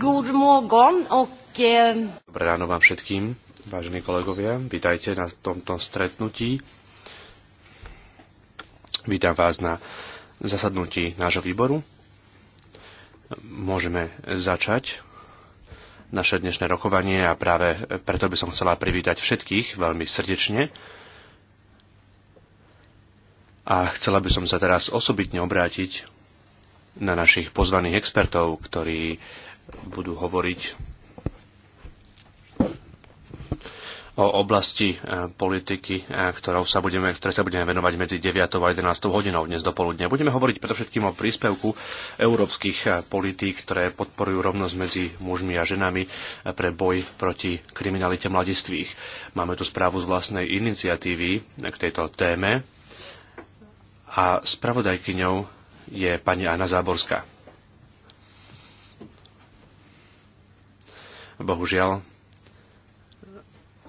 God morgon och... Eh, Dobré ráno vám všetkým, vážení kolegovia. Vítajte na tomto stretnutí. Vítam vás na zasadnutí nášho výboru. Môžeme začať naše dnešné rokovanie a práve preto by som chcela privítať všetkých veľmi srdečne. A chcela by som sa teraz osobitne obrátiť na našich pozvaných expertov, ktorí budú hovoriť o oblasti e, politiky, e, ktorou sa budeme, ktoré sa budeme venovať medzi 9. a 11. hodinou dnes dopoludne. Budeme hovoriť predovšetkým o príspevku európskych e, politík, ktoré podporujú rovnosť medzi mužmi a ženami pre boj proti kriminalite mladistvých. Máme tu správu z vlastnej iniciatívy k tejto téme a spravodajkyňou je pani Anna Záborská. Bohužiaľ,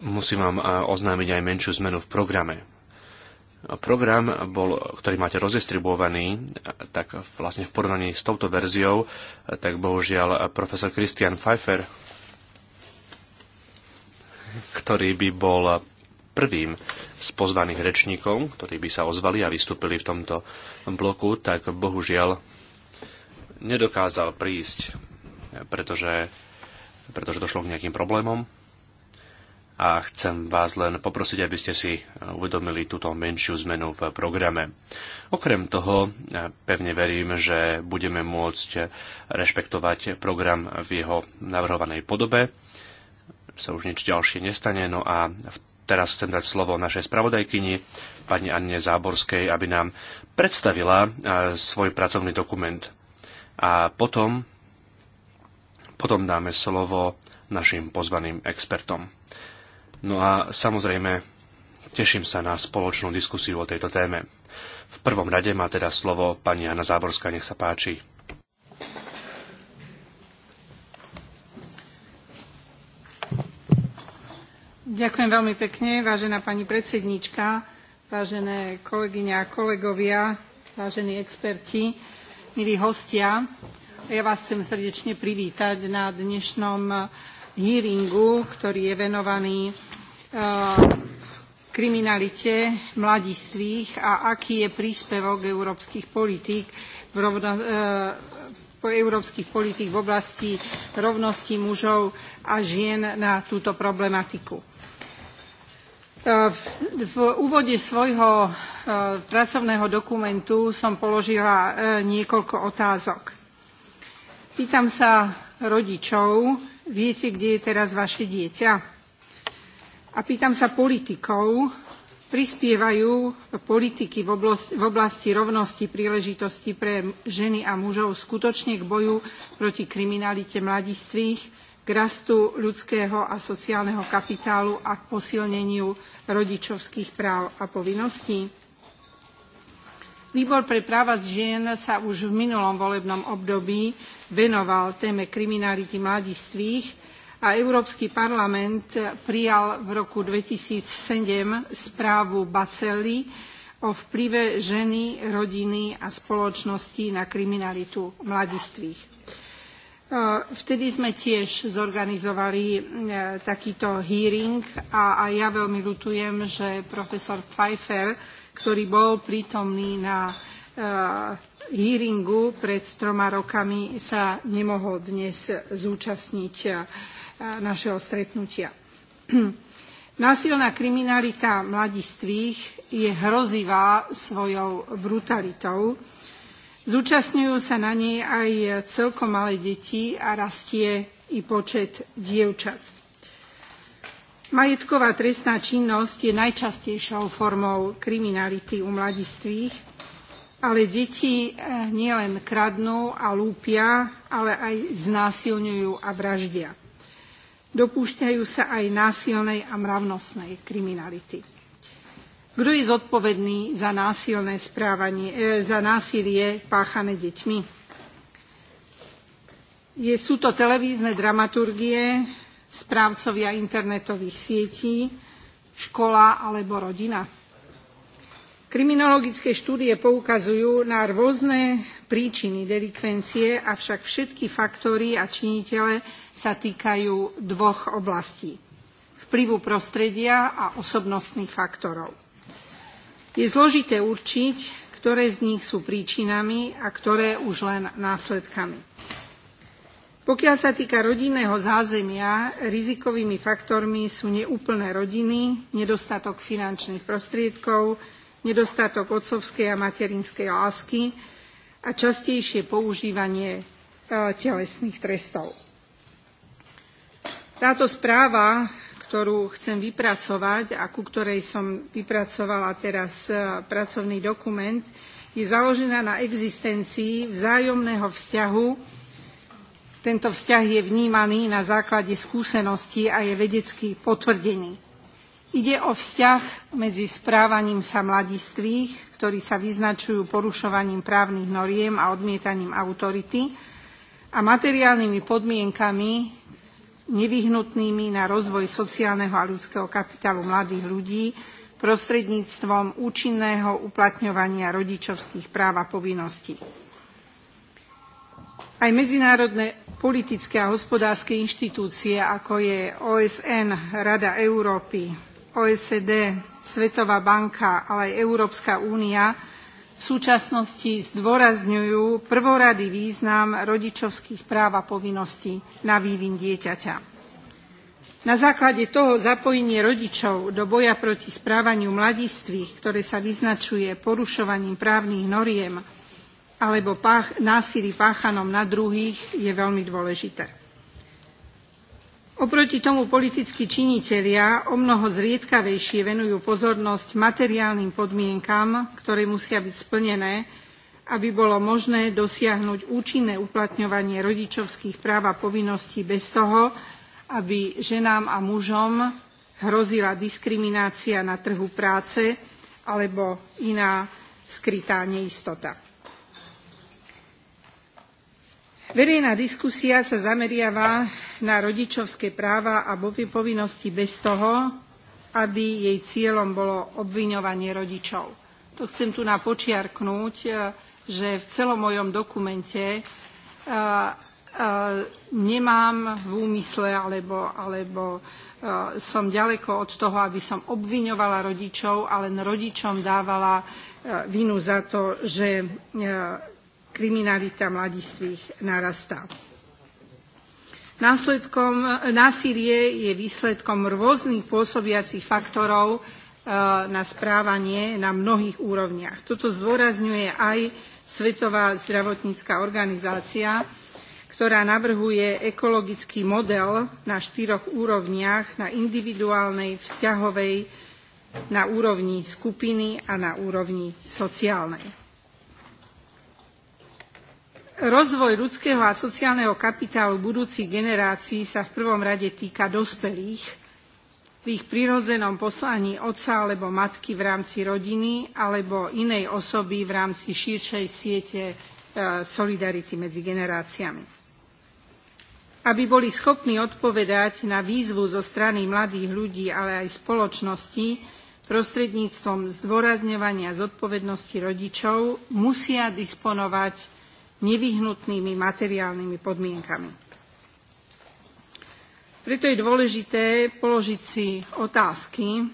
musím vám eh, oznámiť aj menšiu zmenu v programe. Program, bol, ktorý máte rozdistribuovaný, tak vlastne v porovnaní s touto verziou, tak bohužiaľ eh, profesor Christian Pfeiffer, ktorý by bol eh, prvým z pozvaných rečníkov, ktorí by sa ozvali a vystúpili v tomto bloku, tak bohužiaľ nedokázal prísť, pretože pretože došlo k nejakým problémom. A chcem vás len poprosiť, aby ste si eh, uvedomili túto menšiu zmenu v programe. Okrem toho, eh, pevne verím, že budeme môcť eh, rešpektovať program v jeho navrhovanej podobe. Sa už nič ďalšie nestane. No a teraz chcem dať slovo našej spravodajkyni, pani Anne Záborskej, aby nám predstavila svoj pracovný dokument. A potom potom dáme slovo našim pozvaným expertom. No a samozrejme, teším sa na spoločnú diskusiu o tejto téme. V prvom rade má teda slovo pani Jana Záborská, nech sa páči. Ďakujem veľmi pekne, vážená pani predsednička, vážené kolegyne a kolegovia, vážení experti, milí hostia. Ja vás chcem srdečne privítať na dnešnom eh, hearingu, ktorý je venovaný eh, kriminalite mladistvých a aký je príspevok európskych politík v rovno, eh, európskych politík v oblasti rovnosti mužov a žien na túto problematiku. V úvode svojho pracovného dokumentu som položila niekoľko otázok Pýtam sa rodičov, viete, kde je teraz vaše dieťa? A pýtam sa politikov, prispievajú politiky v oblasti, v oblasti rovnosti príležitosti pre ženy a mužov skutočne k boju proti kriminalite mladistvých, k rastu ľudského a sociálneho kapitálu a k posilneniu rodičovských práv a povinností? Výbor pre práva žien sa už v minulom volebnom období venoval téme kriminality mladistvých a Európsky parlament prijal v roku 2007 správu Bacelli o vplyve ženy, rodiny a spoločnosti na kriminalitu mladistvých. E, vtedy sme tiež zorganizovali e, takýto hearing a, a ja veľmi ľutujem, že profesor Pfeiffer ktorý bol prítomný na eh, hearingu pred troma rokami, sa nemohol dnes zúčastniť eh, našeho stretnutia. Násilná kriminalita mladistvých je hrozivá svojou brutalitou. Zúčastňujú sa na nej aj celkom malé deti a rastie i počet dievčat Majetková trestná činnosť je najčastejšou formou kriminality u mladistvých, ale deti eh, nielen kradnú a lúpia, ale aj znásilňujú a vraždia. Dopúšťajú sa aj násilnej a mravnostnej kriminality. Kto je zodpovedný za, násilné správanie, e, za násilie páchané deťmi? Je, sú to televízne dramaturgie, správcovia internetových sietí, škola alebo rodina. Kriminologické štúdie poukazujú na rôzne príčiny delikvencie, avšak všetky faktory a činitele sa týkajú dvoch oblastí. Vplyvu prostredia a osobnostných faktorov. Je zložité určiť, ktoré z nich sú príčinami a ktoré už len následkami. Pokiaľ sa týka rodinného zázemia, rizikovými faktormi sú neúplné rodiny, nedostatok finančných prostriedkov, nedostatok otcovskej a materinskej lásky a častejšie používanie e, telesných trestov. Táto správa, ktorú chcem vypracovať a ku ktorej som vypracovala teraz e, pracovný dokument, je založená na existencii vzájomného vzťahu tento vzťah je vnímaný na základe skúseností a je vedecky potvrdený. Ide o vzťah medzi správaním sa mladistvých, ktorí sa vyznačujú porušovaním právnych noriem a odmietaním autority, a materiálnymi podmienkami nevyhnutnými na rozvoj sociálneho a ľudského kapitálu mladých ľudí prostredníctvom účinného uplatňovania rodičovských práv a povinností. Aj medzinárodné politické a hospodárske inštitúcie, ako je OSN, Rada Európy, OECD, Svetová banka, ale aj Európska únia, v súčasnosti zdôrazňujú prvoradý význam rodičovských práv a povinností na vývin dieťaťa. Na základe toho zapojenie rodičov do boja proti správaniu mladistvých, ktoré sa vyznačuje porušovaním právnych noriem, alebo pách, násilí páchanom na druhých je veľmi dôležité. Oproti tomu politickí činitelia omnoho zriedkavejšie venujú pozornosť materiálnym podmienkam, ktoré musia byť splnené, aby bolo možné dosiahnuť účinné uplatňovanie rodičovských práv a povinností bez toho, aby ženám a mužom hrozila diskriminácia na trhu práce alebo iná skrytá neistota. Verejná diskusia sa zameriava na rodičovské práva a povinnosti bez toho, aby jej cieľom bolo obviňovanie rodičov. To chcem tu napočiarknúť, e, že v celom mojom dokumente e, e, nemám v úmysle alebo, alebo som ďaleko od toho, aby som obviňovala rodičov a len rodičom dávala vinu za to, že kriminalita mladistvých narastá. Následkom, násilie je výsledkom rôznych pôsobiacich faktorov eh, na správanie na mnohých úrovniach. Toto zdôrazňuje aj Svetová zdravotnícká organizácia, ktorá navrhuje ekologický model na štyroch úrovniach, na individuálnej, vzťahovej, na úrovni skupiny a na úrovni sociálnej Rozvoj ľudského a sociálneho kapitálu budúcich generácií sa v prvom rade týka dospelých v ich prirodzenom poslaní otca alebo matky v rámci rodiny alebo inej osoby v rámci širšej siete e, solidarity medzi generáciami. Aby boli schopní odpovedať na výzvu zo strany mladých ľudí, ale aj spoločnosti, prostredníctvom zdôrazňovania zodpovednosti rodičov musia disponovať nevyhnutnými materiálnymi podmienkami. Preto je dôležité položiť si otázky,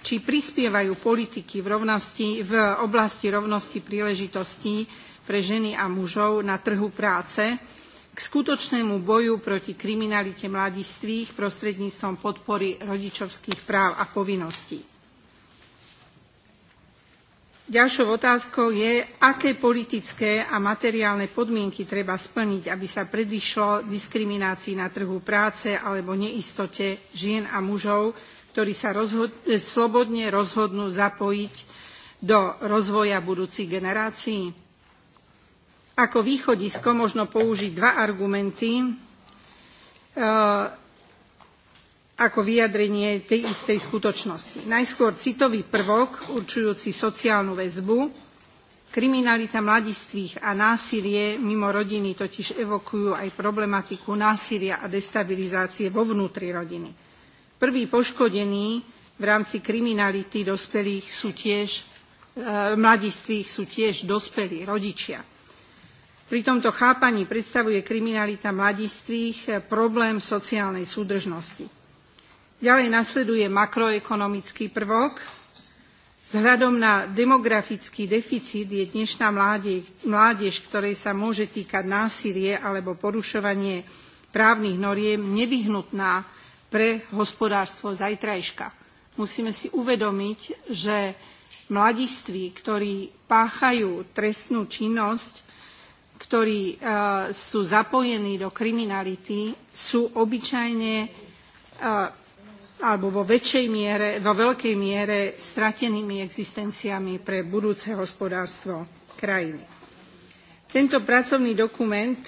či prispievajú politiky v, rovnosti, v oblasti rovnosti príležitostí pre ženy a mužov na trhu práce k skutočnému boju proti kriminalite mladistvých prostredníctvom podpory rodičovských práv a povinností. Ďalšou otázkou je, aké politické a materiálne podmienky treba splniť, aby sa predišlo diskriminácii na trhu práce alebo neistote žien a mužov, ktorí sa rozhod eh, slobodne rozhodnú zapojiť do rozvoja budúcich generácií. Ako východisko možno použiť dva argumenty. E ako vyjadrenie tej istej skutočnosti. Najskôr citový prvok určujúci sociálnu väzbu. Kriminalita mladistvých a násilie mimo rodiny totiž evokujú aj problematiku násilia a destabilizácie vo vnútri rodiny. Prví poškodení v rámci kriminality dospelých sú tiež, e, mladistvých sú tiež dospelí rodičia. Pri tomto chápaní predstavuje kriminalita mladistvých e, problém sociálnej súdržnosti Ďalej nasleduje makroekonomický prvok. Vzhľadom na demografický deficit je dnešná mládež, mládež, ktorej sa môže týkať násilie alebo porušovanie právnych noriem, nevyhnutná pre hospodárstvo zajtrajška. Musíme si uvedomiť, že mladiství, ktorí páchajú trestnú činnosť, ktorí e, sú zapojení do kriminality, sú obyčajne e, alebo vo väčšej miere, vo veľkej miere stratenými existenciami pre budúce hospodárstvo krajiny. Tento pracovný dokument,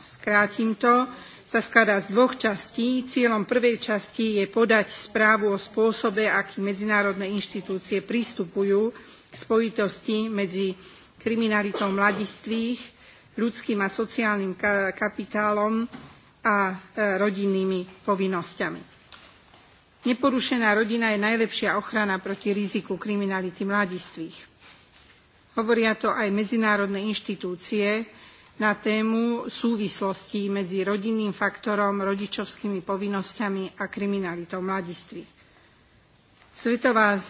skrátim to, sa skladá z dvoch častí. Cieľom prvej časti je podať správu o spôsobe, aký medzinárodné inštitúcie pristupujú k spojitosti medzi kriminalitou mladistvých, ľudským a sociálnym kapitálom a e, rodinnými povinnosťami. Neporušená rodina je najlepšia ochrana proti riziku kriminality mladistvých. Hovoria to aj medzinárodné inštitúcie na tému súvislosti medzi rodinným faktorom, rodičovskými povinnosťami a kriminalitou mladistvých. Svetová e,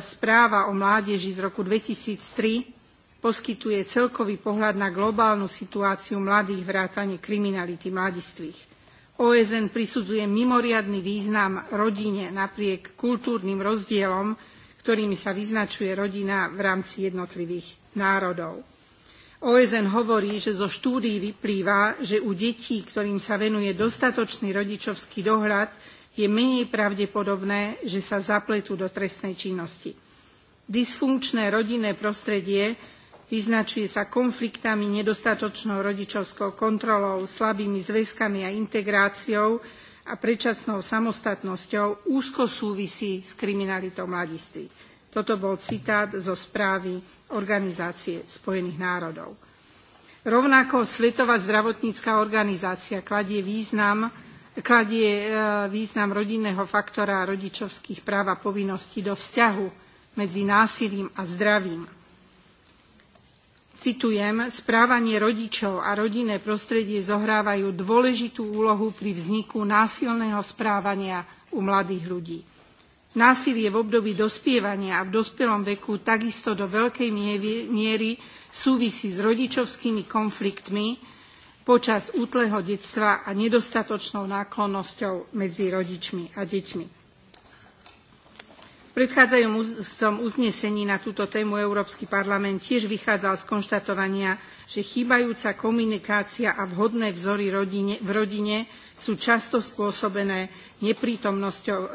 správa o mládeži z roku 2003 poskytuje celkový pohľad na globálnu situáciu mladých vrátane kriminality mladistvých. OSN prisudzuje mimoriadny význam rodine napriek kultúrnym rozdielom, ktorými sa vyznačuje rodina v rámci jednotlivých národov. OSN hovorí, že zo štúdií vyplýva, že u detí, ktorým sa venuje dostatočný rodičovský dohľad, je menej pravdepodobné, že sa zapletú do trestnej činnosti. Dysfunkčné rodinné prostredie vyznačuje sa konfliktami nedostatočnou rodičovskou kontrolou slabými zväzkami a integráciou a predčasnou samostatnosťou úzko súvisí s kriminalitou mladistvých. Toto bol citát zo správy Organizácie spojených národov. Rovnako Svetová zdravotnícká organizácia kladie význam, kladie e, význam rodinného faktora rodičovských práv a povinností do vzťahu medzi násilím a zdravím citujem, správanie rodičov a rodinné prostredie zohrávajú dôležitú úlohu pri vzniku násilného správania u mladých ľudí. Násilie v období dospievania a v dospelom veku takisto do veľkej miery súvisí s rodičovskými konfliktmi počas útleho detstva a nedostatočnou náklonnosťou medzi rodičmi a deťmi predchádzajúcom uznesení na túto tému Európsky parlament tiež vychádzal z konštatovania, že chýbajúca komunikácia a vhodné vzory rodine, v rodine sú často spôsobené neprítomnosťou, e,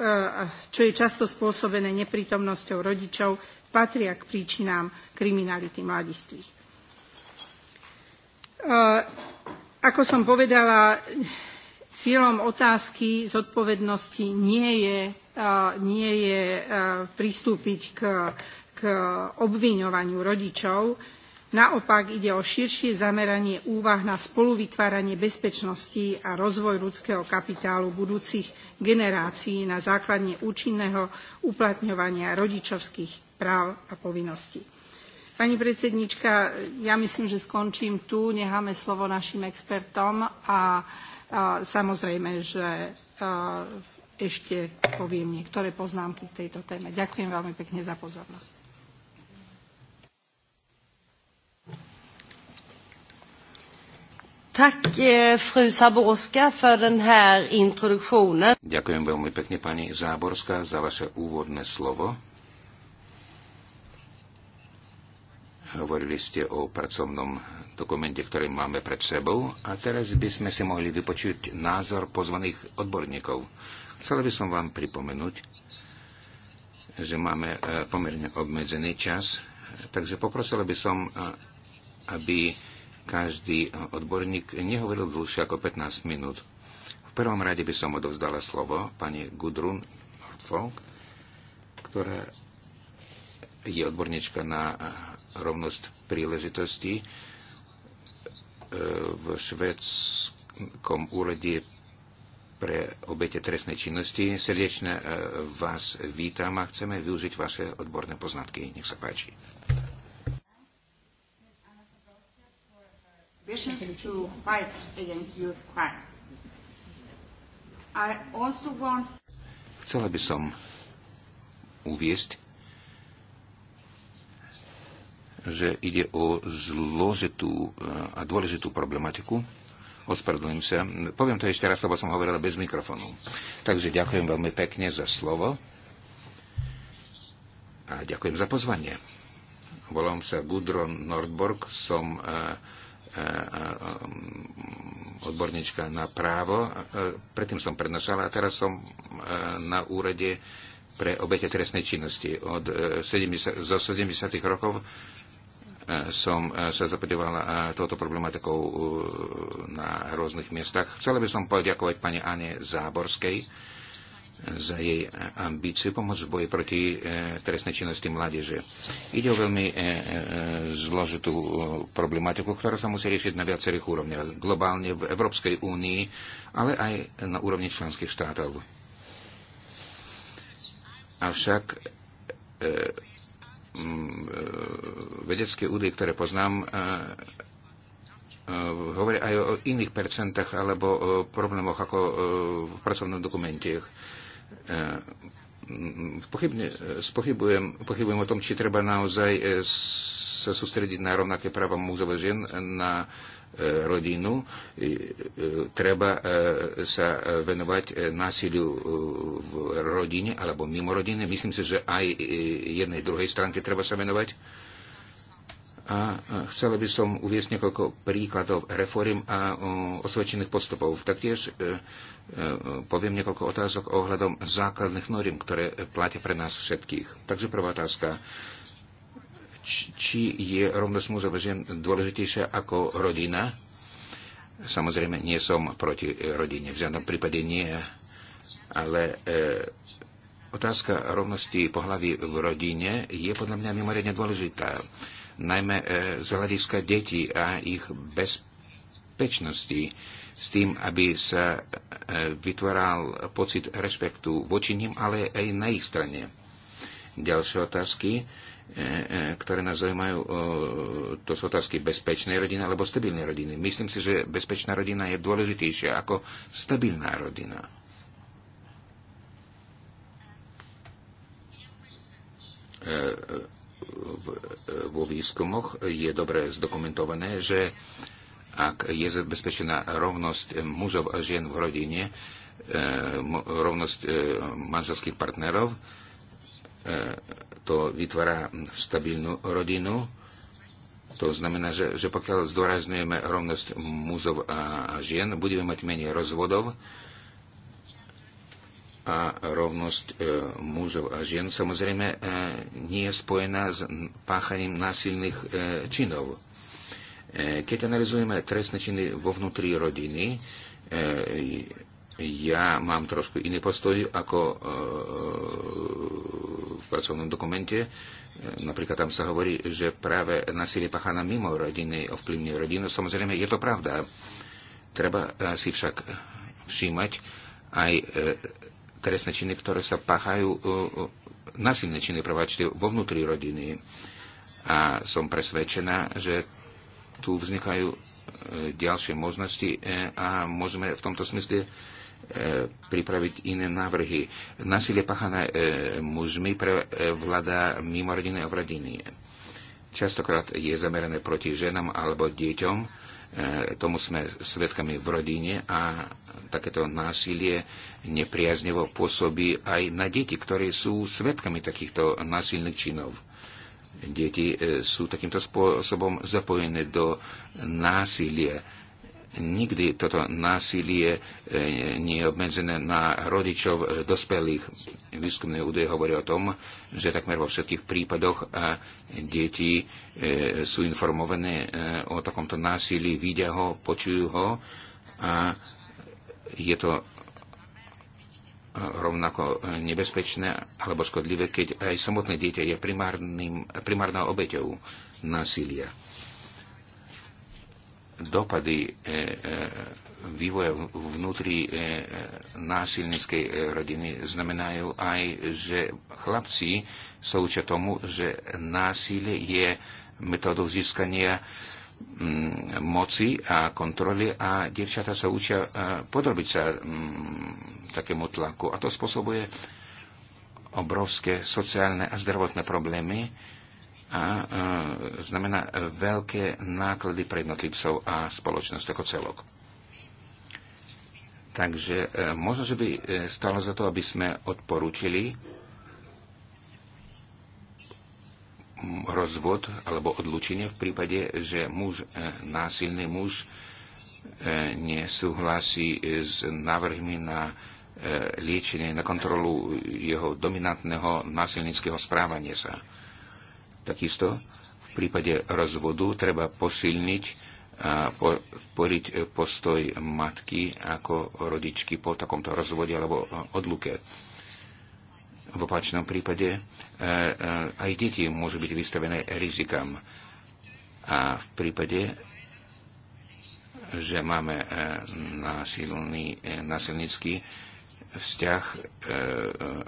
čo je často spôsobené neprítomnosťou rodičov, patria k príčinám kriminality mladistvých. E, ako som povedala, cieľom otázky zodpovednosti nie je nie je pristúpiť k, k obviňovaniu rodičov. Naopak ide o širšie zameranie úvah na spoluvytváranie bezpečnosti a rozvoj ľudského kapitálu budúcich generácií na základne účinného uplatňovania rodičovských práv a povinností. Pani predsednička, ja myslím, že skončím tu, necháme slovo našim expertom a, a samozrejme, že a, v ešte poviem niektoré poznámky k tejto téme. Ďakujem veľmi pekne za pozornosť. Eh, fru Zaborska för den här introduktionen. Ďakujem veľmi pekne pani Záborská za vaše úvodné slovo. Hovorili ste o pracovnom dokumente, ktorý máme pred sebou a teraz by sme si mohli vypočuť názor pozvaných odborníkov. Chcel by som vám pripomenúť, že máme e, pomerne obmedzený čas, takže poprosil by som, e, aby každý e, odborník nehovoril dlhšie ako 15 minút. V prvom rade by som odovzdala slovo pani Gudrun Nordfolk, ktorá je odborníčka na rovnosť príležitostí v švedskom úrade pre obete trestnej činnosti. Srdečne e, vás vítam a chceme využiť vaše odborné poznatky. Nech sa páči. Chcela by som uviesť, že ide o zložitú e, a dôležitú problematiku, Ospravedlňujem sa. Poviem to ešte raz, lebo som hovorila bez mikrofónu. Takže ďakujem veľmi pekne za slovo a ďakujem za pozvanie. Volám sa Gudron Nordborg, som e, e, e, odborníčka na právo. Predtým som prednášala a teraz som na úrade pre obete trestnej činnosti. Od 70, zo 70. rokov Eh, som eh, sa zapedovala eh, touto problematikou na rôznych miestach. Chcel by som poďakovať pani Ane Záborskej za jej ambíciu pomôcť v boji proti trestnej činnosti mládeže. Ide o veľmi zložitú problematiku, ktorá sa musí riešiť na viacerých úrovniach. Globálne v Európskej únii, ale aj na úrovni členských štátov. Avšak Mm, e, vedecké údaje, ktoré poznám, e, e, hovoria aj o iných percentách alebo o problémoch ako v pracovnom dokumentech. Mm, pochybne, spochybujem, pochybujem o tom, či treba naozaj sa sústrediť na rovnaké práva mužov a žien, na E, rodinu, e, e, treba sa venovať násiliu v rodine alebo mimo rodiny. Myslím si, že aj jednej druhej stránke treba sa venovať. A chcela by som uviesť niekoľko príkladov reform a osvedčených postupov. Taktiež poviem niekoľko otázok ohľadom základných noriem, ktoré platia pre nás všetkých. Takže prvá otázka či je rovnosť mužov a žien dôležitejšia ako rodina. Samozrejme, nie som proti rodine, v žiadnom prípade nie, ale e, otázka rovnosti pohlaví v rodine je podľa mňa mimoriadne dôležitá, najmä e, z hľadiska detí a ich bezpečnosti, s tým, aby sa e, vytváral pocit rešpektu voči nim, ale aj na ich strane. Ďalšie otázky E, E, e, ktoré nás zaujímajú, e, to sú otázky bezpečnej rodiny alebo stabilnej rodiny. Myslím si, že bezpečná rodina je dôležitejšia ako stabilná rodina. Vo výskumoch je dobre zdokumentované, že ak je zabezpečená rovnosť mužov a žien v rodine, rovnosť manželských partnerov, to vytvára stabilnú rodinu. To znamená, že, že pokiaľ zdôrazňujeme rovnosť mužov a žien, budeme mať menej rozvodov a rovnosť e, mužov a žien samozrejme e, nie je spojená s páchaním násilných e, činov. E, keď analizujeme trestné činy vo vnútri rodiny, e, ja mám trošku iný postoj ako e, v pracovnom dokumente. E, napríklad tam sa hovorí, že práve nasilie pachána mimo rodiny ovplyvňuje rodinu. Samozrejme, je to pravda. Treba e, si však všímať aj trestné činy, ktoré sa páchajú nasilné činy, prváčte, vo vnútri rodiny. A som presvedčená, že tu vznikajú ďalšie možnosti a môžeme v tomto smysle E, pripraviť iné návrhy. Násilie páchané e, mužmi prevláda mimo rodiny a v rodiny. Častokrát je zamerané proti ženám alebo deťom. E, tomu sme svedkami v rodine a takéto násilie nepriaznevo pôsobí aj na deti, ktoré sú svedkami takýchto násilných činov deti sú takýmto spôsobom zapojené do násilia. Nikdy toto násilie e, nie je obmedzené na rodičov e, dospelých. Výskumné údaje hovoria o tom, že takmer vo všetkých prípadoch e, deti sú informované o takomto násilí, vidia ho, počujú ho a je to rovnako nebezpečné alebo škodlivé, keď aj samotné dieťa je primárnym, primárnou obeťou násilia dopady e, e, vývoja vnútri e, násilníckej rodiny znamenajú aj, že chlapci sa učia tomu, že násilie je metodou získania mm, moci a kontroly a devčata sa učia podrobiť sa mm, takému tlaku. A to spôsobuje obrovské sociálne a zdravotné problémy, a znamená e, veľké náklady pre jednotlivcov a spoločnosť ako celok. Takže e, možno, že by e, stalo za to, aby sme odporúčili rozvod alebo odlučenie v prípade, že muž, násilný muž nesúhlasí s návrhmi na liečenie, na kontrolu jeho dominantného násilnického správania sa. Takisto v prípade rozvodu treba posilniť a podporiť postoj matky ako rodičky po takomto rozvode alebo odluke. V opačnom prípade e, e, aj deti môžu byť vystavené rizikám. A v prípade, že máme e, násilný, násilnický vzťah e,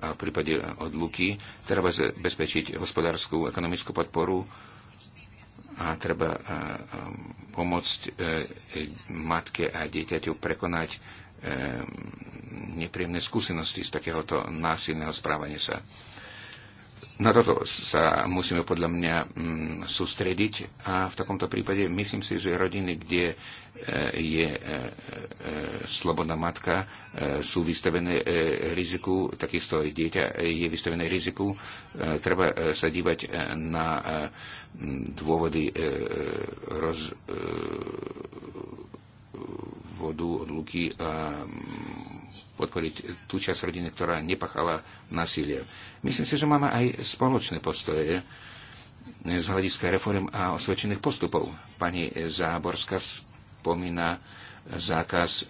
a v prípade odluky treba zabezpečiť hospodárskú, ekonomickú podporu a treba e, e, pomôcť matke a dieťaťu prekonať nepríjemné skúsenosti z takéhoto násilného správania sa. Na no toto sa musíme podľa mňa mm, sústrediť a v takomto prípade myslím si, že rodiny, kde e, je e, e, slobodná matka, e, sú vystavené e, riziku, takisto aj dieťa je vystavené riziku. E, Treba e, sa dívať e, na e, dôvody e, e, roz e, vodu, od Luky a podporiť tú časť rodiny, ktorá nepachala násilie Myslím si, že máme aj spoločné postoje z hľadiska reform a osvedčených postupov. Pani Záborská spomína zákaz e,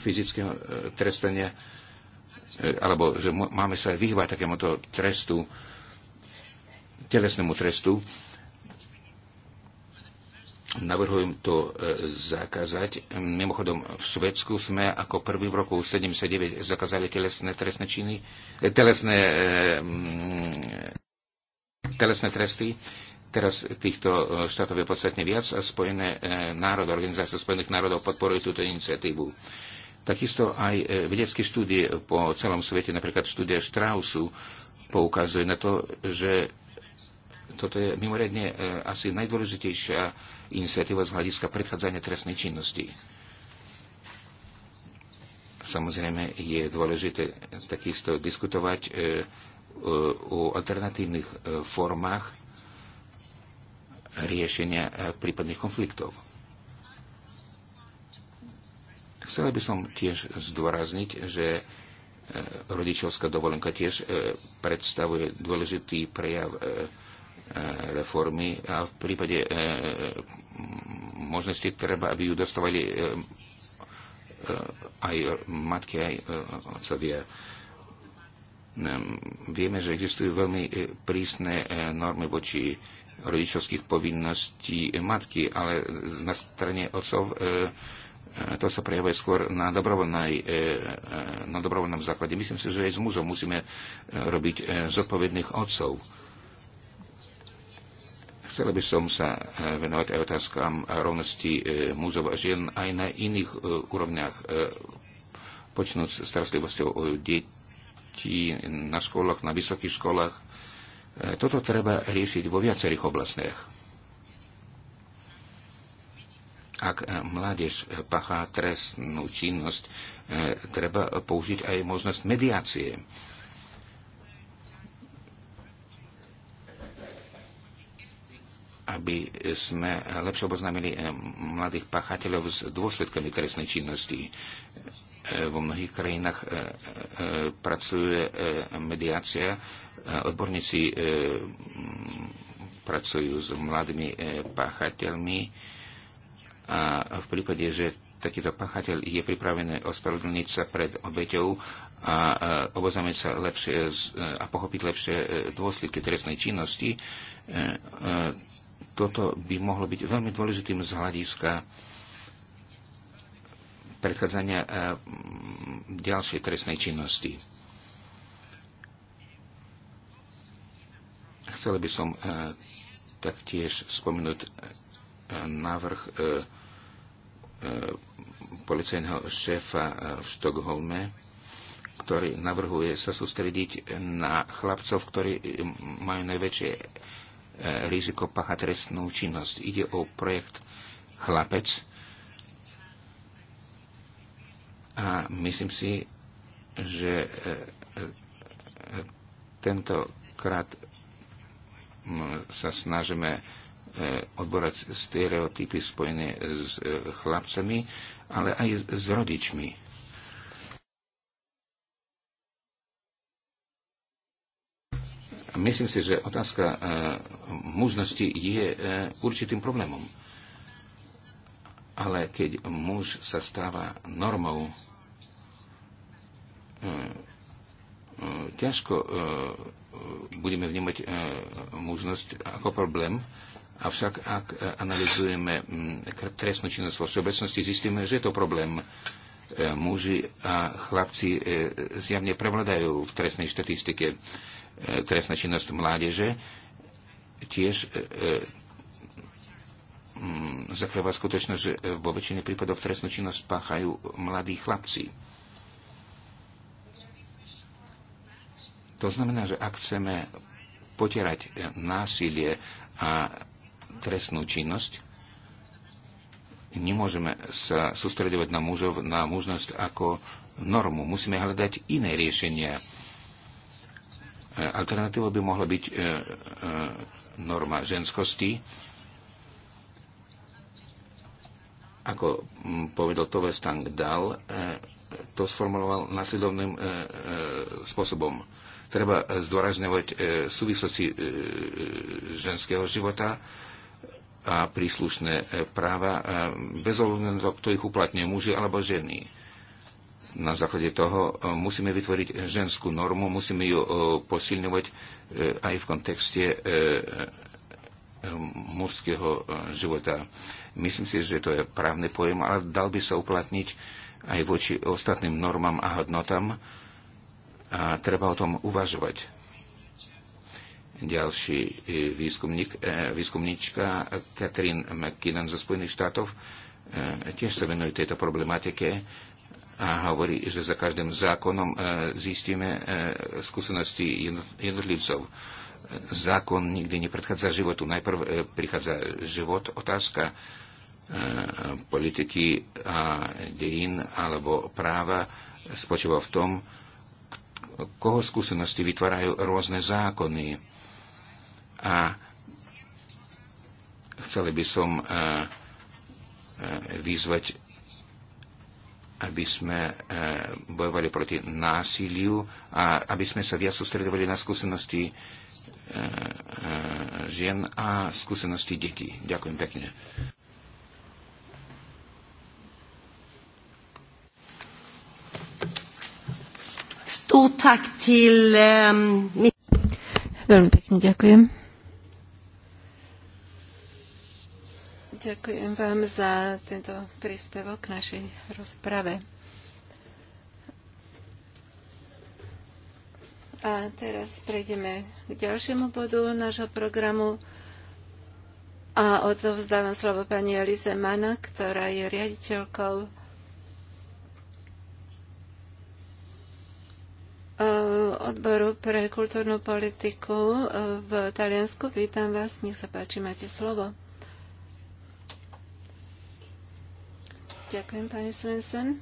fyzického e, trestania, e, alebo že máme sa vyhýbať takémuto trestu, telesnému trestu. Navrhujem to e, zakázať. Mimochodom, v Švedsku sme ako prvý v roku 79 zakázali telesné trestné činy, e, telesné, e, telesné tresty. Teraz týchto štátov je podstatne viac a Spojené národy, Organizácia Spojených národov podporuje túto iniciatívu. Takisto aj vedecké štúdie po celom svete, napríklad štúdia Straussu, poukazuje na to, že toto je mimoriadne e, asi najdôležitejšia iniciatíva z hľadiska predchádzania trestnej činnosti. Samozrejme je dôležité takisto diskutovať e, e, o alternatívnych formách riešenia prípadných konfliktov. Chcela by som tiež zdôrazniť, že rodičovská dovolenka tiež predstavuje dôležitý prejav Eh, reformy a v prípade eh, eh, možnosti treba, aby ju dostávali aj matky, aj otcovia. Ehm, vieme, že existujú veľmi prísne normy voči rodičovských povinností matky, ale na strane otcov to sa prejavuje skôr na, na dobrovoľnom základe. Myslím si, že aj s mužom musíme robiť zodpovedných otcov chcel by som sa eh, venovať aj otázkam rovnosti eh, mužov a žien aj na iných eh, úrovniach, počnúť starostlivosťou o deti na školách, na vysokých školách. Toto treba riešiť vo viacerých oblastiach. Ak mládež pachá trestnú činnosť, treba použiť aj možnosť mediácie aby sme lepšie oboznámili eh, mladých páchateľov s dôsledkami trestnej činnosti. Eh, vo mnohých krajinách eh, pracuje mediácia, odborníci mm, pracujú s mladými páchateľmi a v prípade, že takýto páchateľ je pripravený ospravedlniť sa pred obeťou a oboznámiť sa lepšie a pochopiť lepšie dôsledky trestnej činnosti, toto by mohlo byť veľmi dôležitým z hľadiska predchádzania eh, ďalšej trestnej činnosti. Chcel by som eh, taktiež spomenúť eh, návrh policajného šéfa v Štokholme, ktorý navrhuje sa sústrediť na chlapcov, ktorí majú najväčšie E, riziko pacha trestnú činnosť. Ide o projekt Chlapec a myslím si, že e, e, tentokrát sa snažíme odborať stereotypy spojené s chlapcami, ale aj s rodičmi. Myslím si, že otázka e, mužnosti je e, určitým problémom. Ale keď muž sa stáva normou, e, ťažko budeme vnímať mužnosť ako problém, avšak ak analizujeme mm, trestnú činnosť vo všeobecnosti, zistíme, že je to problém. Muži a chlapci zjavne prevladajú v trestnej štatistike. E, trestná činnosť mládeže tiež e, e, mm, zakrýva skutočnosť, že vo väčšine prípadov trestnú činnosť páchajú mladí chlapci. To znamená, že ak chceme potierať násilie a trestnú činnosť, nemôžeme sa sústredovať na mužov, na mužnosť ako normu. Musíme hľadať iné riešenia. E, alternatívou by mohla byť e, e, norma ženskosti. Ako povedal Tove Stang Dal, to sformuloval nasledovným spôsobom. Treba zdôrazňovať súvislosti ženského života, a príslušné práva bez ohľadu na to, kto ich uplatňuje, muži alebo ženy na základe toho e, musíme vytvoriť ženskú normu, musíme ju e, posilňovať e, aj v kontexte mužského života. Myslím si, že to je právny pojem, ale dal by sa uplatniť aj voči ostatným normám a hodnotám a treba o tom uvažovať. Ďalší výskumník, výskumníčka Katrin McKinnon zo Spojených štátov tiež sa venuje tejto problematike a hovorí, že za každým zákonom e, zistíme e, skúsenosti jednotlivcov. Zákon nikdy nepredchádza životu. Najprv e, prichádza život, otázka politiky a dejín alebo práva spočíva v tom, koho skúsenosti vytvárajú rôzne zákony. A chceli by som vyzvať aby sme e, bojovali proti násiliu a aby sme sa viac sústredovali na skúsenosti e, e, žien a skúsenosti detí. Ďakujem pekne. Eh, Veľmi pekne ďakujem. Ďakujem vám za tento príspevok k našej rozprave. A teraz prejdeme k ďalšiemu bodu nášho programu a odovzdávam slovo pani Elize Mana, ktorá je riaditeľkou e, odboru pre kultúrnu politiku e, v Taliansku. Vítam vás, nech sa páči, máte slovo. Ďakujem, pani Svensson.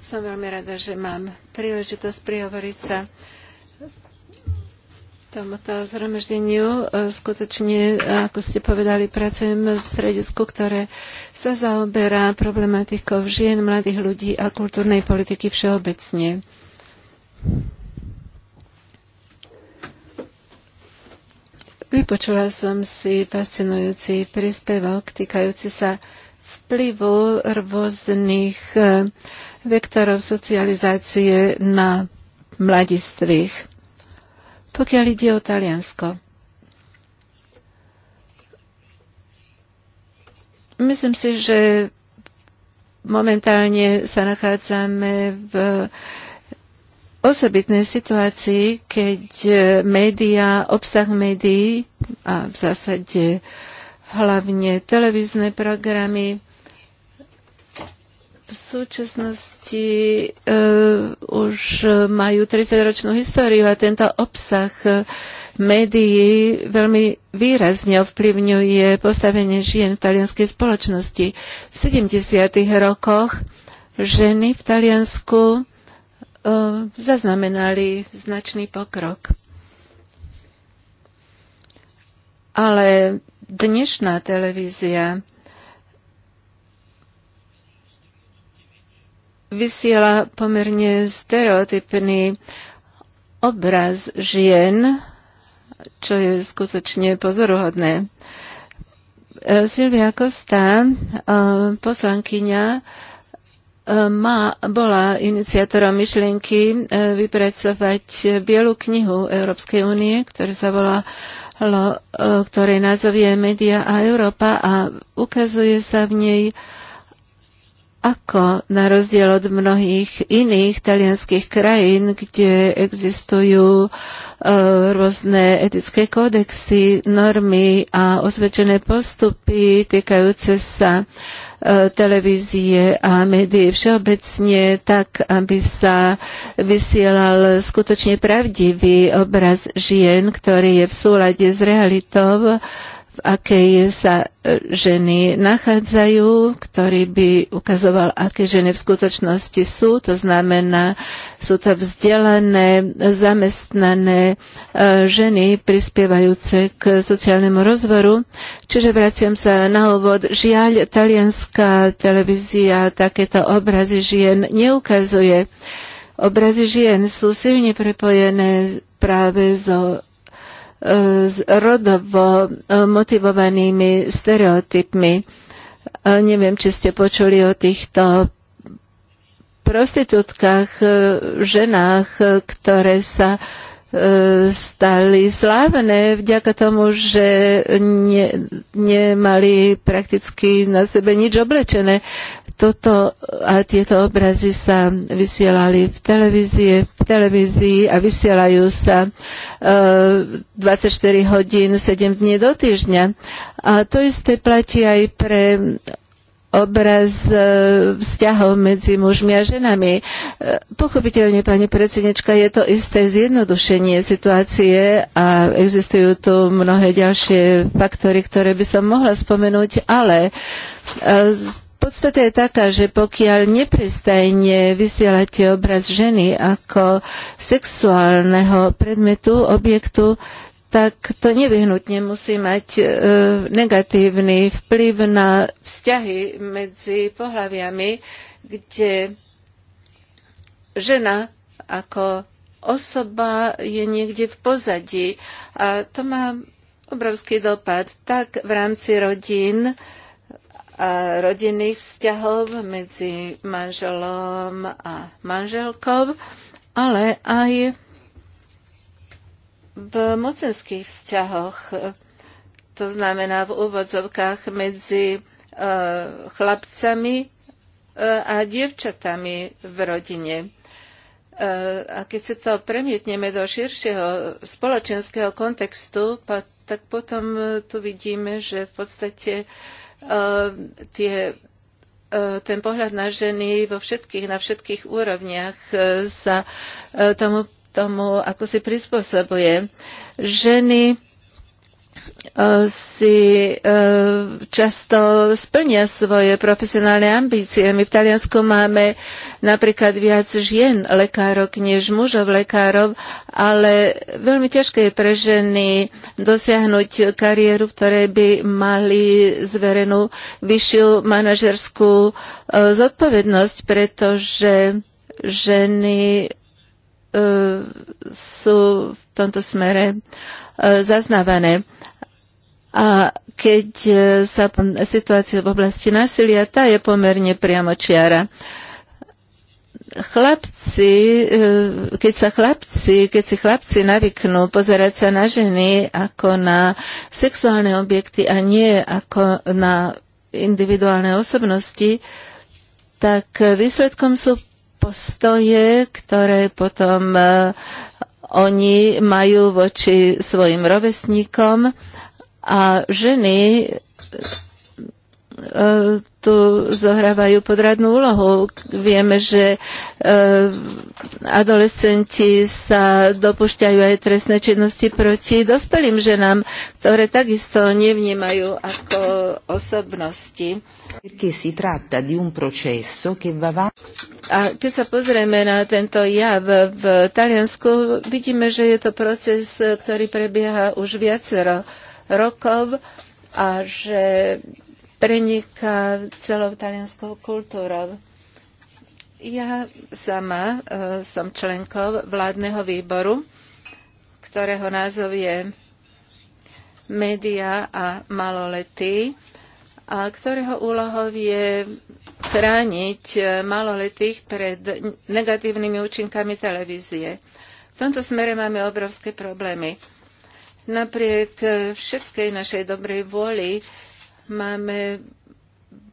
Som veľmi rada, že mám príležitosť prihovoriť sa tomuto zhromaždeniu. E, Skutočne, e, ako ste povedali, pracujem v stredisku, ktoré sa zaoberá problematikou žien, mladých ľudí a kultúrnej politiky všeobecne. Vypočula som si fascinujúci príspevok týkajúci sa vplyvu rôznych e, vektorov socializácie na mladistvých. Pokiaľ ide o Taliansko, myslím si, že momentálne sa nachádzame v osobitnej situácii, keď e, média, obsah médií a v zásade hlavne televízne programy v súčasnosti e, už majú 30-ročnú históriu a tento obsah e, médií veľmi výrazne ovplyvňuje postavenie žien v talianskej spoločnosti. V 70. rokoch ženy v Taliansku zaznamenali značný pokrok. Ale dnešná televízia vysiela pomerne stereotypný obraz žien, čo je skutočne pozoruhodné. Silvia Kosta, poslankyňa, E, ma, bola iniciátorom myšlienky e, vypracovať Bielu knihu Európskej únie, ktorá sa volá e, ktorej názov je Media a Európa a ukazuje sa v nej ako na rozdiel od mnohých iných talianských krajín, kde existujú e, rôzne etické kódexy, normy a osvedčené postupy týkajúce sa e, televízie a médií všeobecne, tak aby sa vysielal skutočne pravdivý obraz žien, ktorý je v súlade s realitou v akej sa e, ženy nachádzajú, ktorý by ukazoval, aké ženy v skutočnosti sú. To znamená, sú to vzdelané, zamestnané e, ženy prispievajúce k sociálnemu rozvoru. Čiže vraciam sa na úvod. Žiaľ, talianská televízia takéto obrazy žien neukazuje. Obrazy žien sú silne prepojené práve so s rodovo motivovanými stereotypmi. Neviem, či ste počuli o týchto prostitútkach, e, ženách, e, ktoré sa E, stali slávne vďaka tomu, že ne, nemali prakticky na sebe nič oblečené. Toto a tieto obrazy sa vysielali v televízie, v televízii a vysielajú sa e, 24 hodín 7 dní do týždňa. A to isté platí aj pre obraz e, vzťahov medzi mužmi a ženami. E, pochopiteľne, pani predsednička, je to isté zjednodušenie situácie a existujú tu mnohé ďalšie faktory, ktoré by som mohla spomenúť, ale e, podstate je taká, že pokiaľ nepristajne vysielate obraz ženy ako sexuálneho predmetu, objektu, tak to nevyhnutne musí mať e, negatívny vplyv na vzťahy medzi pohľaviami, kde žena ako osoba je niekde v pozadí a to má obrovský dopad tak v rámci rodín a rodinných vzťahov medzi manželom a manželkou, ale aj v mocenských vzťahoch, to znamená v úvodzovkách medzi e, chlapcami e, a dievčatami v rodine. E, a keď sa to premietneme do širšieho spoločenského kontextu, tak potom tu vidíme, že v podstate tie, ten pohľad na ženy vo všetkých, na všetkých úrovniach sa tomu tomu, ako si prispôsobuje. Ženy e, si e, často splnia svoje profesionálne ambície. My v Taliansku máme napríklad viac žien lekárok než mužov lekárov, ale veľmi ťažké je pre ženy dosiahnuť kariéru, v ktorej by mali zverenú vyššiu manažerskú e, zodpovednosť, pretože ženy E, sú v tomto smere e, zaznávané. A keď e, sa situácia v oblasti násilia, tá je pomerne priamočiara. Chlapci, keď sa chlapci, keď si chlapci navyknú pozerať sa na ženy ako na sexuálne objekty a nie ako na individuálne osobnosti, tak výsledkom sú postoje, ktoré potom e, oni majú voči svojim rovesníkom a ženy tu zohrávajú podradnú úlohu. Vieme, že eh, adolescenti sa dopušťajú aj trestné činnosti proti dospelým ženám, ktoré takisto nevnímajú ako osobnosti. A keď sa pozrieme na tento jav v Taliansku, vidíme, že je to proces, eh, ktorý prebieha už viacero rokov a že preniká celou talianskou kultúrou. Ja sama e, som členkou vládneho výboru, ktorého názov je Média a maloletí, a ktorého úlohou je chrániť e, maloletých pred negatívnymi účinkami televízie. V tomto smere máme obrovské problémy. Napriek e, všetkej našej dobrej vôli máme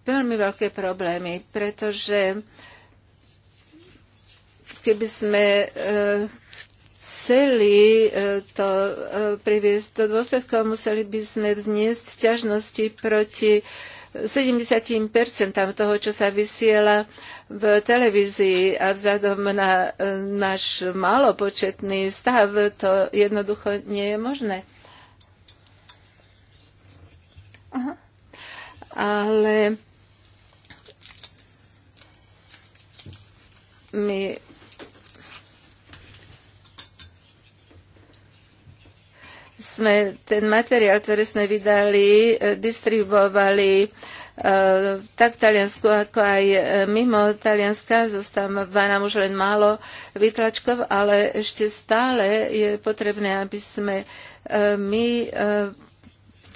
veľmi veľké problémy, pretože keby sme e, chceli e, to e, priviesť do dôsledkov, museli by sme vzniesť ťažnosti proti 70% toho, čo sa vysiela v televízii a vzhľadom na náš malopočetný stav, to jednoducho nie je možné. Aha ale my sme ten materiál, ktorý sme vydali, e, distribuovali e, tak v Taliansku, ako aj e, mimo Talianska. Zostáva nám už len málo vytlačkov, ale ešte stále je potrebné, aby sme my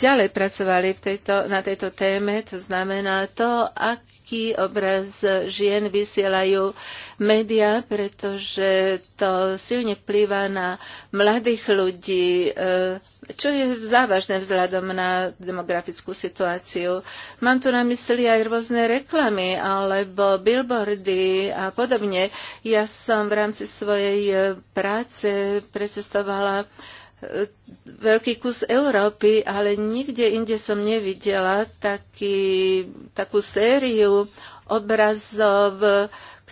ďalej pracovali v tejto, na tejto téme. To znamená to, aký obraz žien vysielajú médiá, pretože to silne vplýva na mladých ľudí, eh, čo je závažné vzhľadom na demografickú situáciu. Mám tu na mysli aj rôzne reklamy alebo billboardy a podobne. Ja som v rámci svojej eh, práce precestovala veľký kus Európy, ale nikde inde som nevidela taký, takú sériu obrazov,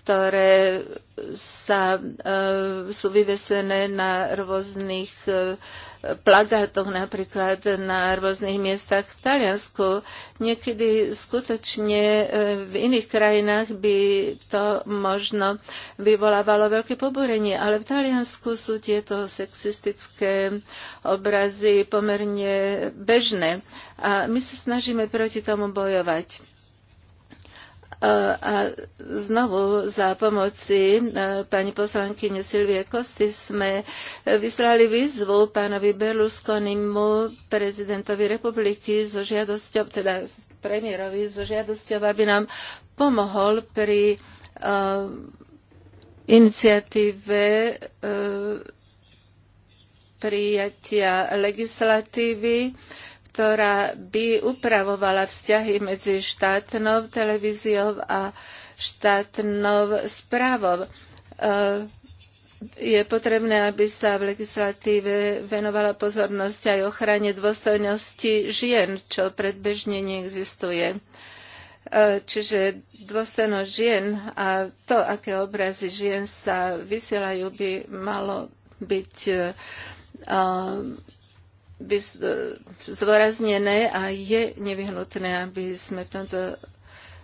ktoré sa, e, sú vyvesené na rôznych e, plagátoch napríklad na rôznych miestach v Taliansku. Niekedy skutočne e, v iných krajinách by to možno vyvolávalo veľké poborenie, ale v Taliansku sú tieto sexistické obrazy pomerne bežné a my sa snažíme proti tomu bojovať. A znovu za pomoci e, pani poslankyne Silvie Kosty sme vyslali výzvu pánovi Berlusconimu, prezidentovi republiky, so žiadosťou, teda premiérovi, so žiadosťou, aby nám pomohol pri uh, iniciatíve uh, prijatia legislatívy, uh, ktorá by upravovala vzťahy medzi štátnou televíziou a štátnou správou. E, je potrebné, aby sa v legislatíve venovala pozornosť aj ochrane dôstojnosti žien, čo predbežne neexistuje. E, čiže dôstojnosť žien a to, aké obrazy žien sa vysielajú, by malo byť e, E, zdôraznené a je nevyhnutné, aby sme v tomto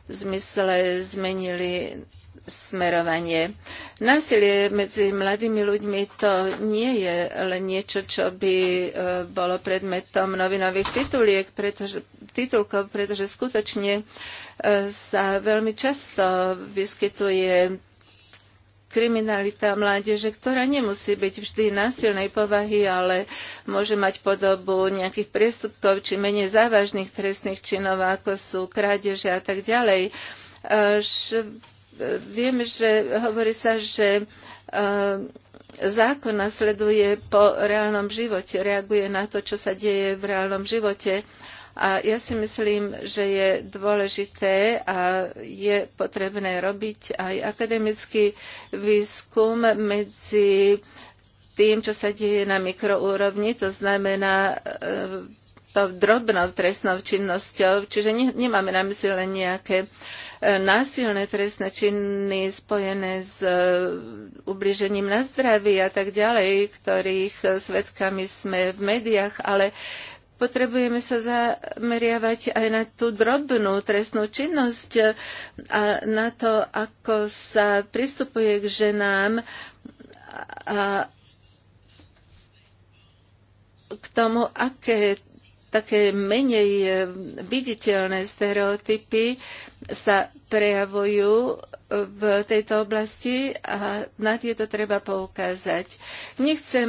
zmysle zmenili smerovanie. Násilie medzi mladými ľuďmi to nie je len niečo, čo by e, bolo predmetom novinových tituliek, pretože, titulkov, pretože skutočne e, sa veľmi často vyskytuje kriminalita mládeže, ktorá nemusí byť vždy násilnej povahy, ale môže mať podobu nejakých priestupkov či menej závažných trestných činov, ako sú krádeže a tak ďalej. Š, e, vieme, že hovorí sa, že e, zákon nasleduje po reálnom živote, reaguje na to, čo sa deje v reálnom živote. A ja si myslím, že je dôležité a je potrebné robiť aj akademický výskum medzi tým, čo sa deje na mikroúrovni, to znamená e, tou drobnou trestnou činnosťou, čiže nemáme na mysli len nejaké e, násilné trestné činy spojené s e, ubližením na zdraví a tak ďalej, ktorých svetkami sme v médiách, ale potrebujeme sa zameriavať aj na tú drobnú trestnú činnosť a na to, ako sa pristupuje k ženám a k tomu, aké také menej viditeľné stereotypy sa prejavujú v tejto oblasti a na tieto treba poukázať. Nechcem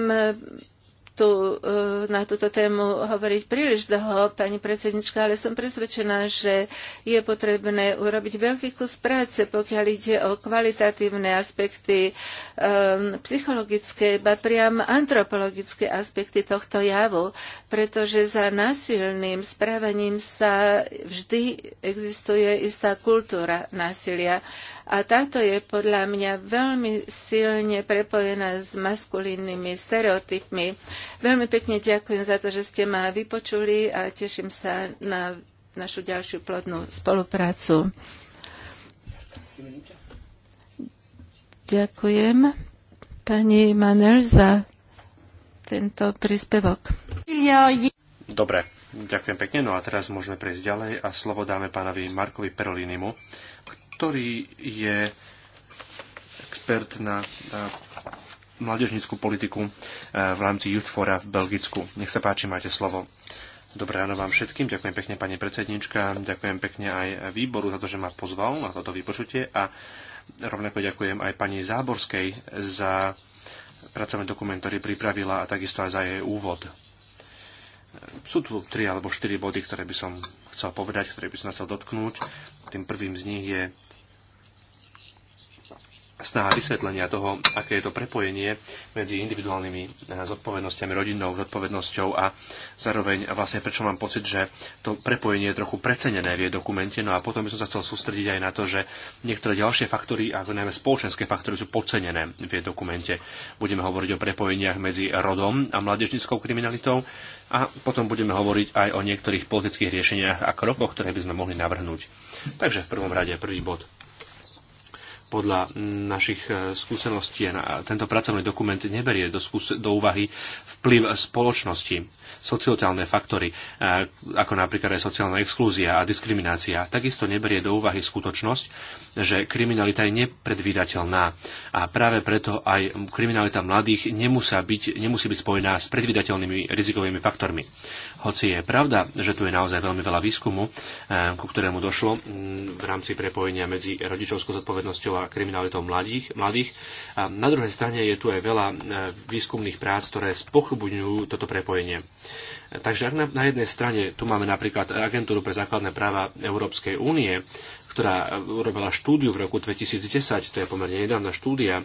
tu e, na túto tému hovoriť príliš dlho, pani predsednička, ale som presvedčená, že je potrebné urobiť veľký kus práce, pokiaľ ide o kvalitatívne aspekty, um, psychologické, ba priam antropologické aspekty tohto javu, pretože za násilným správaním sa vždy existuje istá kultúra násilia a táto je podľa mňa veľmi silne prepojená s maskulínnymi stereotypmi. Veľmi pekne ďakujem za to, že ste ma vypočuli a teším sa na našu ďalšiu plodnú spoluprácu. Ďakujem pani Manel za tento príspevok. Dobre, Ďakujem pekne. No a teraz môžeme prejsť ďalej a slovo dáme pánovi Markovi Perolinimu, ktorý je expert na, na mládežnickú politiku eh, v rámci Youth Fora v Belgicku. Nech sa páči, máte slovo. Dobré ráno vám všetkým, ďakujem pekne pani predsednička, ďakujem pekne aj výboru za to, že ma pozval na toto vypočutie a rovnako ďakujem aj pani Záborskej za pracovný dokument, ktorý pripravila a takisto aj za jej úvod. Sú tu tri alebo štyri body, ktoré by som chcel povedať, ktoré by som chcel dotknúť. Tým prvým z nich je snaha vysvetlenia toho, aké je to prepojenie medzi individuálnymi eh, zodpovednosťami, rodinnou zodpovednosťou a zároveň vlastne prečo mám pocit, že to prepojenie je trochu precenené v jej dokumente. No a potom by som sa chcel sústrediť aj na to, že niektoré ďalšie faktory, ako najmä spoločenské faktory, sú podcenené v jej dokumente. Budeme hovoriť o prepojeniach medzi rodom a mládežnickou kriminalitou a potom budeme hovoriť aj o niektorých politických riešeniach a krokoch, ktoré by sme mohli navrhnúť. Takže v prvom rade prvý bod podľa našich e, skúseností tento pracovný dokument neberie do, skús- do úvahy vplyv spoločnosti, sociálne faktory, e, ako napríklad aj sociálna exklúzia a diskriminácia. Takisto neberie do úvahy skutočnosť, že kriminalita je nepredvídateľná a práve preto aj kriminalita mladých nemusí byť, nemusí byť spojená s predvídateľnými rizikovými faktormi. Hoci je pravda, že tu je naozaj veľmi veľa výskumu, eh, ku ktorému došlo mm, v rámci prepojenia medzi rodičovskou zodpovednosťou a kriminalitou mladých, mladých. A na druhej strane je tu aj veľa eh, výskumných prác, ktoré spochybňujú toto prepojenie. Takže ak na, na jednej strane tu máme napríklad agentúru pre základné práva Európskej únie, ktorá urobila štúdiu v roku 2010, to je pomerne nedávna štúdia, e,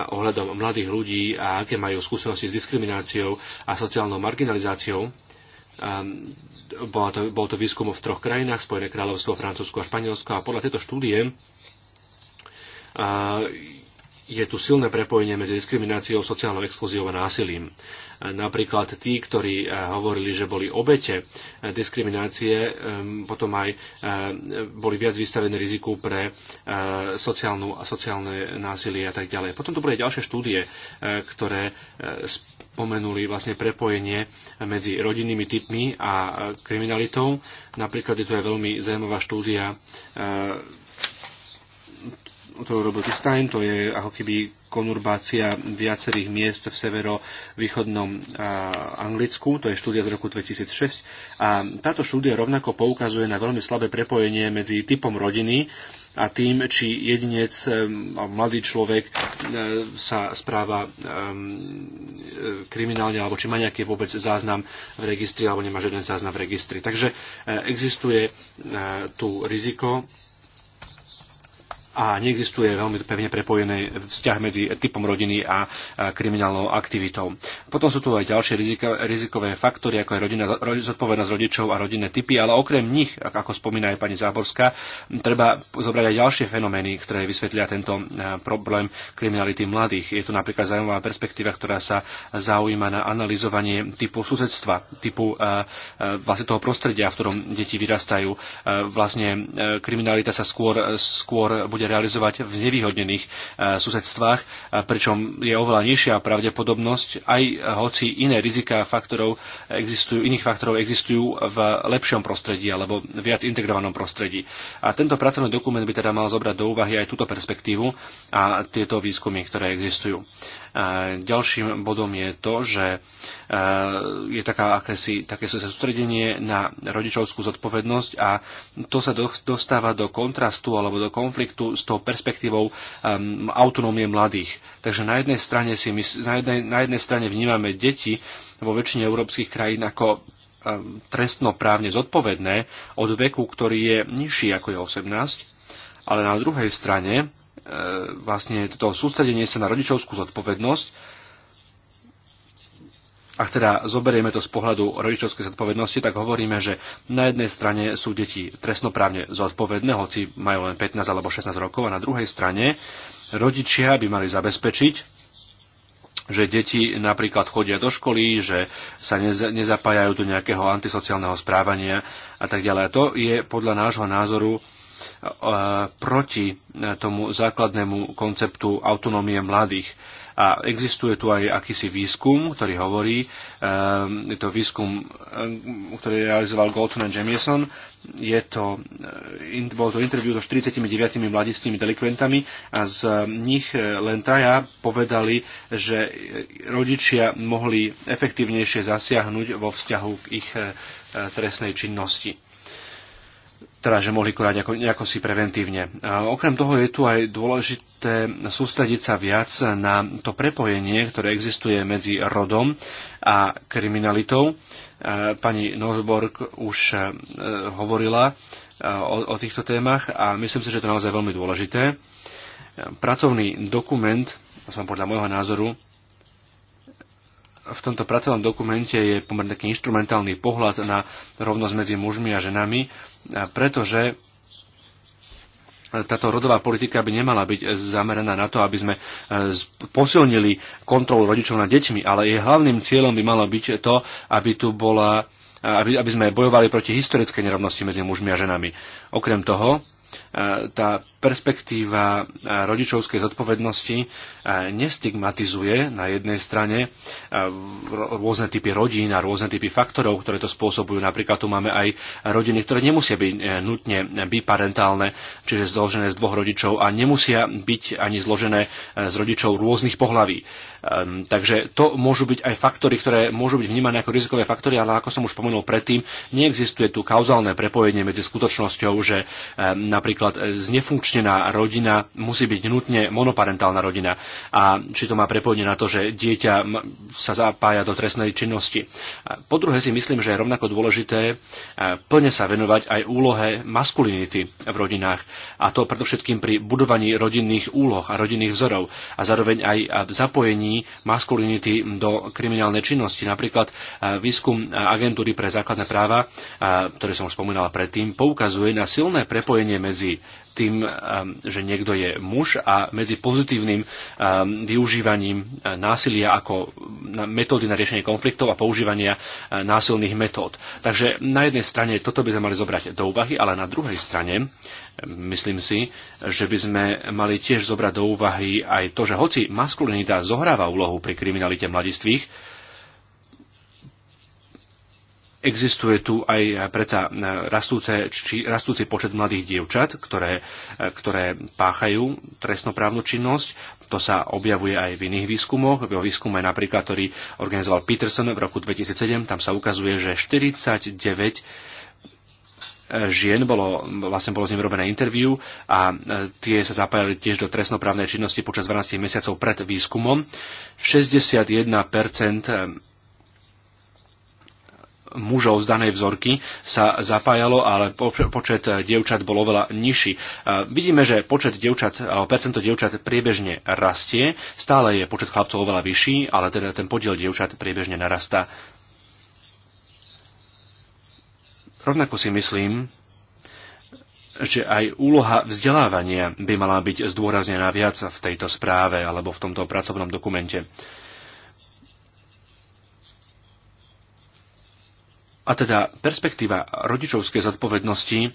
ohľadom mladých ľudí a aké majú skúsenosti s diskrimináciou a sociálnou marginalizáciou. Ehm, bol to, bol to výskum v troch krajinách, Spojené kráľovstvo, Francúzsko a Španielsko a podľa tejto štúdie e, je tu silné prepojenie medzi diskrimináciou, sociálnou exkluziou a násilím. Napríklad tí, ktorí eh, hovorili, že boli obete eh, diskriminácie, ehm, potom aj eh, boli viac vystavení riziku pre sociálnu, a sociálne násilie a tak ďalej. Potom tu boli ďalšie štúdie, ktoré spomenuli vlastne prepojenie medzi rodinnými typmi a kriminalitou. Napríklad je tu aj veľmi zaujímavá štúdia to robil Tistain, to je ako keby konurbácia viacerých miest v severovýchodnom Anglicku, to je štúdia z roku 2006. A táto štúdia rovnako poukazuje na veľmi slabé prepojenie medzi typom rodiny a tým, či jedinec, mladý človek sa správa e, kriminálne, alebo či má nejaký vôbec záznam v registri, alebo nemá žiaden záznam v registri. Takže e, existuje e, tu riziko, a neexistuje veľmi pevne prepojený vzťah medzi typom rodiny a kriminálnou aktivitou. Potom sú tu aj ďalšie riziko, rizikové faktory, ako je rodina, zodpovednosť rodičov a rodinné typy, ale okrem nich, ako spomína aj pani Záborská, treba zobrať aj ďalšie fenomény, ktoré vysvetlia tento problém kriminality mladých. Je tu napríklad zaujímavá perspektíva, ktorá sa zaujíma na analyzovanie typu susedstva, typu vlastne toho prostredia, v ktorom deti vyrastajú. Vlastne e, kriminalita sa skôr, skôr bude bude realizovať v nevýhodnených eh, susedstvách, pričom je oveľa nižšia pravdepodobnosť, aj hoci iné rizika faktorov existujú, iných faktorov existujú v lepšom prostredí alebo viac integrovanom prostredí. A tento pracovný dokument by teda mal zobrať do úvahy aj túto perspektívu a tieto výskumy, ktoré existujú. Ďalším bodom je to, že e, je taká, akési, také sústredenie na rodičovskú zodpovednosť a to sa dostáva do kontrastu alebo do konfliktu s tou perspektívou autonómie mladých. Takže na jednej strane, si my, na jednej, na jednej strane vnímame deti vo väčšine európskych krajín ako trestnoprávne zodpovedné od veku, ktorý je nižší ako je 18, ale na druhej strane E, vlastne toto sústredenie sa na rodičovskú zodpovednosť, ak teda zoberieme to z pohľadu rodičovskej zodpovednosti, tak hovoríme, že na jednej strane sú deti trestnoprávne zodpovedné, hoci majú len 15 alebo 16 rokov, a na druhej strane rodičia by mali zabezpečiť, že deti napríklad chodia do školy, že sa nezapájajú do nejakého antisociálneho správania a tak ďalej. A to je podľa nášho názoru proti e, tomu základnému konceptu autonómie mladých. A existuje tu aj akýsi výskum, ktorý hovorí, e, je to výskum, e, ktorý realizoval Goldson a Jamieson, je to, bol to interviu so 49 mladistými delikventami a z nich len traja povedali, že rodičia mohli efektívnejšie zasiahnuť vo vzťahu k ich trestnej činnosti teda že mohli konať nejako, nejako si preventívne. A okrem toho je tu aj dôležité sústrediť sa viac na to prepojenie, ktoré existuje medzi rodom a kriminalitou. Pani Norborg už e, hovorila e, o, o týchto témach a myslím si, že to je naozaj veľmi dôležité. Pracovný dokument, aspoň podľa môjho názoru, v tomto pracovnom dokumente je pomerne taký instrumentálny pohľad na rovnosť medzi mužmi a ženami, pretože táto rodová politika by nemala byť zameraná na to, aby sme e, posilnili kontrolu rodičov nad deťmi, ale jej hlavným cieľom by malo byť to, aby tu bola e, aby, aby sme bojovali proti historickej nerovnosti medzi mužmi a ženami. Okrem toho, tá perspektíva e, rodičovskej zodpovednosti e, nestigmatizuje na jednej strane e, rôzne typy rodín a rôzne typy faktorov, ktoré to spôsobujú. Napríklad tu máme aj rodiny, ktoré nemusia byť nutne biparentálne, čiže zložené z dvoch rodičov a nemusia byť ani zložené z rodičov rôznych pohlaví. Takže to môžu byť aj faktory, ktoré môžu byť vnímané ako rizikové faktory, ale ako som už spomenul predtým, neexistuje tu kauzálne prepojenie medzi skutočnosťou, že napríklad napríklad e, znefunkčnená rodina musí byť nutne monoparentálna rodina a či to má prepojenie na to, že dieťa sa zapája do trestnej činnosti. Po druhé si myslím, že je rovnako dôležité e, plne sa venovať aj úlohe maskulinity v rodinách a to predovšetkým pri budovaní rodinných úloh a rodinných vzorov a zároveň aj zapojení maskulinity do kriminálnej činnosti. Napríklad e, výskum agentúry pre základné práva, ktoré som už spomínala predtým, poukazuje na silné prepojenie medzi tým, um, že niekto je muž a medzi pozitívnym um, využívaním uh, násilia ako metódy na riešenie konfliktov a používania uh, násilných metód. Takže na jednej strane toto by sme mali zobrať do úvahy, ale na druhej strane myslím si, že by sme mali tiež zobrať do úvahy aj to, že hoci maskulinita zohráva úlohu pri kriminalite mladistvých, Existuje tu aj predsa e, rastúce, či, rastúci počet mladých dievčat, ktoré, e, ktoré páchajú trestnoprávnu činnosť. To sa objavuje aj v iných výskumoch. Vo výskume napríklad, ktorý organizoval Peterson v roku 2007, tam sa ukazuje, že 49 e, žien bolo, vlastne bolo s ním robené interviu a tie sa zapájali tiež do trestnoprávnej činnosti počas 12 mesiacov pred výskumom. 61% mužov z danej vzorky sa zapájalo, ale počet dievčat bol oveľa nižší. Vidíme, že počet dievčat, alebo percento dievčat priebežne rastie, stále je počet chlapcov oveľa vyšší, ale teda ten podiel dievčat priebežne narastá. Rovnako si myslím, že aj úloha vzdelávania by mala byť zdôraznená viac v tejto správe alebo v tomto pracovnom dokumente. A teda perspektíva rodičovskej zodpovednosti e,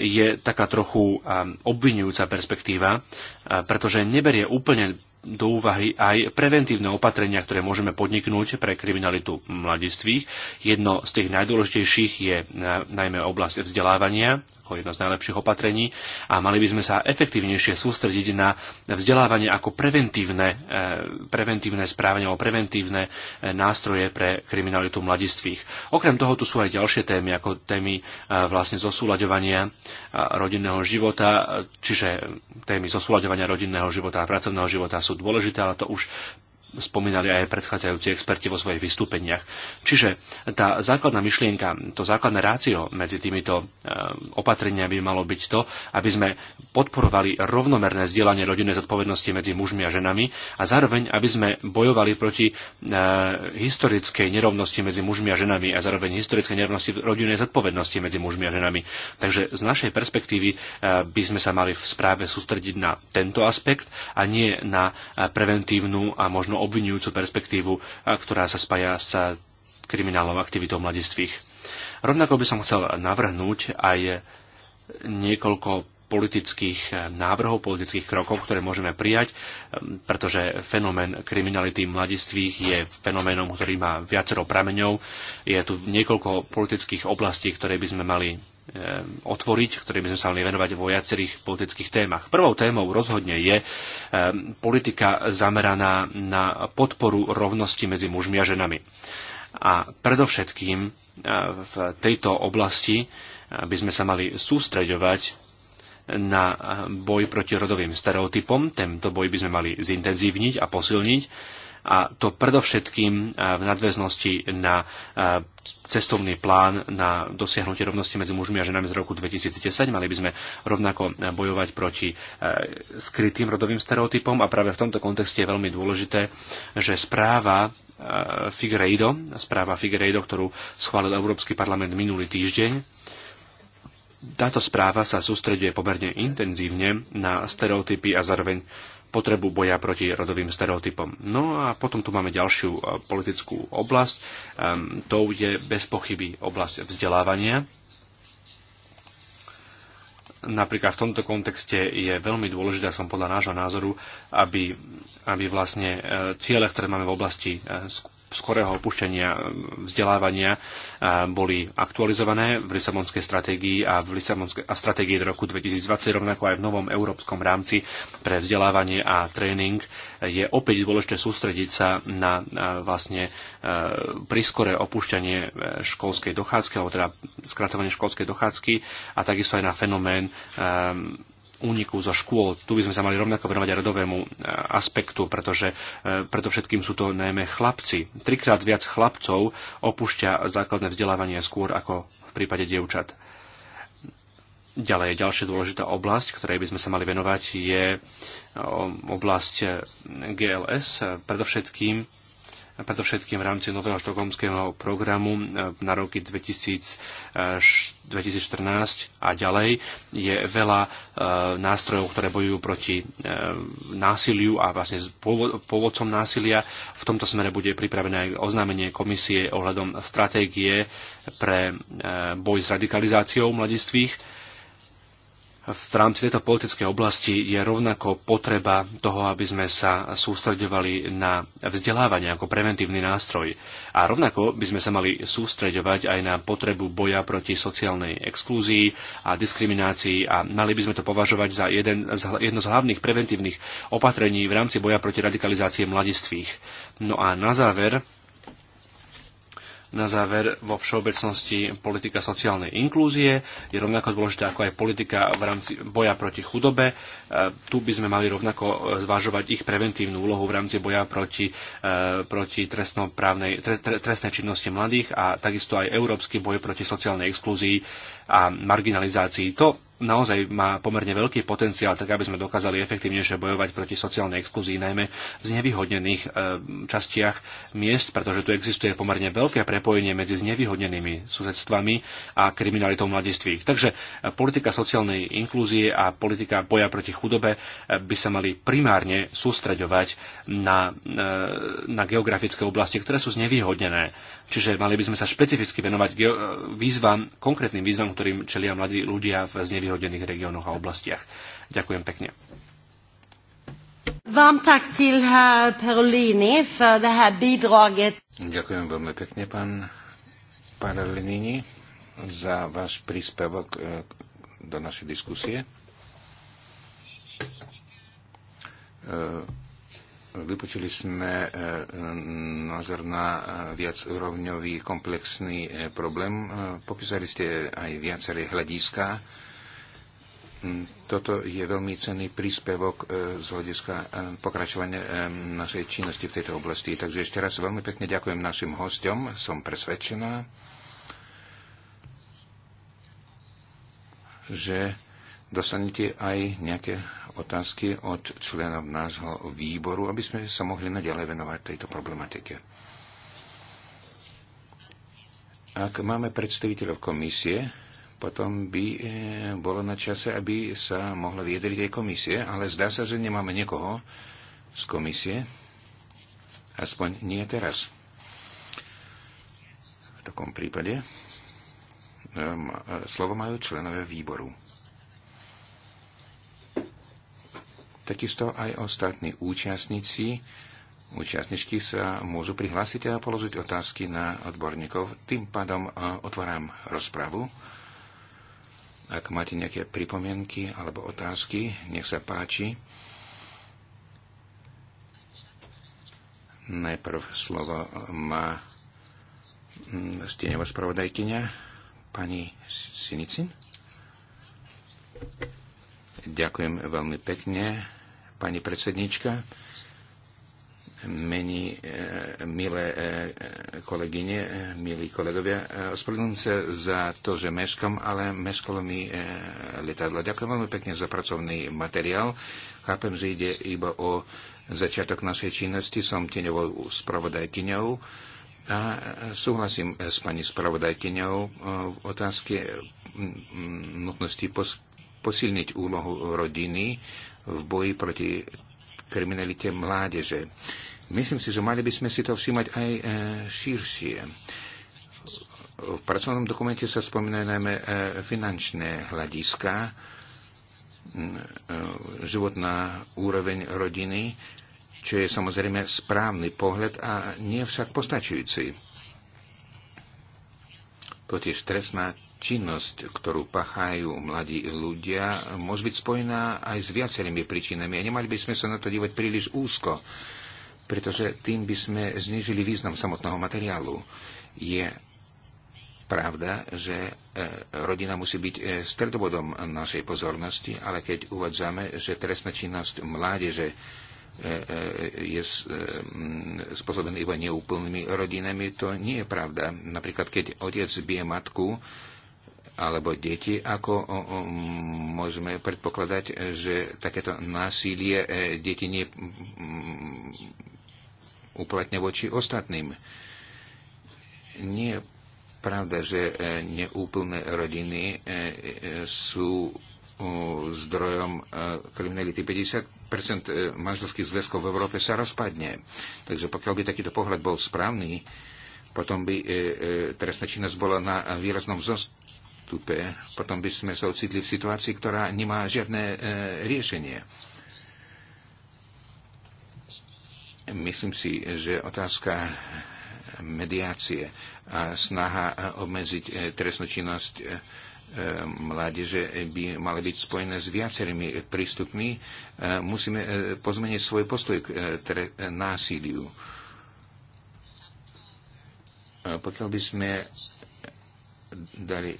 je taká trochu e, obvinujúca perspektíva, e, pretože neberie úplne do úvahy aj preventívne opatrenia, ktoré môžeme podniknúť pre kriminalitu mladistvých. Jedno z tých najdôležitejších je najmä oblasť vzdelávania, ako jedno z najlepších opatrení a mali by sme sa efektívnejšie sústrediť na vzdelávanie ako preventívne, eh, preventívne správanie alebo preventívne eh, nástroje pre kriminalitu mladistvých. Okrem toho tu sú aj ďalšie témy, ako témy eh, vlastne zosúľaďovania rodinného života, čiže témy zosúľaďovania rodinného života a pracovného života sú dôležité, ale to už spomínali aj predchádzajúci experti vo svojich vystúpeniach. Čiže tá základná myšlienka, to základné rácio medzi týmito eh, opatreniami malo byť to, aby sme podporovali rovnomerné zdieľanie rodinnej zodpovednosti medzi mužmi a ženami a zároveň, aby sme bojovali proti eh, historickej nerovnosti medzi mužmi a ženami a zároveň historickej nerovnosti rodinnej zodpovednosti medzi mužmi a ženami. Takže z našej perspektívy eh, by sme sa mali v správe sústrediť na tento aspekt a nie na preventívnu a možno obvinujúcu perspektívu, ktorá sa spája s kriminálnou aktivitou mladistvých. Rovnako by som chcel navrhnúť aj niekoľko politických návrhov, politických krokov, ktoré môžeme prijať, e, pretože fenomén kriminality mladistvých je fenoménom, ktorý má viacero prameňov. Je tu niekoľko politických oblastí, ktoré by sme mali Eh, otvoriť, ktorým by sme sa mali venovať vo viacerých politických témach. Prvou témou rozhodne je eh, politika zameraná na podporu rovnosti medzi mužmi a ženami. A predovšetkým eh, v tejto oblasti by sme sa mali sústreďovať na boj proti rodovým stereotypom. Tento boj by sme mali zintenzívniť a posilniť a to predovšetkým eh, v nadväznosti na eh, cestovný plán na dosiahnutie rovnosti medzi mužmi a ženami z roku 2010. Mali by sme rovnako eh, bojovať proti skrytým rodovým stereotypom a práve v tomto kontexte je veľmi dôležité, že správa Figueiredo, správa Figueiredo, ktorú schválil Európsky parlament minulý týždeň, táto správa sa sústreduje pomerne intenzívne na stereotypy a zároveň potrebu boja proti rodovým stereotypom. No a potom tu máme ďalšiu e, politickú oblasť, To je bez pochyby oblasť vzdelávania. Napríklad v tomto kontexte je veľmi dôležité, som podľa nášho názoru, aby, aby vlastne e, ciele, ktoré máme v oblasti e, skorého opušťania eh, vzdelávania eh, boli aktualizované v Lisabonskej stratégii a v Lisabonskej a stratégii do roku 2020, rovnako aj v novom európskom rámci pre vzdelávanie a tréning, je opäť dôležité sústrediť sa na, vlastne eh, priskoré opušťanie školskej dochádzky, alebo teda skracovanie školskej dochádzky a takisto aj na fenomén úniku zo škôl. Tu by sme sa mali rovnako venovať aj rodovému e, aspektu, pretože e, predovšetkým sú to najmä chlapci. Trikrát viac chlapcov opúšťa základné vzdelávanie skôr ako v prípade dievčat. Ďalej, ďalšia dôležitá oblasť, ktorej by sme sa mali venovať, je e, oblasť GLS, predovšetkým predovšetkým v rámci nového štokholmského programu e, na roky 2014 e, a ďalej je veľa e, nástrojov, ktoré bojujú proti násiliu a vlastne pôvodcom násilia. V tomto smere bude pripravené aj oznámenie komisie ohľadom stratégie pre boj s radikalizáciou mladistvých v rámci tejto politickej oblasti je rovnako potreba toho, aby sme sa sústreďovali na vzdelávanie ako preventívny nástroj. A rovnako by sme sa mali sústreďovať aj na potrebu boja proti sociálnej exklúzii a diskriminácii a mali by sme to považovať za jeden z, jedno z hlavných preventívnych opatrení v rámci boja proti radikalizácie mladistvých. No a na záver na záver, vo všeobecnosti politika sociálnej inklúzie je rovnako dôležitá ako aj politika v rámci boja proti chudobe. E, tu by sme mali rovnako e, zvažovať ich preventívnu úlohu v rámci boja proti, e, proti trestnoprávnej, tre, trestnej činnosti mladých a takisto aj európsky boj proti sociálnej exklúzii a marginalizácii. To naozaj má pomerne veľký potenciál, tak aby sme dokázali efektívnejšie bojovať proti sociálnej exkluzii, najmä v znevýhodnených e, častiach miest, pretože tu existuje pomerne veľké prepojenie medzi znevýhodnenými susedstvami a kriminalitou mladistvých. Takže e, politika sociálnej inklúzie a politika boja proti chudobe e, by sa mali primárne sústreďovať na, na geografické oblasti, ktoré sú znevýhodnené Čiže mali by sme sa špecificky venovať výzvam, konkrétnym výzvam, ktorým čelia mladí ľudia v znevýhodnených regiónoch a oblastiach. Ďakujem pekne. Vám tak til eh, Perolini för det här bidraget. Ďakujem veľmi pekne, pán Perolini, za váš príspevok eh, do našej diskusie eh, Vypočuli sme e, e, názor na e, viacúrovňový komplexný problém. Popísali ste aj viaceré hľadiska. Mm, toto je veľmi cenný príspevok z hľadiska pokračovania našej činnosti v tejto oblasti. Takže ešte raz veľmi pekne ďakujem našim hostom. Som presvedčená, že dostanete aj nejaké otázky od členov nášho výboru, aby sme sa mohli naďalej venovať tejto problematike. Ak máme predstaviteľov komisie, potom by eh, bolo na čase, aby sa mohla vyjadriť aj komisie, ale zdá sa, že nemáme niekoho z komisie. Aspoň nie teraz. V takom prípade eh, eh, slovo majú členové výboru. Takisto aj ostatní účastníci, účastničky sa môžu prihlásiť a položiť otázky na odborníkov. Tým pádom e, otváram rozpravu. Ak máte nejaké pripomienky alebo otázky, nech sa páči. Najprv slovo má mm, steňová spravodajkynia pani Sinicin. Ďakujem veľmi pekne pani predsednička, meni e, milé e, kolegyne, e, milí kolegovia. E, ospravedlňujem sa za to, že meškam, ale meškalo mi e, letadlo. Ďakujem veľmi pekne za pracovný materiál. Chápem, že ide iba o začiatok našej činnosti. Som tieňovou spravodajkyňou a súhlasím s pani spravodajkyňou e, v otázke nutnosti posilniť úlohu rodiny v boji proti kriminalite mládeže. Myslím si, že mali by sme si to všímať aj e, širšie. V pracovnom dokumente sa spomínajú najmä e, finančné hľadiska, e, životná úroveň rodiny, čo je samozrejme správny pohľad a nie však postačujúci. Totiž trestná Činnosť, ktorú pachajú mladí ľudia, môže byť spojená aj s viacerými príčinami a nemali by sme sa na to dívať príliš úzko, pretože tým by sme znižili význam samotného materiálu. Je pravda, že e, rodina musí byť e, stredobodom našej pozornosti, ale keď uvádzame, že trestná činnosť mládeže e, je spôsobený iba neúplnými rodinami, to nie je pravda. Napríklad, keď otec bije matku, alebo deti, ako môžeme predpokladať, že takéto násilie e, deti nie uplatne voči ostatným. Nie je pravda, že e, neúplné rodiny e, sú zdrojom kriminality. 50% manželských zväzkov v Európe sa rozpadne. Takže pokiaľ by takýto pohľad bol správny, potom by trestná činnosť bola na výraznom zostupu postupe, potom by sme sa ocitli v situácii, ktorá nemá žiadne e, riešenie. Myslím si, že otázka mediácie a snaha e, obmedziť e, trestnú činnosť e, mládeže by mali byť spojené s viacerými prístupmi. Musíme pozmeniť svoj postoj k násiliu. Pokiaľ by sme dali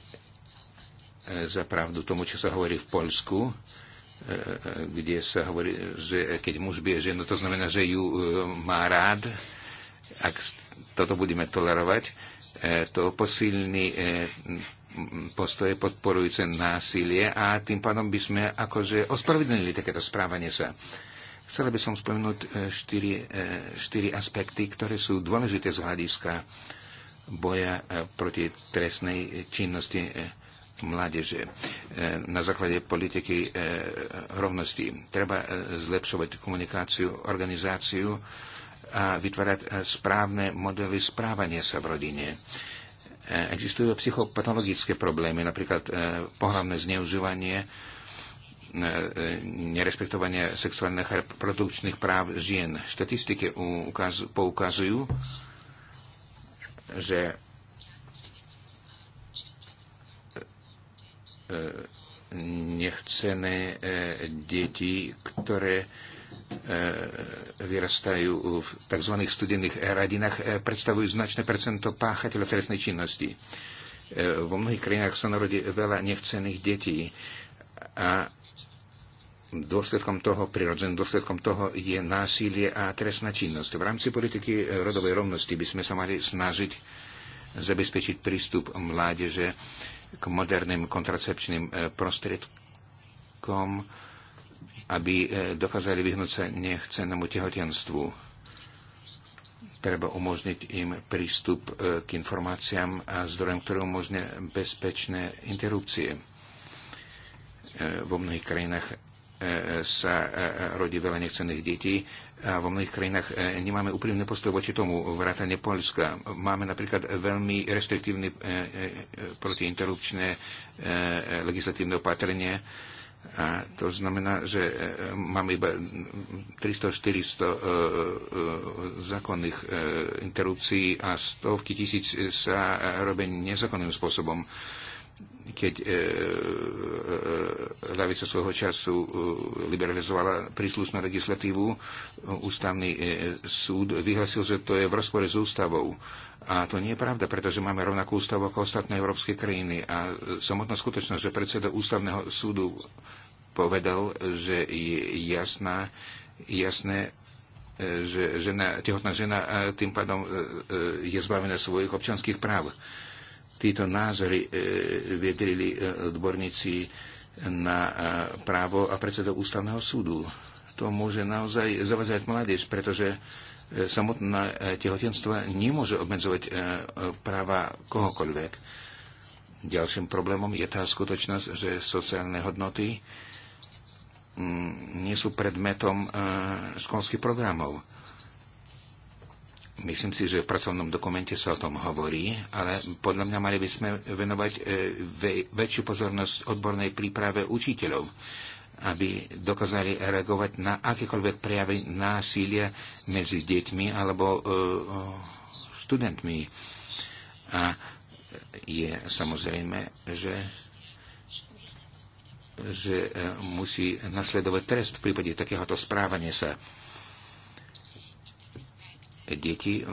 E, za pravdu tomu, čo sa hovorí v Poľsku, e, e, kde sa hovorí, že keď muž bije ženu, to znamená, že ju má rád. Ak toto budeme tolerovať, to posilní postoje podporujúce násilie a tým pádom by sme akože ospravedlnili takéto správanie sa. Chcela by som spomenúť štyri, štyri aspekty, ktoré sú dôležité z hľadiska boja proti trestnej činnosti mládeže e, na základe politiky e, rovnosti. Treba e, zlepšovať komunikáciu, organizáciu a vytvárať správne modely správania sa v rodine. Existujú psychopatologické problémy, napríklad pohľavné zneužívanie, nerespektovanie sexuálnych a reprodukčných práv žien. Štatistiky poukazujú, že nechcené e, deti, ktoré e, vyrastajú v tzv. studených radinách, e, predstavujú značné percento páchateľov trestnej činnosti. Vo mnohých krajinách sa narodí veľa nechcených detí a dôsledkom toho, prirodzeným dôsledkom toho je násilie a trestná činnosť. V rámci politiky rodovej rovnosti by sme sa mali snažiť zabezpečiť prístup mládeže k moderným kontracepčným e, prostriedkom, aby e, dokázali vyhnúť sa nechcenému tehotenstvu. Treba umožniť im prístup e, k informáciám a zdrojom, ktoré umožňuje bezpečné interrupcie. Vo mnohých krajinách sa rodí veľa nechcených detí a vo mnohých krajinách e, nemáme úprimný postoj voči tomu, vrátane Polska. Máme napríklad veľmi restriktívne e, e, protiinterrupčné legislatívne opatrenie a to znamená, že máme iba 300-400 zákonných interrupcií a stovky tisíc sa robia nezákonným spôsobom keď e, e, lavica e, e, svojho času e, liberalizovala príslušnú legislatívu, e, ústavný e, súd vyhlasil, že to je v rozpore s ústavou. A to nie je pravda, pretože máme rovnakú ústavu ako ostatné európske krajiny. A samotná skutočnosť, že predseda ústavného súdu povedal, že je jasná, jasné že žena, tehotná žena tým pádom je zbavená svojich občanských práv. E, Títo názory e, viedrili e, odborníci na e, právo a predseda ústavného súdu. To môže naozaj zavazať mladíž, pretože samotné tehotenstvo nemôže obmedzovať práva kohokoľvek. Ďalším problémom je tá skutočnosť, že sociálne hodnoty mm, nie sú predmetom školských programov. Myslím si, že v pracovnom dokumente sa o tom hovorí, ale podľa mňa mali by sme venovať e, väčšiu pozornosť odbornej príprave učiteľov, aby dokázali reagovať na akékoľvek prejavy násilia medzi deťmi alebo e, študentmi. A je samozrejme, že že e, musí nasledovať trest v prípade takéhoto správania sa deti eh, eh,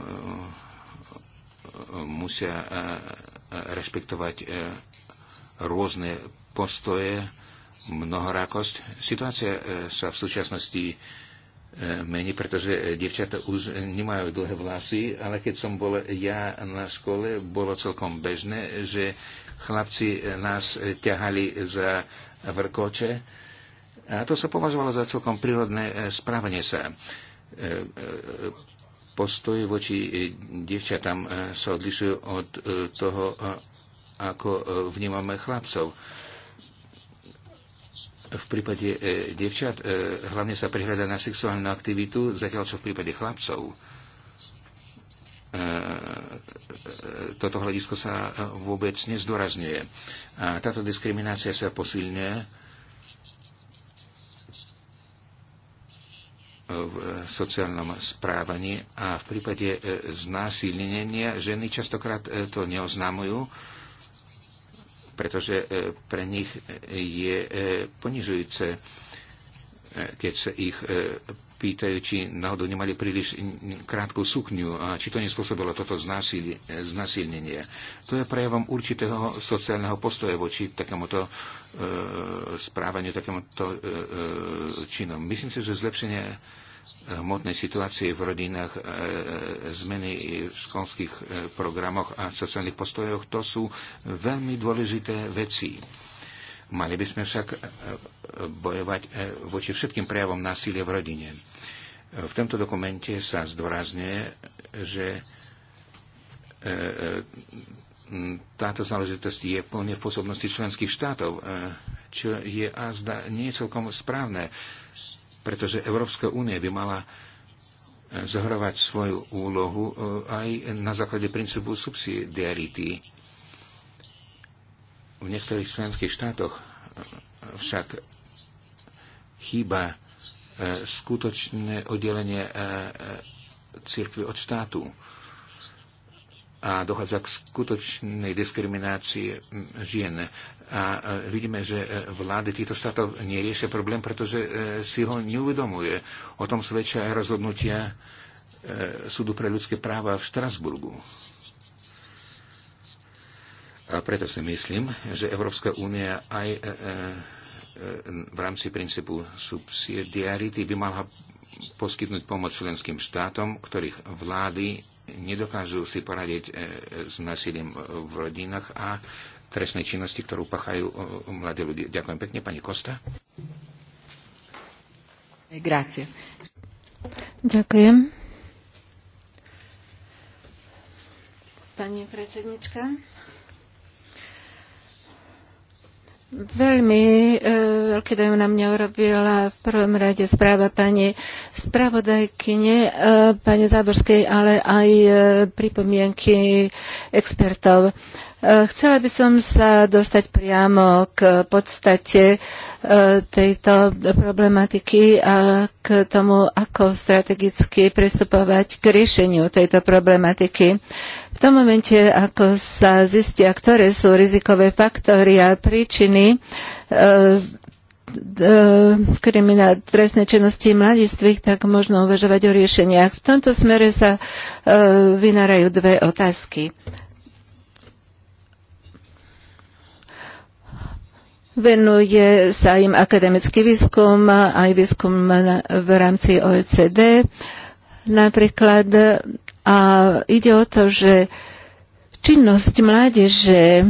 musia eh, rešpektovať rôzne postoje, mnohorakosť. Situácia sa v súčasnosti mení, pretože devčata už nemajú dlhé vlasy, ale keď som bol ja na škole, bolo celkom bežné, že chlapci nás ťahali za vrkoče a to sa považovalo za celkom prírodné správanie sa postoj voči e, dievčatám e, sa odlišujú od e, toho, ako vnímame chlapcov. V prípade dievčat hlavne sa prihľada na sexuálnu aktivitu, zatiaľ čo v prípade chlapcov toto hľadisko sa vôbec nezdôrazňuje. A táto diskriminácia sa posilňuje v sociálnom správaní a v prípade e, znásilnenia ženy častokrát e, to neoznámujú, pretože e, pre nich je ponižujúce, keď sa ich pýtajú, či náhodou nemali príliš krátku sukňu a či to nespôsobilo toto znásilnenie. To je prejavom určitého sociálneho postoja voči takémuto E, správaniu takémuto e, e, činom. Myslím si, že zlepšenie hmotnej situácie v rodinách, zmeny v školských programoch a sociálnych postojoch, to sú veľmi dôležité veci. Mali by sme však bojovať voči všetkým prejavom násilia v rodine. V tomto dokumente sa zdôrazňuje, že táto záležitosť je plne v pôsobnosti členských štátov, eh, čo je a zda nie je celkom správne, pretože Európska únia by mala eh, zohrovať svoju úlohu eh, aj na základe princípu subsidiarity. V niektorých členských štátoch však chýba skutočné oddelenie církvy od štátu a dochádza k skutočnej diskriminácii žien. A e, vidíme, že e, vlády týchto štátov neriešia problém, pretože e, si ho neuvedomuje. O tom svedčia aj rozhodnutia súdu pre ľudské práva v Štrasburgu. A preto si myslím, že Európska únia aj v rámci princípu subsidiarity by mala poskytnúť pomoc členským štátom, ktorých vlády nedokážu si poradiť e, s násilím v rodinách a trestnej činnosti, ktorú pachajú e, mladí ľudia. Ďakujem pekne, pani Kosta. Grazie. Ďakujem. Pani predsednička. Veľmi e, veľký dojem na mňa urobila v prvom rade správa pani spravodajkyne, e, pani Záborskej, ale aj e, pripomienky expertov. E, Chcela by som sa dostať priamo k podstate e, tejto problematiky a k tomu, ako strategicky pristupovať k riešeniu tejto problematiky. V tom momente, ako sa zistia, ktoré sú rizikové faktory a príčiny, e, e, kriminál trestnej činnosti mladistvých, tak možno uvažovať o riešeniach. V tomto smere sa e, vynárajú dve otázky. Venuje sa im akademický výskum, aj výskum v rámci OECD. Napríklad a ide o to, že činnosť mládeže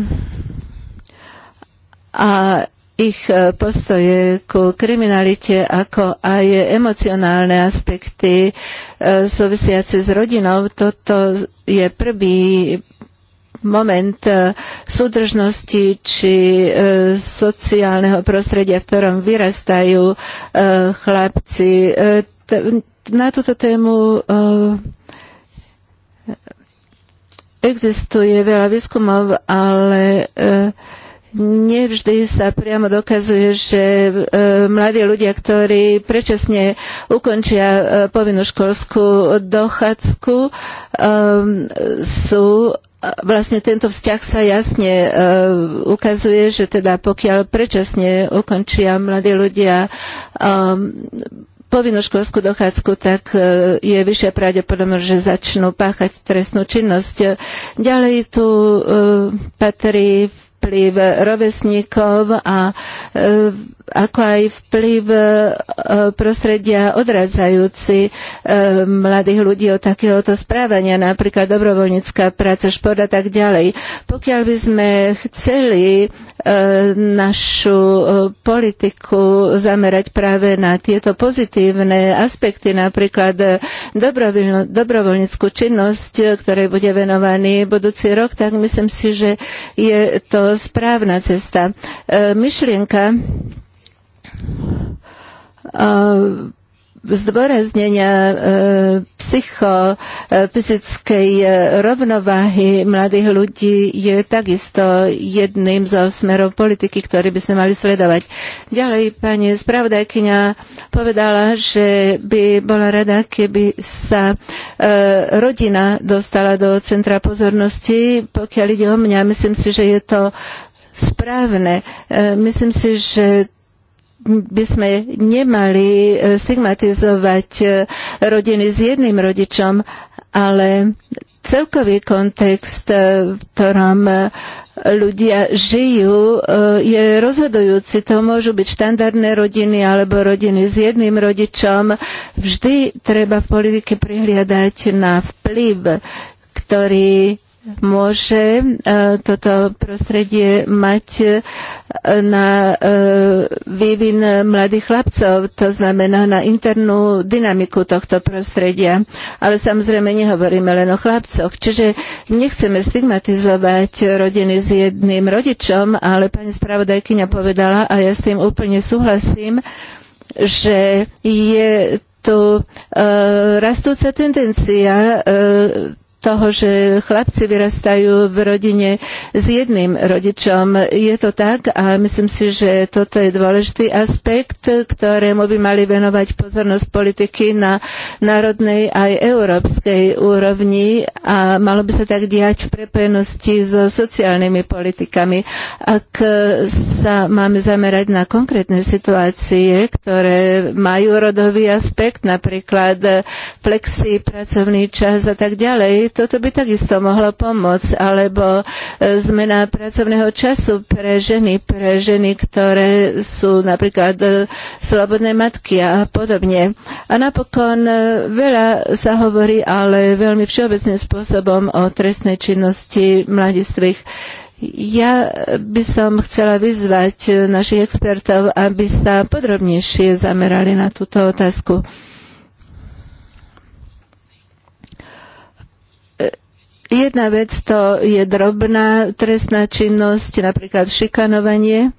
a ich e, postoje ku kriminalite, ako aj emocionálne aspekty e, súvisiace s rodinou. Toto je prvý moment e, súdržnosti či sociálneho prostredia, v ktorom vyrastajú chlapci. Na túto tému Existuje veľa výskumov, ale e, nevždy sa priamo dokazuje, že e, mladí ľudia, ktorí prečasne ukončia e, povinnú školskú dochádzku, sú vlastne tento vzťah sa jasne e, ukazuje, že teda pokiaľ prečasne ukončia mladí ľudia e, povinnú školskú dochádzku, tak e, je vyššia pravdepodobnosť, že začnú páchať trestnú činnosť. Ďalej tu e, patrí vplyv rovesníkov a e, ako aj vplyv e, prostredia odradzajúci e, mladých ľudí od takéhoto správania, napríklad dobrovoľnícká práca, šport a tak ďalej. Pokiaľ by sme chceli e, našu politiku zamerať práve na tieto pozitívne aspekty, napríklad dobrovoľníckú činnosť, ktorej bude venovaný budúci rok, tak myslím si, že je to správna cesta. Myšlienka zdôraznenia psychofyzickej rovnováhy mladých ľudí je takisto jedným zo smerov politiky, ktorý by sme mali sledovať. Ďalej pani spravodajkyňa povedala, že by bola rada, keby sa rodina dostala do centra pozornosti. Pokiaľ ide o mňa, myslím si, že je to správne. Myslím si, že by sme nemali e, stigmatizovať e, rodiny s jedným rodičom, ale celkový kontext, e, v ktorom ľudia žijú, je rozhodujúci. To môžu byť štandardné rodiny alebo rodiny s jedným rodičom. Vždy treba v politike prihliadať na vplyv, ktorý môže e, toto prostredie mať e, na e, vývin mladých chlapcov, to znamená na internú dynamiku tohto prostredia. Ale samozrejme nehovoríme len o chlapcoch, čiže nechceme stigmatizovať rodiny s jedným rodičom, ale pani spravodajkyňa povedala, a ja s tým úplne súhlasím, že je tu rastúca tendencia toho, že chlapci vyrastajú v rodine s jedným rodičom. Je to tak a myslím si, že toto je dôležitý aspekt, ktorému by mali venovať pozornosť politiky na národnej aj európskej úrovni a malo by sa tak diať v prepojenosti so sociálnymi politikami. Ak sa máme zamerať na konkrétne situácie, ktoré majú rodový aspekt, napríklad flexi, pracovný čas a tak ďalej, toto by takisto mohlo pomôcť, alebo e, zmena pracovného času pre ženy, pre ženy, ktoré sú napríklad e, slobodné matky a podobne. A napokon e, veľa sa hovorí, ale veľmi všeobecným spôsobom o trestnej činnosti mladistvých. Ja by som chcela vyzvať našich expertov, aby sa podrobnejšie zamerali na túto otázku. Jedna vec to je drobná trestná činnosť, napríklad šikanovanie.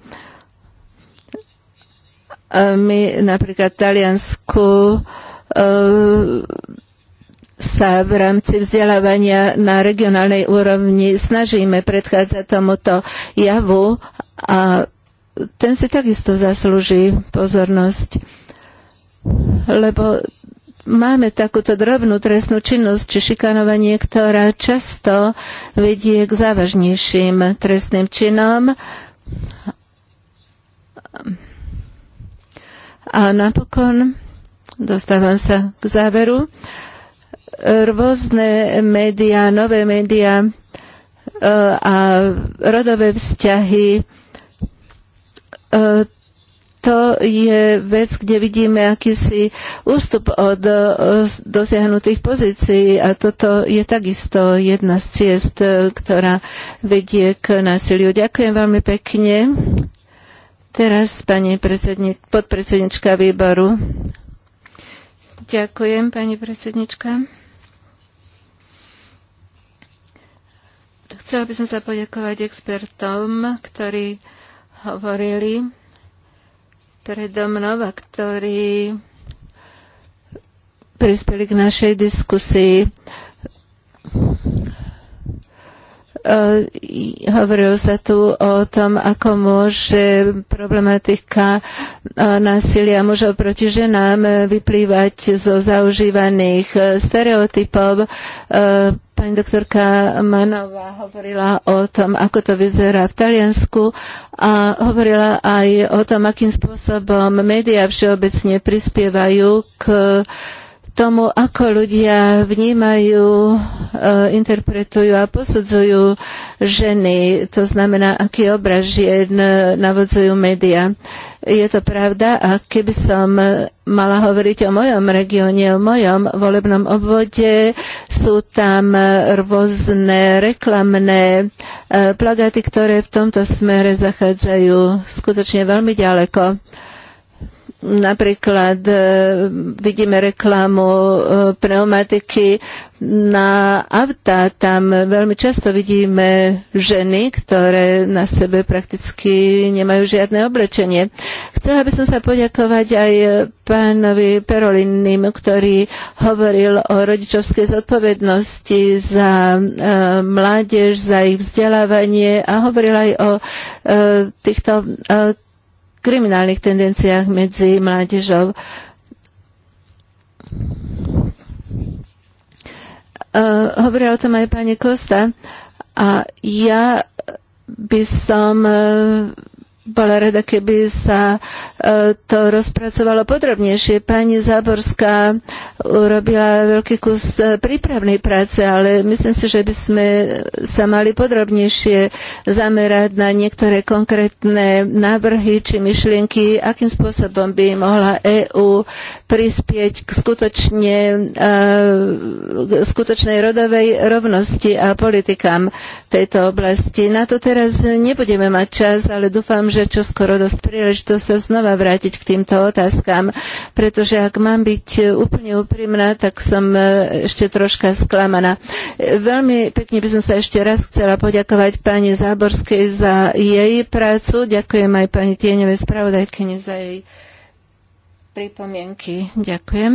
My napríklad v Taliansku e, sa v rámci vzdelávania na regionálnej úrovni snažíme predchádzať tomuto javu a ten si takisto zaslúži pozornosť, lebo máme takúto drobnú trestnú činnosť či šikanovanie, ktorá často vedie k závažnejším trestným činom. A napokon dostávam sa k záveru. Rôzne médiá, nové médiá e, a rodové vzťahy e, to je vec, kde vidíme akýsi ústup od e, dosiahnutých pozícií a toto je takisto jedna z ciest, e, ktorá vedie k násiliu. Ďakujem veľmi pekne. Teraz pani podpredsednička výboru. Ďakujem, pani predsednička. Chcela by som sa poďakovať expertom, ktorí hovorili predo mnou a ktorí prispeli k našej diskusii. E, hovorilo sa tu o tom, ako môže problematika e, násilia mužov proti ženám vyplývať zo zaužívaných e, stereotypov pani doktorka Manová hovorila o tom, ako to vyzerá v Taliansku a hovorila aj o tom, akým spôsobom médiá všeobecne prispievajú k uh, tomu, ako ľudia vnímajú, eh, interpretujú a posudzujú ženy. To znamená, aký obraz žien eh, navodzujú médiá. Je to pravda a keby som mala hovoriť o mojom regióne, o mojom volebnom obvode, sú tam eh, rôzne reklamné plagáty, ktoré v tomto smere zachádzajú skutočne veľmi ďaleko. Napríklad e, vidíme reklamu e, pneumatiky na auta. Tam veľmi často vidíme ženy, ktoré na sebe prakticky nemajú žiadne oblečenie. Chcela by som sa poďakovať aj pánovi Perolinim, ktorý hovoril o rodičovskej zodpovednosti za e, mládež, za ich vzdelávanie a hovoril aj o e, týchto e, kriminálnych tendenciách medzi mládežou. E, hovorila o tom aj pani Kosta a ja by som e, bola rada, keby sa e, to rozpracovalo podrobnejšie. Pani Záborská urobila veľký kus e, prípravnej práce, ale myslím si, že by sme sa mali podrobnejšie zamerať na niektoré konkrétne návrhy či myšlienky, akým spôsobom by mohla EÚ prispieť k skutočne, e, k skutočnej rodovej rovnosti a politikám tejto oblasti. Na to teraz nebudeme mať čas, ale dúfam, že že čo skoro dosť príležitosť sa znova vrátiť k týmto otázkam, pretože ak mám byť úplne úprimná, tak som e, ešte troška sklamaná. E, veľmi pekne by som sa ešte raz chcela poďakovať pani Záborskej za jej prácu. Ďakujem aj pani Tieňovej spravodajkyni za jej pripomienky. Ďakujem.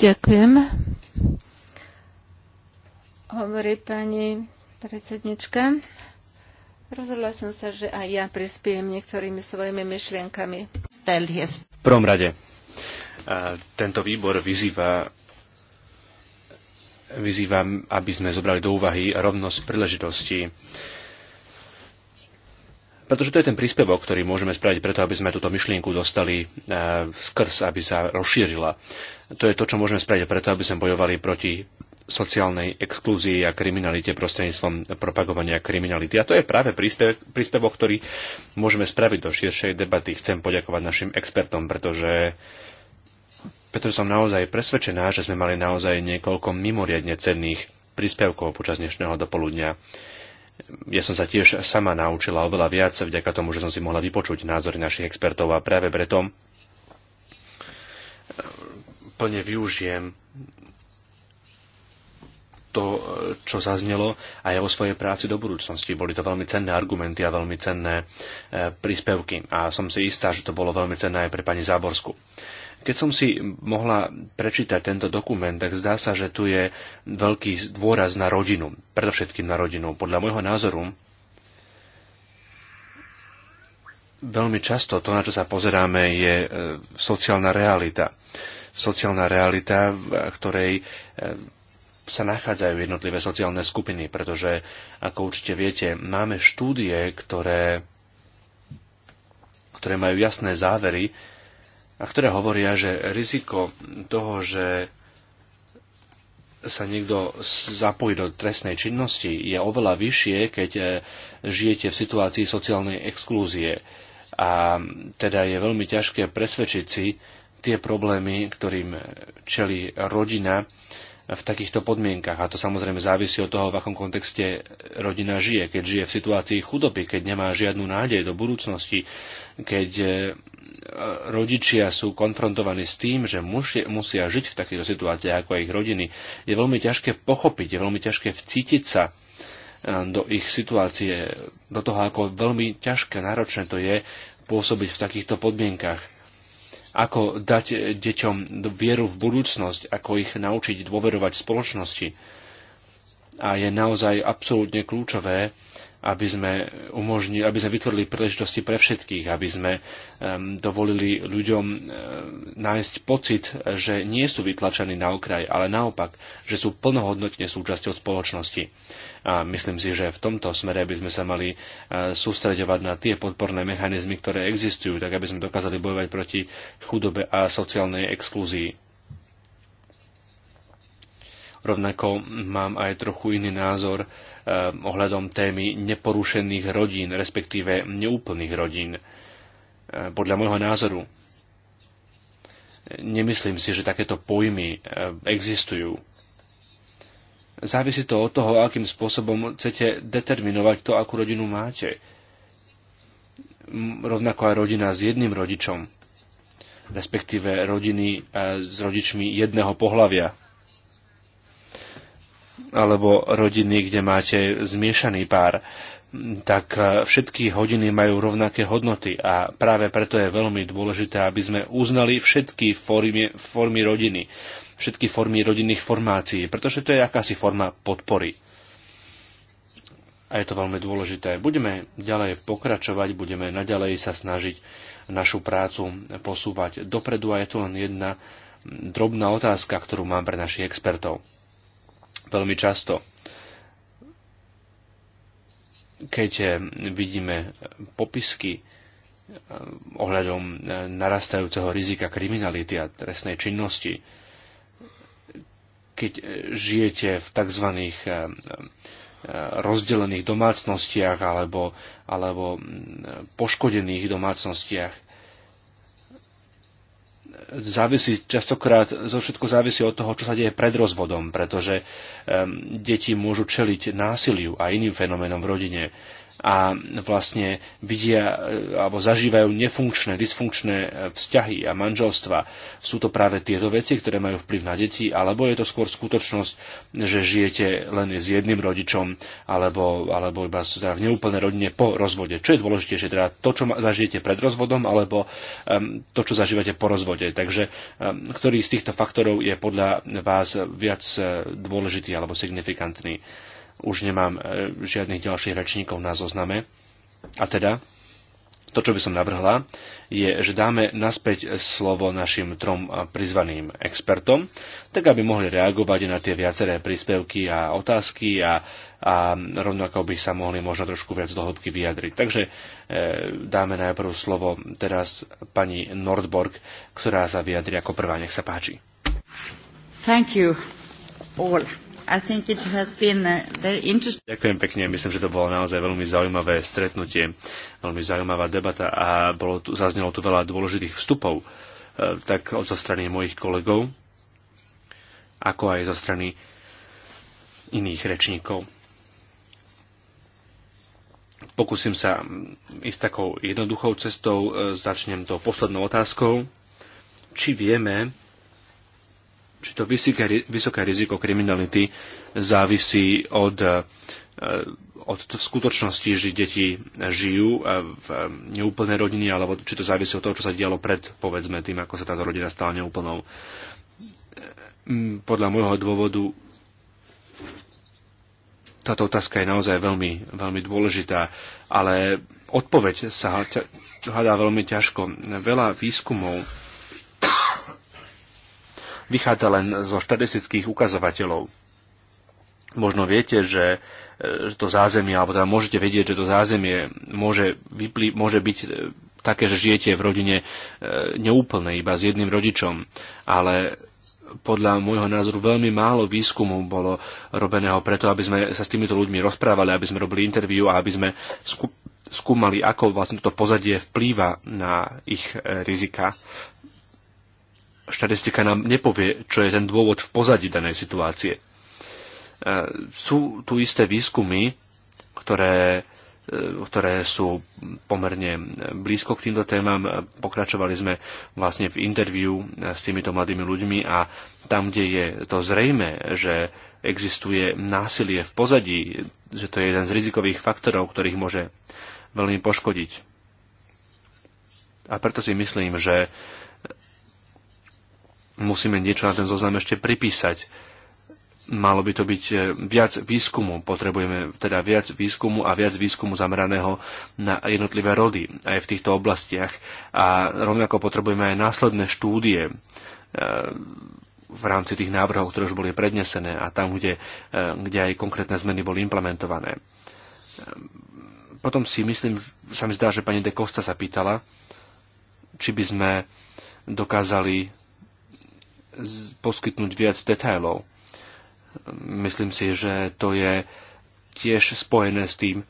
Ďakujem. Hovorí pani predsednička. Rozhodla som sa, že aj ja prispiem niektorými svojimi myšlienkami. V prvom rade, e, tento výbor vyzýva aby sme zobrali do úvahy rovnosť príležitostí. Pretože to je ten príspevok, ktorý môžeme spraviť preto, aby sme túto myšlienku dostali e, skrz, aby sa rozšírila. To je to, čo môžeme spraviť preto, aby sme bojovali proti sociálnej exklúzii a kriminalite prostredníctvom propagovania kriminality. A to je práve príspevok, príspevok, ktorý môžeme spraviť do širšej debaty. Chcem poďakovať našim expertom, pretože pretože som naozaj presvedčená, že sme mali naozaj niekoľko mimoriadne cenných príspevkov počas dnešného dopoludnia. Ja som sa tiež sama naučila oveľa viac vďaka tomu, že som si mohla vypočuť názory našich expertov a práve preto plne využijem to, čo zaznelo aj o svojej práci do budúcnosti. Boli to veľmi cenné argumenty a veľmi cenné e, príspevky a som si istá, že to bolo veľmi cenné aj pre pani Záborsku. Keď som si mohla prečítať tento dokument, tak zdá sa, že tu je veľký dôraz na rodinu, predovšetkým na rodinu. Podľa môjho názoru veľmi často to, na čo sa pozeráme, je e, sociálna realita. Sociálna realita, v ktorej e, sa nachádzajú jednotlivé sociálne skupiny, pretože, ako určite viete, máme štúdie, ktoré, ktoré majú jasné závery a ktoré hovoria, že riziko toho, že sa niekto zapojí do trestnej činnosti, je oveľa vyššie, keď e, žijete v situácii sociálnej exklúzie. A teda je veľmi ťažké presvedčiť si tie problémy, ktorým čeli rodina, v takýchto podmienkach. A to samozrejme závisí od toho, v akom kontexte rodina žije. Keď žije v situácii chudoby, keď nemá žiadnu nádej do budúcnosti, keď e, rodičia sú konfrontovaní s tým, že musia, musia žiť v takýchto situáciách ako aj ich rodiny, je veľmi ťažké pochopiť, je veľmi ťažké vcítiť sa e, do ich situácie, do toho, ako veľmi ťažké, náročné to je pôsobiť v takýchto podmienkach ako dať deťom vieru v budúcnosť, ako ich naučiť dôverovať spoločnosti. A je naozaj absolútne kľúčové, aby sme, umožnili, aby sme vytvorili príležitosti pre všetkých, aby sme um, dovolili ľuďom um, nájsť pocit, že nie sú vytlačení na okraj, ale naopak, že sú plnohodnotne súčasťou spoločnosti. A myslím si, že v tomto smere by sme sa mali uh, e, sústredovať na tie podporné mechanizmy, ktoré existujú, tak aby sme dokázali bojovať proti chudobe a sociálnej exklúzii. Rovnako mám aj trochu iný názor Eh, ohľadom témy neporušených rodín, respektíve neúplných rodín. Eh, podľa môjho názoru nemyslím si, že takéto pojmy eh, existujú. Závisí to od toho, akým spôsobom chcete determinovať to, akú rodinu máte. Rovnako aj rodina s jedným rodičom, respektíve rodiny s rodičmi jedného pohlavia alebo rodiny, kde máte zmiešaný pár, tak e, všetky hodiny majú rovnaké hodnoty a práve preto je veľmi dôležité, aby sme uznali všetky formy, formy rodiny, všetky formy rodinných formácií, pretože to je akási forma podpory. A je to veľmi dôležité. Budeme ďalej pokračovať, budeme naďalej sa snažiť našu prácu posúvať dopredu a je to len jedna drobná otázka, ktorú mám pre našich expertov veľmi často. Keď eh, vidíme popisky eh, ohľadom eh, narastajúceho rizika kriminality a trestnej činnosti, keď žijete v tzv. rozdelených domácnostiach alebo, alebo mm, poškodených domácnostiach, závisí, častokrát zo všetko závisí od toho, čo sa deje pred rozvodom, pretože um, deti môžu čeliť násiliu a iným fenoménom v rodine a vlastne vidia e, alebo zažívajú nefunkčné, dysfunkčné e, vzťahy a manželstva. Sú to práve tieto veci, ktoré majú vplyv na deti, alebo je to skôr skutočnosť, že žijete len s jedným rodičom alebo, alebo iba teda v neúplnej rodine po rozvode. Čo je dôležitejšie, teda to, čo zažijete pred rozvodom alebo um, to, čo zažívate po rozvode. Takže um, ktorý z týchto faktorov je podľa vás viac e, dôležitý alebo signifikantný? už nemám e, žiadnych ďalších rečníkov na zozname. A teda, to, čo by som navrhla, je, že dáme naspäť slovo našim trom e, prizvaným expertom, tak aby mohli reagovať na tie viaceré príspevky a otázky a, a rovnako by sa mohli možno trošku viac do hĺbky vyjadriť. Takže e, dáme najprv slovo teraz pani Nordborg, ktorá sa vyjadri ako prvá. Nech sa páči. Thank you all. Uh, Ďakujem pekne, myslím, že to bolo naozaj veľmi zaujímavé stretnutie, veľmi zaujímavá debata a bolo tu, zaznelo tu veľa dôležitých vstupov, e, tak od zo strany mojich kolegov, ako aj zo strany iných rečníkov. Pokúsim sa ísť takou jednoduchou cestou, e, začnem tou poslednou otázkou. Či vieme, či to vysoké, vysoké riziko kriminality závisí od, e, od skutočnosti, že deti žijú e, v e, neúplné rodine, alebo či to závisí od toho, čo sa dialo pred, povedzme, tým, ako sa táto rodina stala neúplnou. Podľa môjho dôvodu táto otázka je naozaj veľmi, veľmi dôležitá, ale odpoveď sa hľadá veľmi ťažko. Veľa výskumov vychádza len zo štatistických ukazovateľov. Možno viete, e, že to zázemie, alebo teda môžete vedieť, že to zázemie môže, vyplý, môže byť e, také, že žijete v rodine e, neúplnej, iba s jedným rodičom, ale podľa môjho názoru veľmi málo výskumu bolo robeného preto, aby sme sa s týmito ľuďmi rozprávali, aby sme robili interviu a aby sme skúmali, ako vlastne toto pozadie vplýva na ich rizika štatistika nám nepovie, čo je ten dôvod v pozadí danej situácie. E, sú tu isté výskumy, ktoré e, ktoré sú pomerne blízko k týmto témam. Pokračovali sme vlastne v interviu s týmito mladými ľuďmi a tam, kde je to zrejme, že existuje násilie v pozadí, že to je jeden z rizikových faktorov, ktorých môže veľmi poškodiť. A preto si myslím, že musíme niečo na ten zoznam ešte pripísať. Malo by to byť e, viac výskumu, potrebujeme teda viac výskumu a viac výskumu zameraného na jednotlivé rody aj v týchto oblastiach. A rovnako potrebujeme aj následné štúdie e, v rámci tých návrhov, ktoré už boli prednesené a tam, kde, e, kde aj konkrétne zmeny boli implementované. Potom si myslím, sa mi zdá, že pani de Costa sa pýtala, či by sme dokázali poskytnúť viac detailov. Myslím si, že to je tiež spojené s tým,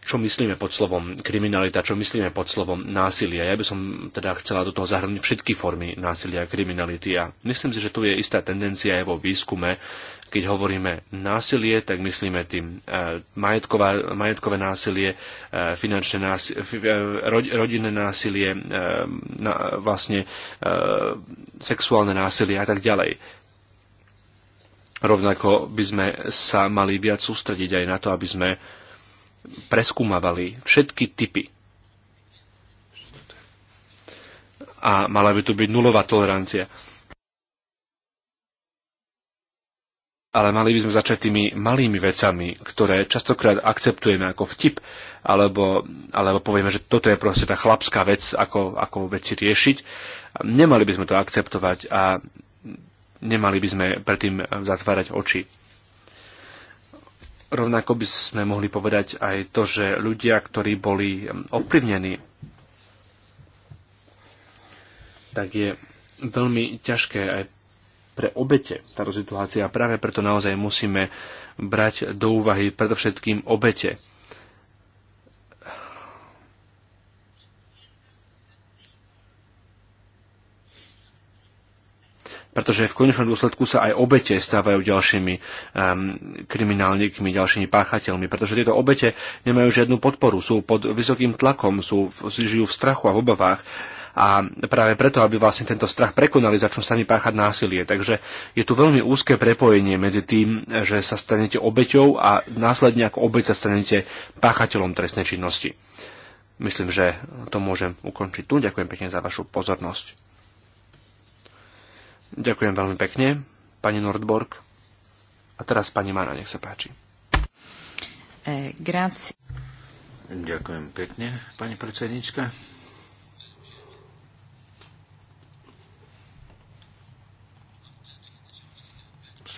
čo myslíme pod slovom kriminalita, čo myslíme pod slovom násilia. Ja by som teda chcela do toho zahrnúť všetky formy násilia a kriminality a myslím si, že tu je istá tendencia aj vo výskume, keď hovoríme násilie, tak myslíme tým e, majetková, majetkové násilie, e, finančné násilie, rodinné násilie, e, vlastne sexuálne násilie a tak ďalej. Rovnako by sme sa mali viac sústrediť aj na to, aby sme preskúmavali všetky typy. A mala by tu byť nulová tolerancia ale mali by sme začať tými malými vecami, ktoré častokrát akceptujeme ako vtip, alebo, alebo povieme, že toto je proste tá chlapská vec, ako, ako veci riešiť. Nemali by sme to akceptovať a nemali by sme predtým zatvárať oči. Rovnako by sme mohli povedať aj to, že ľudia, ktorí boli ovplyvnení, tak je veľmi ťažké aj pre obete táto situácia. A práve preto naozaj musíme brať do úvahy predovšetkým obete. pretože v konečnom dôsledku sa aj obete stávajú ďalšími um, kriminálnikmi, ďalšími páchateľmi, pretože tieto obete nemajú žiadnu podporu, sú pod vysokým tlakom, sú, žijú v strachu a v obavách a práve preto, aby vlastne tento strach prekonali, začnú sami páchať násilie. Takže je tu veľmi úzke prepojenie medzi tým, že sa stanete obeťou a následne ako obeť sa stanete páchateľom trestnej činnosti. Myslím, že to môžem ukončiť tu. Ďakujem pekne za vašu pozornosť. Ďakujem veľmi pekne, pani Nordborg. A teraz pani Mana, nech sa páči. E, grazie. Ďakujem pekne, pani predsednička.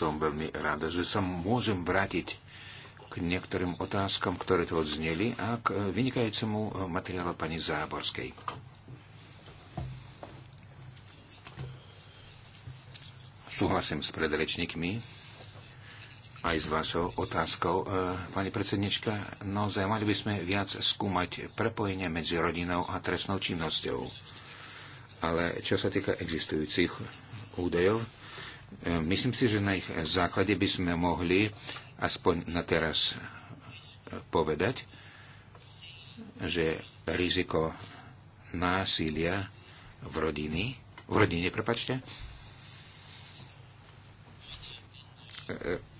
som veľmi rada, že sa môžem vrátiť k niektorým otázkam, ktoré tu odzneli a k e, vynikajúcemu e, materiálu pani Záborskej. Súhlasím s predrečníkmi aj s vašou otázkou. E, pani predsednička, No, mali by sme viac skúmať prepojenie medzi rodinou a trestnou činnosťou. Ale čo sa týka existujúcich údajov, E, myslím si, že na ich základe by sme mohli aspoň na teraz e, povedať, že riziko násilia v rodiny, v rodine, prepačte, e,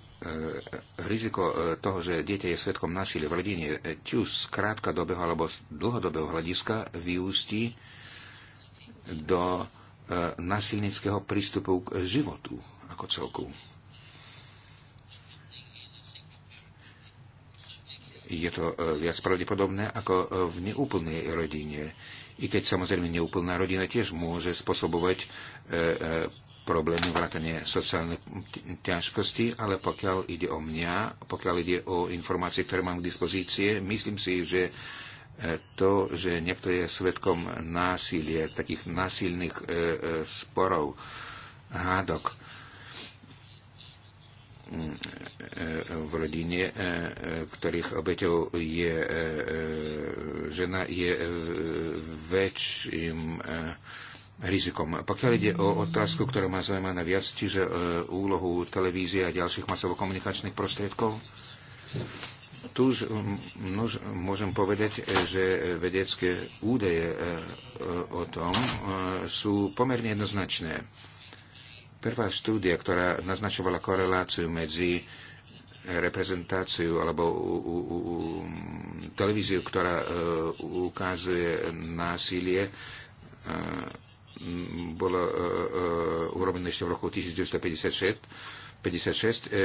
riziko toho, že dieťa je svetkom násilia v rodine, či už z krátkodobého alebo z dlhodobého hľadiska vyústi do E, nasilnického prístupu k životu ako celku. Je to e, viac pravdepodobné ako e, v neúplnej rodine. I keď samozrejme neúplná rodina tiež môže spôsobovať problémy, vrátanie sociálnej ťažkosti, ale pokiaľ ide o mňa, pokiaľ ide o informácie, ktoré mám k dispozície, myslím si, že E, to, že niekto je svetkom násilia, takých násilných e, e, sporov, hádok v rodine, ktorých obeťou je žena, je väčším rizikom. Pokiaľ ide o otázku, ktorá ma zaujíma na viac, čiže úlohu televízie a ďalších masovokomunikačných prostriedkov, tu už môžem povedať, že vedecké údaje e, o tom e, sú pomerne jednoznačné. Prvá štúdia, ktorá naznačovala koreláciu medzi reprezentáciu alebo u, u, u, televíziu, ktorá e, ukazuje násilie, bolo urobené ešte v roku 1956 56, e,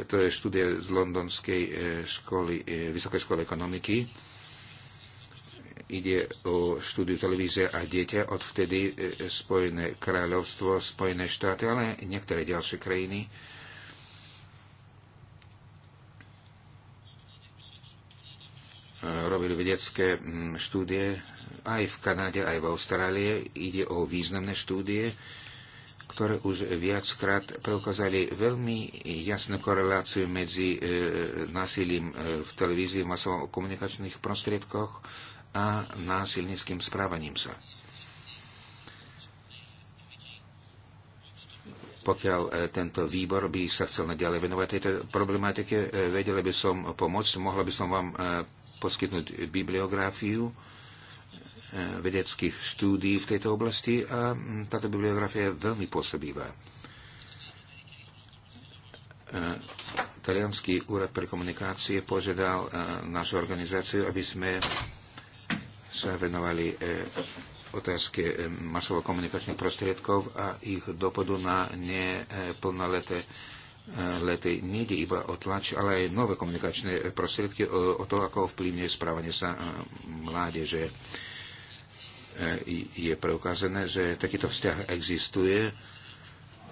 e, to je štúdie z Londonskej e, školy, Vysokej školy ekonomiky. Ide o štúdiu televízie a dieťa, od vtedy Spojené kráľovstvo, Spojené štáty, ale niektoré ďalšie krajiny. Robili vedecké mm, štúdie aj v Kanáde, aj v Austrálii. Ide o významné štúdie ktoré už viackrát preukázali veľmi jasnú koreláciu medzi e, násilím e, v televízii, v komunikačných prostriedkoch a násilnickým správaním sa. Pokiaľ e, tento výbor by sa chcel naďalej venovať tejto problematike, e, vedela by som pomôcť, mohla by som vám poskytnúť bibliografiu, Eh, vedeckých štúdií v tejto oblasti a mm, táto bibliografia je veľmi pôsobivá. Eh, talianský úrad pre komunikácie požiadal eh, našu organizáciu, aby sme sa venovali otázke masovo-komunikačných prostriedkov a ich dopadu na neplnoleté lety. Nede iba o tlač, ale aj nové komunikačné prostriedky, o to, ako vplyvne správanie sa mládeže. E, je preukázané, že takýto vzťah existuje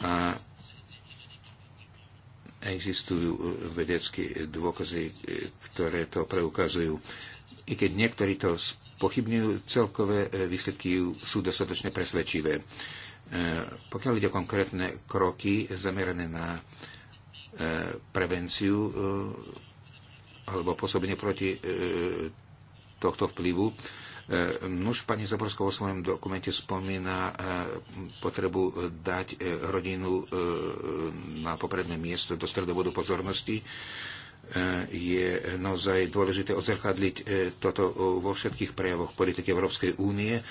a existujú vedecké dôkazy, ktoré to preukazujú. I keď niektorí to pochybňujú, celkové e, výsledky sú dostatočne presvedčivé. E, pokiaľ ide o konkrétne kroky zamerané na prevenciu alebo pôsobenie proti tohto vplyvu, Nuž pani Zaborská vo svojom dokumente spomína e, potrebu dať e, rodinu e, na popredné miesto do stredovodu pozornosti je naozaj dôležité odzrkadliť toto vo všetkých prejavoch politiky Európskej únie.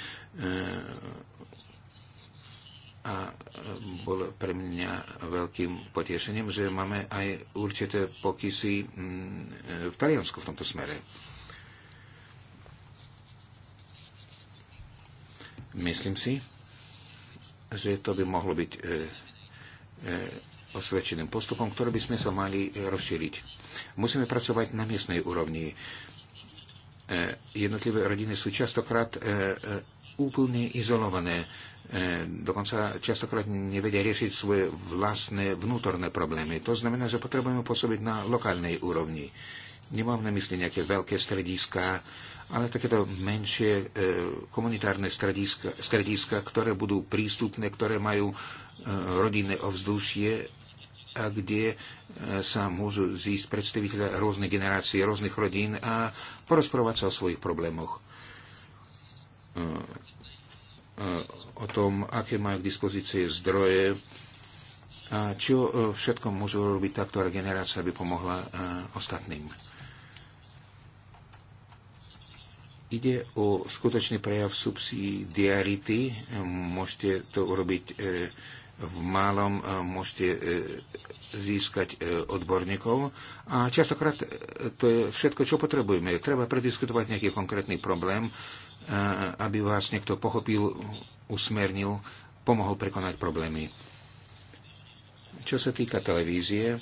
A bolo pre mňa veľkým potešením, že máme aj určité pokysy v Taliansku v tomto smere. Myslím si, že to by mohlo byť e, e, osvedčeným postupom, ktorý by sme sa mali e, rozšíriť. Musíme pracovať na miestnej úrovni. E, jednotlivé rodiny sú častokrát e, e, úplne izolované. E, dokonca častokrát nevedia riešiť svoje vlastné vnútorné problémy. To znamená, že potrebujeme pôsobiť na lokálnej úrovni. E, Nemám na mysli nejaké veľké strediská, ale takéto menšie e, komunitárne strediska, strediska, ktoré budú prístupné, ktoré majú e, rodinné ovzdušie a kde e, sa môžu zísť predstaviteľa rôznych generácií, rôznych rodín a porozprávať sa o svojich problémoch. O tom, aké majú k dispozícii zdroje a čo všetko môžu robiť takto generácia aby pomohla ostatným. Ide o skutočný prejav subsidiarity. Môžete to urobiť e, v malom, e, môžete e, získať odborníkov. A častokrát to je všetko, čo potrebujeme. Treba prediskutovať nejaký konkrétny problém, aby vás niekto pochopil, usmernil, pomohol prekonať problémy. Čo sa týka televízie,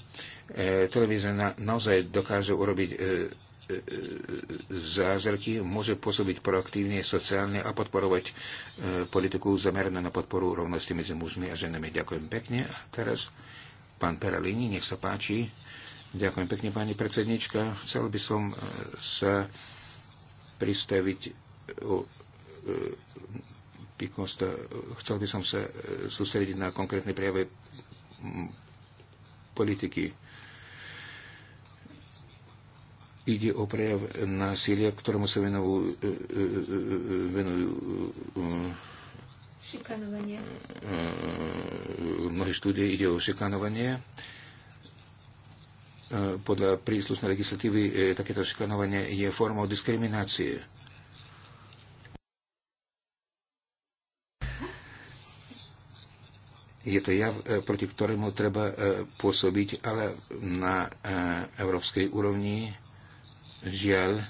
televízia naozaj dokáže urobiť zázraky, môže pôsobiť proaktívne, sociálne a podporovať e, politiku zameranú na podporu rovnosti medzi mužmi a ženami. Ďakujem pekne. A teraz pán Peralini, nech sa páči. Ďakujem pekne, pani predsednička. Chcel by som e, sa pristaviť e, Chcel by som sa sústrediť na konkrétne prejavy politiky Ide o prejav násilia, ktorému sa venujú, e, e, e, venujú Šikanovanie. Mnohé štúdie ide o šikanovanie. Podľa príslušnej legislatívy takéto šikanovanie je formou diskriminácie. Je to jav, proti ktorému treba pôsobiť, ale na európskej úrovni Žiaľ,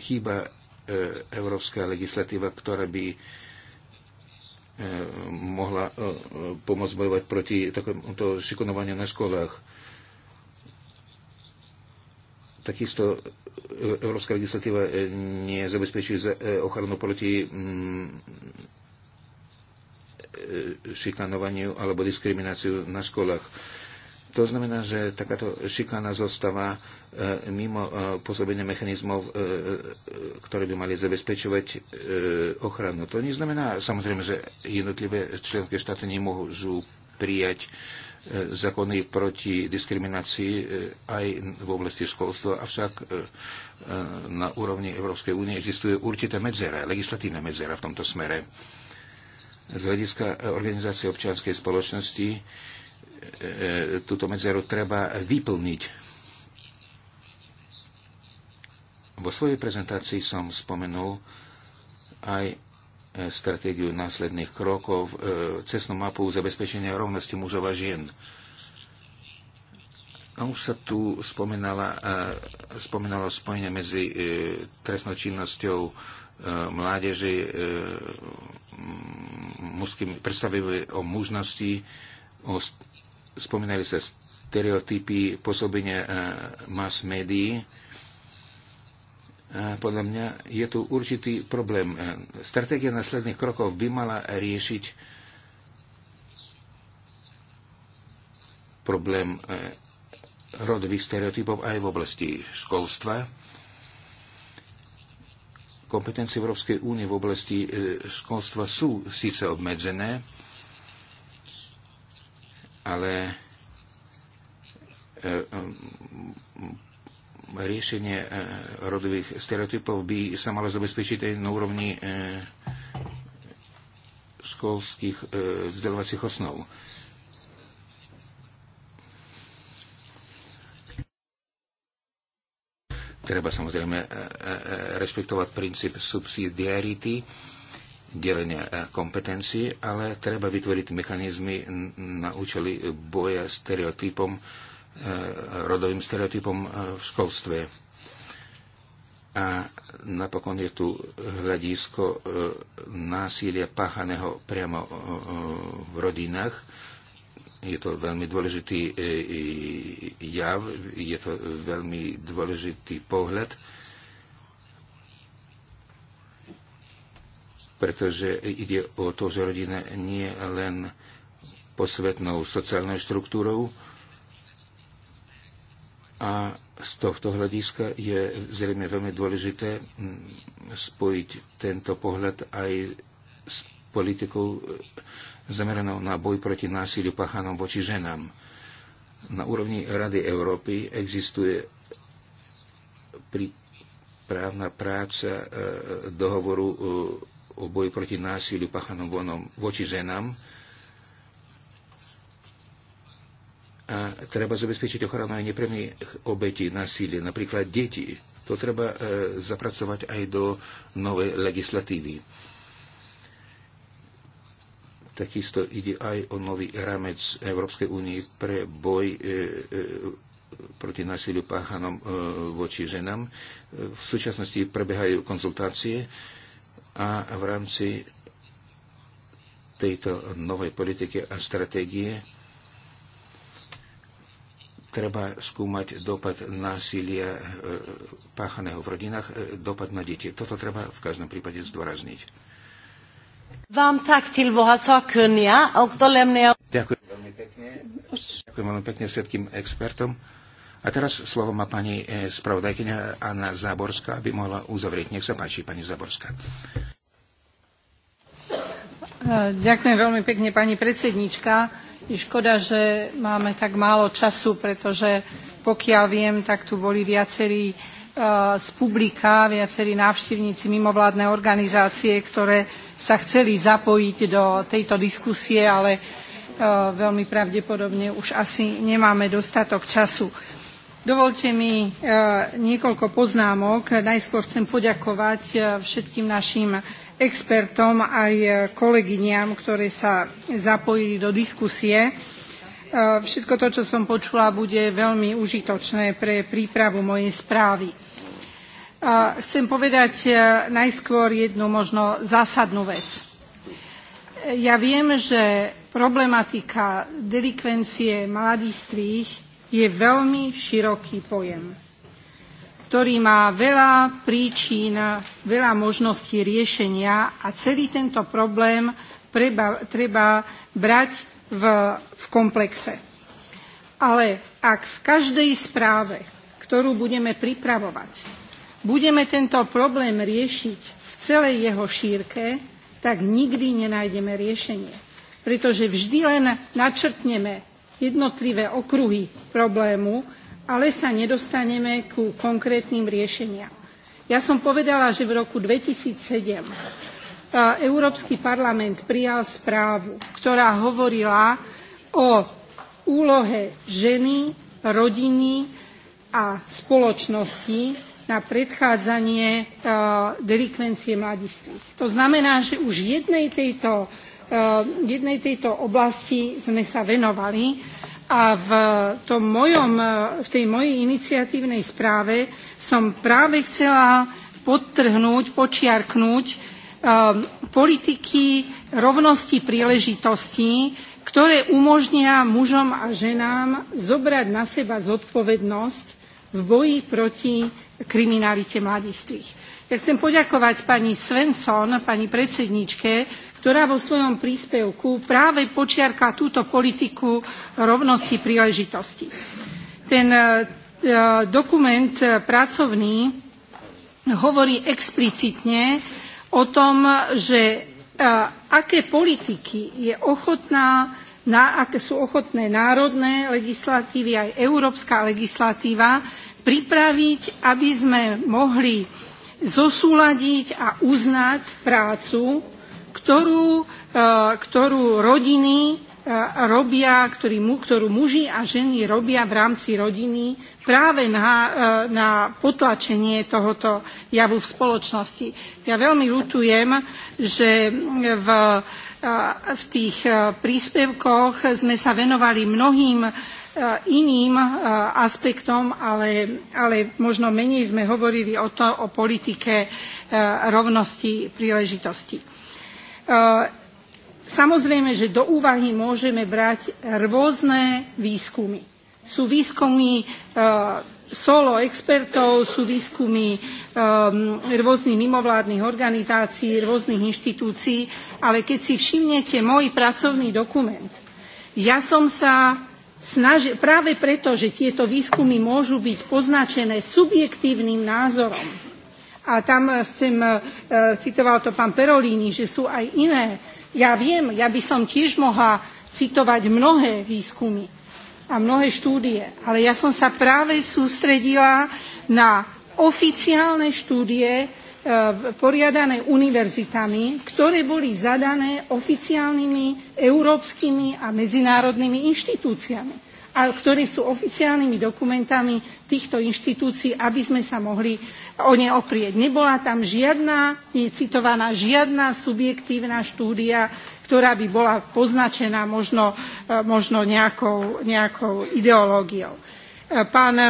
chýba e, európska legislatíva, ktorá by e, mohla e, pomôcť bojovať proti takémuto šikonovaniu na školách. Takisto európska legislatíva zabezpečuje ochranu proti mm, šikanovaniu alebo diskrimináciu na školách to znamená, že takáto šikana zostáva e, mimo e, pôsobenia mechanizmov, e, ktoré by mali zabezpečovať ochranu. To neznamená samozrejme, že jednotlivé členské štáty nemôžu prijať zákony proti diskriminácii aj v oblasti školstva, avšak na úrovni Európskej únie existuje určitá medzera, legislatívna medzera v tomto smere. Z hľadiska organizácie občianskej spoločnosti E, e, túto medzeru treba vyplniť. Vo svojej prezentácii som spomenul aj e, stratégiu následných krokov, cestnú mapu zabezpečenia rovnosti mužov a žien. A už sa tu spomenala, spomenalo spojenie medzi trestnou činnosťou mládeži, mužskými, predstavili o mužnosti, o spomínali sa stereotypy pôsobenia e, mass médií. E, podľa mňa je tu určitý problém. E, stratégia následných krokov by mala riešiť problém rodových stereotypov aj v oblasti školstva. Kompetencie Európskej únie v oblasti školstva sú síce obmedzené, ale e, e, riešenie e, rodových stereotypov by sa malo zabezpečiť aj na úrovni školských vzdelávacích osnov. Treba samozrejme rešpektovať princíp subsidiarity delenia eh, kompetencií, ale treba vytvoriť mechanizmy na účely boja stereotypom, eh, rodovým stereotypom eh, v školstve. A napokon je tu hľadisko násilia páchaného priamo v rodinách. Je to veľmi dôležitý jav, je to veľmi dôležitý pohľad pretože ide o to, že rodina nie je len posvetnou sociálnou štruktúrou a z tohto hľadiska je zrejme veľmi dôležité spojiť tento pohľad aj s politikou e, zameranou na boj proti násiliu pachanom voči ženám. Na úrovni Rady Európy existuje pri právna práca e, dohovoru e, o boji proti násiliu páchanom vonom voči ženám. A treba zabezpečiť ochranu aj nepremných obetí násilia, napríklad deti, To treba e, zapracovať aj do novej legislatívy. Takisto ide aj o nový rámec Európskej únie pre boj e, e, proti násiliu páchanom e, voči ženám. E, v súčasnosti prebiehajú konzultácie a v rámci tejto novej politiky a stratégie treba skúmať dopad násilia e, páchaného v rodinách, e, dopad na deti. Toto treba v každom prípade zdôrazniť. Vám tak til våra sakkunniga och då lämnar jag... Ďakujem veľmi pekne. Ďakujem veľmi pekne všetkým expertom. A teraz slovo má pani e, spravodajkyňa Anna Záborská, aby mohla uzavrieť. Nech sa páči, pani Záborská. E, ďakujem veľmi pekne, pani predsednička. Je škoda, že máme tak málo času, pretože pokiaľ viem, tak tu boli viacerí e, z publika, viacerí návštevníci mimovládne organizácie, ktoré sa chceli zapojiť do tejto diskusie, ale veľmi pravdepodobne už asi nemáme dostatok času. Dovolte mi e, niekoľko poznámok. Najskôr chcem poďakovať e, všetkým našim expertom aj e, kolegyniam, ktoré sa zapojili do diskusie. Všetko to, čo som počula, bude veľmi užitočné pre prípravu mojej správy. Chcem povedať najskôr jednu možno zásadnú vec. Ja viem, že problematika delikvencie mladistvých je veľmi široký pojem, ktorý má veľa príčin, veľa možností riešenia a celý tento problém preba, treba brať v, v komplexe. Ale ak v každej správe, ktorú budeme pripravovať, budeme tento problém riešiť v celej jeho šírke, tak nikdy nenájdeme riešenie. Pretože vždy len načrtneme jednotlivé okruhy problému, ale sa nedostaneme ku konkrétnym riešeniam. Ja som povedala, že v roku 2007 Európsky parlament prijal správu, ktorá hovorila o úlohe ženy, rodiny a spoločnosti na predchádzanie delikvencie mladistvých. To znamená, že už jednej tejto Eh, jednej tejto oblasti sme sa venovali a v, tom mojom, eh, v tej mojej iniciatívnej správe som práve chcela podtrhnúť, počiarknúť um, politiky rovnosti príležitostí, ktoré umožnia mužom a ženám zobrať na seba zodpovednosť v boji proti kriminalite mladistvých. Ja chcem poďakovať pani Svensson, pani predsedničke, ktorá vo svojom príspevku práve počiarka túto politiku rovnosti príležitosti. Ten e, e, dokument e, pracovný hovorí explicitne o tom, že aké politiky je ochotná na aké sú ochotné národné legislatívy aj európska legislatíva pripraviť, aby sme mohli zosúladiť a uznať prácu ktorú, e, ktorú rodiny e, robia, ktorý, ktorú muži a ženy robia v rámci rodiny práve na, e, na potlačenie tohoto javu v spoločnosti. Ja veľmi ľutujem, že v, v tých príspevkoch sme sa venovali mnohým iným aspektom, ale, ale možno menej sme hovorili o, to, o politike rovnosti príležitostí Eh, samozrejme, že do úvahy môžeme brať rôzne výskumy. Sú výskumy eh, solo expertov, sú výskumy eh, rôznych mimovládnych organizácií, rôznych inštitúcií, ale keď si všimnete môj pracovný dokument, ja som sa snažil, práve preto, že tieto výskumy môžu byť poznačené subjektívnym názorom, a tam eh, chcem, eh, eh, citoval to pán Perolini, že sú aj iné. Ja viem, ja by som tiež mohla citovať mnohé výskumy a mnohé štúdie, ale ja som sa práve sústredila na oficiálne štúdie poriadané univerzitami, ktoré boli zadané oficiálnymi európskymi a medzinárodnými inštitúciami a ktoré sú oficiálnymi dokumentami týchto inštitúcií, aby sme sa mohli o ne oprieť. Nebola tam žiadna, nie je citovaná žiadna subjektívna štúdia, ktorá by bola poznačená možno, e, možno nejakou, nejakou ideológiou. E, pán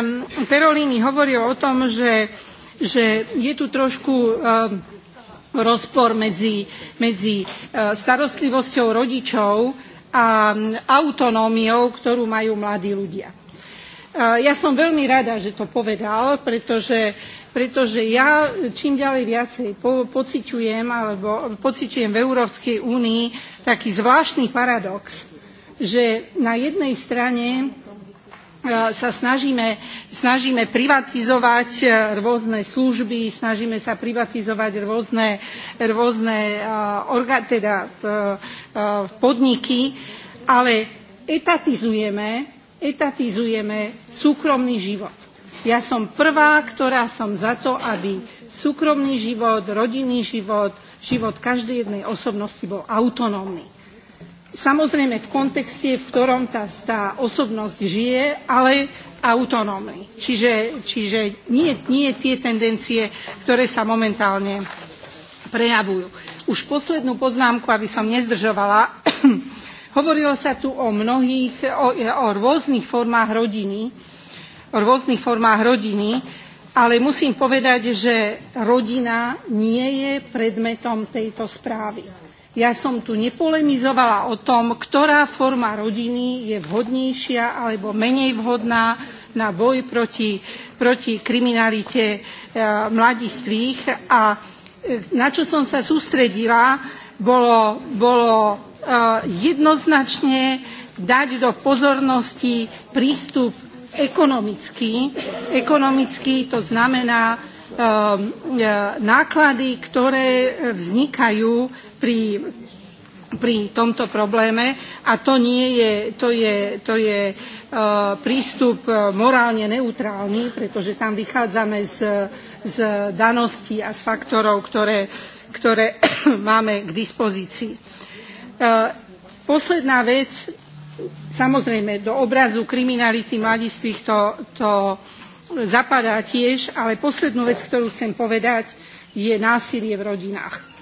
Perolini hovoril o tom, že, že je tu trošku e, rozpor medzi, medzi starostlivosťou rodičov a autonómiou, ktorú majú mladí ľudia. Ja som veľmi rada, že to povedal, pretože, pretože ja čím ďalej viacej po, pociťujem, alebo pociťujem v Európskej únii taký zvláštny paradox, že na jednej strane E, sa snažíme, snažíme privatizovať e, rôzne služby, snažíme sa privatizovať rôzne, rôzne e, orga, teda, podniky, ale etatizujeme, etatizujeme súkromný život. Ja som prvá, ktorá som za to, aby súkromný život, rodinný život, život každej jednej osobnosti bol autonómny samozrejme v kontexte, v ktorom tá, tá osobnosť žije, ale autonómny. Čiže, čiže nie, nie tie tendencie, ktoré sa momentálne prejavujú. Už poslednú poznámku, aby som nezdržovala. Hovorilo sa tu o mnohých, o, o rôznych formách rodiny, o rôznych formách rodiny, ale musím povedať, že rodina nie je predmetom tejto správy ja som tu nepolemizovala o tom, ktorá forma rodiny je vhodnejšia alebo menej vhodná na boj proti, proti kriminalite e, mladistvých. A e, na čo som sa sústredila, bolo, bolo e, jednoznačne dať do pozornosti prístup ekonomický. Ekonomický to znamená e, e náklady, ktoré vznikajú pri, pri tomto probléme a to, nie je, to je, to je e, prístup e, morálne neutrálny, pretože tam vychádzame z, z daností a z faktorov, ktoré, ktoré máme k dispozícii. E, posledná vec, samozrejme, do obrazu kriminality mladistvých to, to zapadá tiež, ale poslednú vec, ktorú chcem povedať, je násilie v rodinách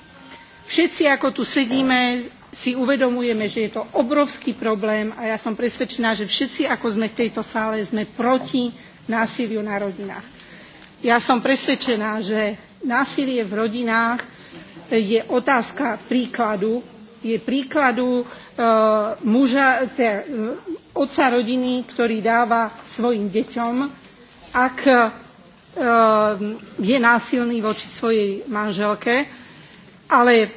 Všetci, ako tu sedíme, si uvedomujeme, že je to obrovský problém a ja som presvedčená, že všetci, ako sme v tejto sále, sme proti násiliu na rodinách. Ja som presvedčená, že násilie v rodinách je otázka príkladu, je príkladu e, muža, te, e, otca rodiny, ktorý dáva svojim deťom, ak e, je násilný voči svojej manželke ale e,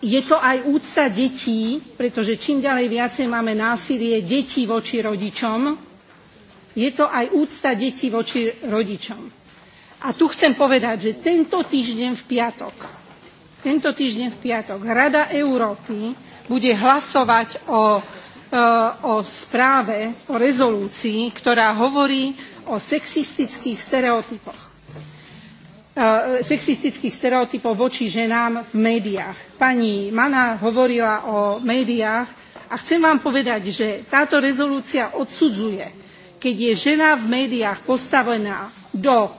je to aj úcta detí, pretože čím ďalej viacej máme násilie detí voči rodičom, je to aj úcta detí voči rodičom. A tu chcem povedať, že tento týždeň v piatok, tento týždeň v piatok Rada Európy bude hlasovať o, e, o správe, o rezolúcii, ktorá hovorí o sexistických stereotypoch sexistických stereotypov voči ženám v médiách. Pani Mana hovorila o médiách a chcem vám povedať, že táto rezolúcia odsudzuje, keď je žena v médiách postavená do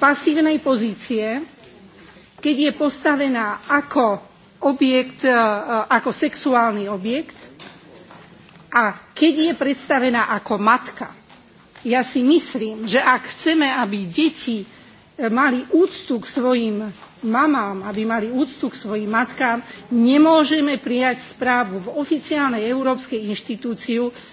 pasívnej pozície, keď je postavená ako, objekt, e, ako sexuálny objekt a keď je predstavená ako matka. Ja si myslím, že ak chceme, aby deti mali úctu k svojim mamám, aby mali úctu k svojim matkám, nemôžeme prijať správu v oficiálnej európskej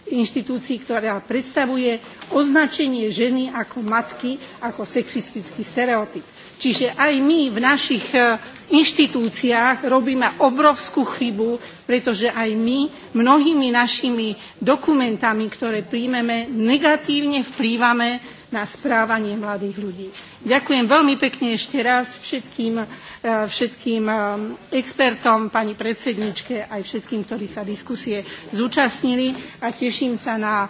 inštitúcii, ktorá predstavuje označenie ženy ako matky, ako sexistický stereotyp. Čiže aj my v našich e, inštitúciách robíme obrovskú chybu, pretože aj my mnohými našimi dokumentami, ktoré príjmeme, negatívne vplývame na správanie mladých ľudí. Ďakujem veľmi pekne ešte raz všetkým, e, všetkým e, expertom, pani predsedničke, aj všetkým, ktorí sa diskusie zúčastnili a teším sa na e,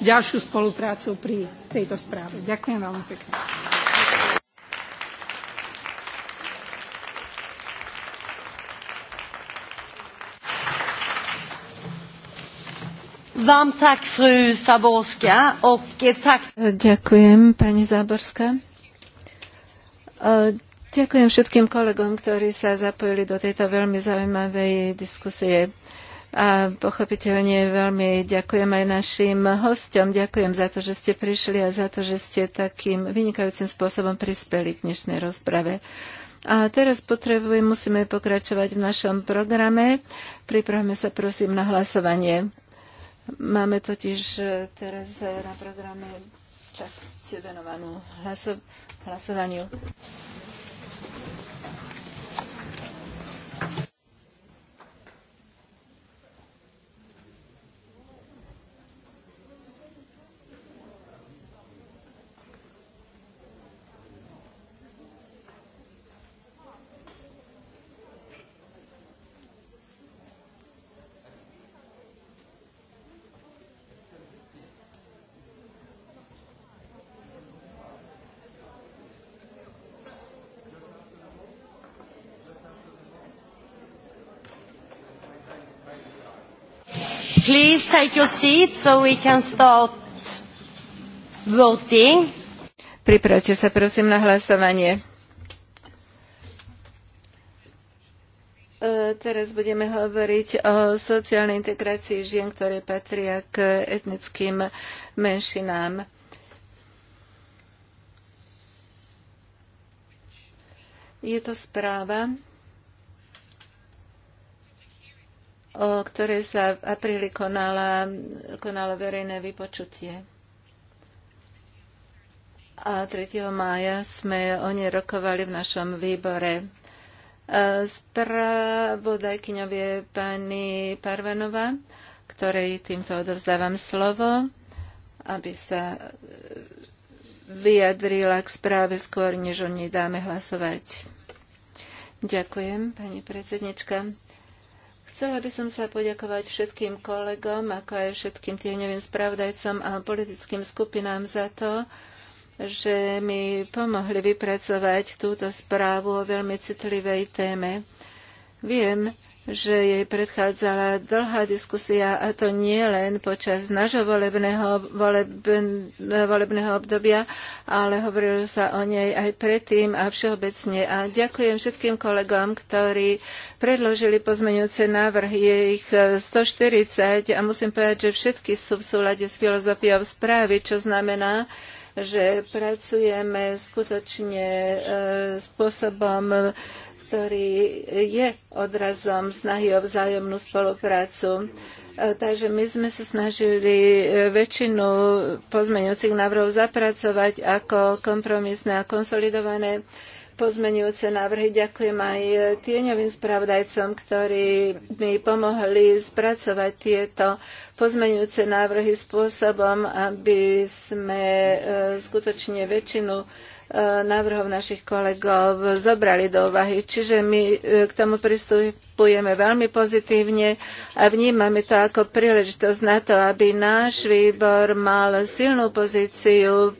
ďalšiu spoluprácu pri tejto správe. Ďakujem veľmi pekne. Vám tak, fru Saborska, eh, tak. Ďakujem, pani Záborská. E, ďakujem všetkým kolegom, ktorí sa zapojili do tejto veľmi zaujímavej diskusie. A pochopiteľne veľmi ďakujem aj našim hostom. Ďakujem za to, že ste prišli a za to, že ste takým vynikajúcim spôsobom prispeli k dnešnej rozprave. A teraz potrebujem, musíme pokračovať v našom programe. Pripravme sa prosím na hlasovanie. Máme totiž e, teraz e, na programe časť venovanú hlaso- hlasovaniu. take your seat so we can start voting. Pripravte sa prosím na hlasovanie. E, teraz budeme hovoriť o sociálnej integrácii žien, ktoré patria k etnickým menšinám. Je to správa, o ktoré sa v apríli konala, konalo verejné vypočutie. A 3. mája sme o nej rokovali v našom výbore. Spravodajkyňov je pani Parvanova, ktorej týmto odovzdávam slovo, aby sa vyjadrila k správe skôr, než o nej dáme hlasovať. Ďakujem, pani predsednička. Chcela by som sa poďakovať všetkým kolegom, ako aj všetkým tieňovým spravdajcom a politickým skupinám za to, že mi pomohli vypracovať túto správu o veľmi citlivej téme. Viem, že jej predchádzala dlhá diskusia a to nie len počas nášho volebného, voleb, volebného obdobia, ale hovorilo sa o nej aj predtým a všeobecne. A ďakujem všetkým kolegom, ktorí predložili pozmeňujúce návrhy. Je ich 140 eh, a musím povedať, že všetky sú v súlade s filozofiou správy, čo znamená, že pracujeme skutočne e, spôsobom e, ktorý je odrazom snahy o vzájomnú spoluprácu. E, takže my sme sa snažili e, väčšinu pozmeňujúcich návrhov zapracovať ako kompromisné a konsolidované pozmenujúce návrhy. Ďakujem aj tieňovým spravodajcom, ktorí mi pomohli spracovať tieto pozmenujúce návrhy spôsobom, aby sme e, skutočne väčšinu E, návrhov našich kolegov zobrali do úvahy. Čiže my e, k tomu pristupujeme veľmi pozitívne a vnímame to ako príležitosť na to, aby náš výbor mal silnú pozíciu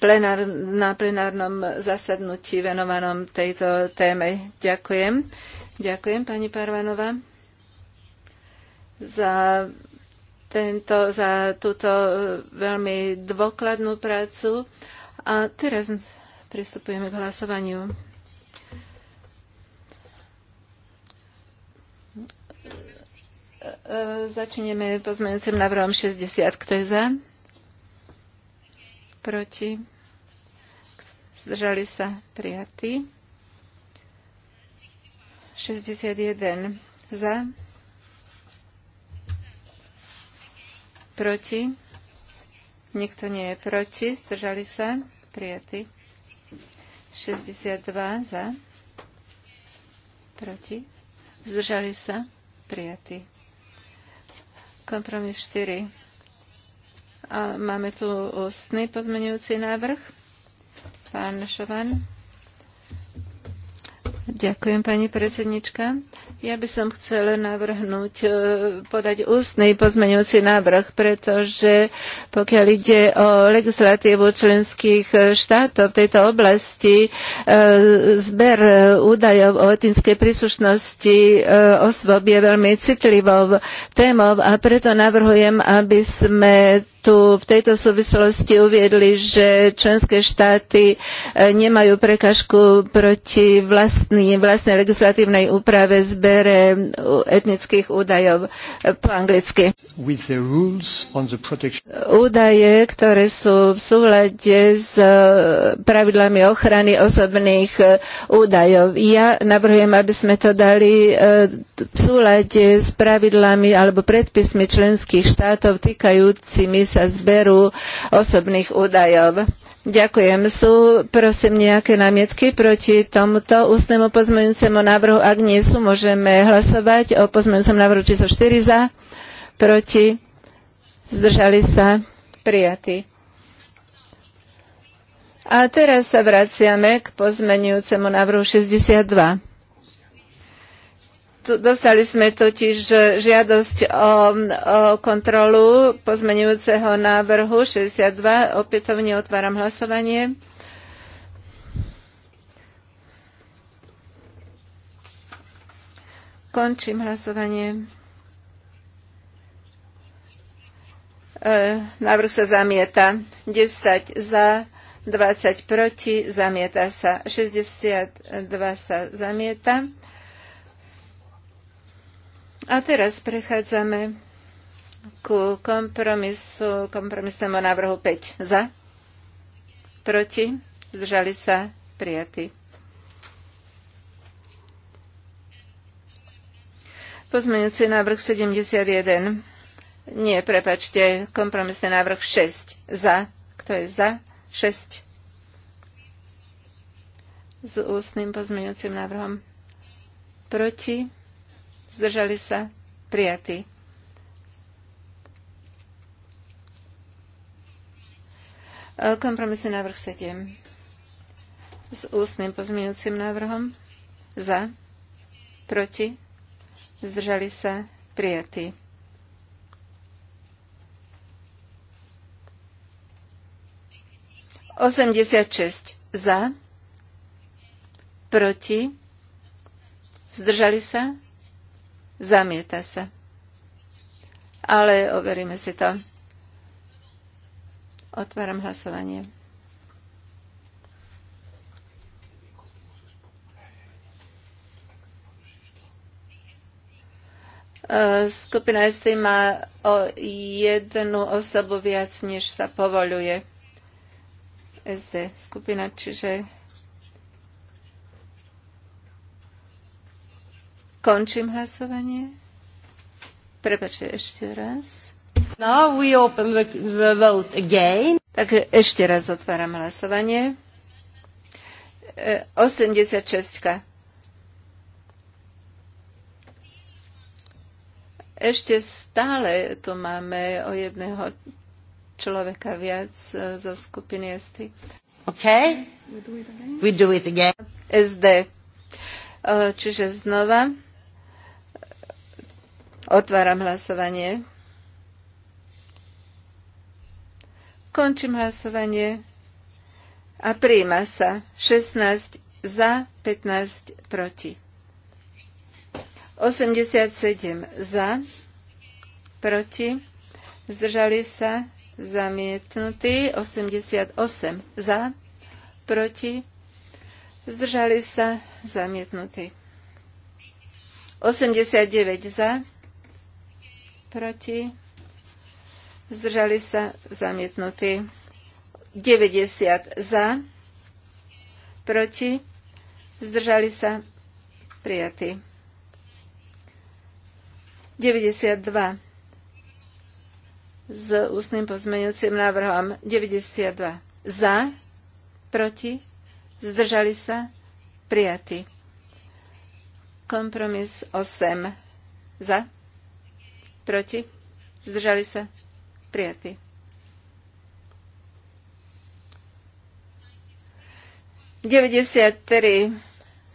plenár, na plenárnom zasadnutí venovanom tejto téme. Ďakujem. Ďakujem, pani Parvanová, za tento, za túto veľmi dôkladnú prácu a teraz pristupujeme k hlasovaniu. E, e, začneme pozmeňujúcim návrhom 60. Kto je za? Proti? Zdržali sa prijatí. 61 za. Proti? Nikto nie je proti. Zdržali sa prijatý. 62 za, proti, zdržali sa, prijatý. Kompromis 4. A máme tu ústny pozmenujúci návrh. Pán Šovan. Ďakujem, pani predsednička. Ja by som chcela navrhnúť, e, podať ústny pozmeňujúci návrh, pretože pokiaľ ide o legislatívu členských štátov v tejto oblasti, e, zber údajov o etinskej príslušnosti e, osôb je veľmi citlivou témou a preto navrhujem, aby sme tu v tejto súvislosti uviedli, že členské štáty e, nemajú prekažku proti vlastný, vlastnej legislatívnej úprave zbere etnických údajov e, po anglicky. Údaje, ktoré sú v súlade s e, pravidlami ochrany osobných údajov. Ja navrhujem, aby sme to dali v súlade s pravidlami alebo predpismi členských štátov týkajúcimi sa zberu osobných údajov. Ďakujem. Sú prosím nejaké námietky proti tomuto ústnemu pozmeňujúcemu návrhu? Ak nie sú, môžeme hlasovať o pozmeňujúcom návrhu číslo 4 za, proti, zdržali sa, prijatí. A teraz sa vraciame k pozmeňujúcemu návrhu 62. Dostali sme totiž žiadosť o, o kontrolu pozmenujúceho návrhu 62. Opätovne otváram hlasovanie. Končím hlasovanie. E, návrh sa zamieta. 10 za, 20 proti, zamieta sa. 62 sa zamieta. A teraz prechádzame ku kompromisu, kompromisnému návrhu 5. Za? Proti? Zdržali sa? Prijatí. Pozmeňujúci návrh 71. Nie, prepačte, kompromisný návrh 6. Za. Kto je za? 6. S ústnym pozmeňujúcim návrhom. Proti? zdržali sa, prijatí. E, kompromisný návrh 7 s ústnym pozmeňujúcim návrhom za, proti, zdržali sa, prijatí. Osemdesiat šesť za, proti, zdržali sa, Zamieta sa. Ale overíme si to. Otváram hlasovanie. E, skupina ST má o jednu osobu viac, než sa povoluje. SD skupina, čiže Končím hlasovanie. Prepačte ešte raz. Now we open the, the vote again. Takže ešte raz otváram hlasovanie. 86. E, ešte stále tu máme o jedného človeka viac e, zo skupiny ST. OK. We do it again. SD. E, čiže znova. Otváram hlasovanie. Končím hlasovanie a príjma sa 16 za, 15 proti. 87 za, proti, zdržali sa, zamietnutí, 88 za, proti, zdržali sa, zamietnutí. 89 za, proti, zdržali sa zamietnutí. 90 za, proti, zdržali sa prijatí. 92 s ústnym pozmeňujúcim návrhom 92 za, proti, zdržali sa, prijatí. Kompromis 8 za, Proti? Zdržali sa? prijatí. 93,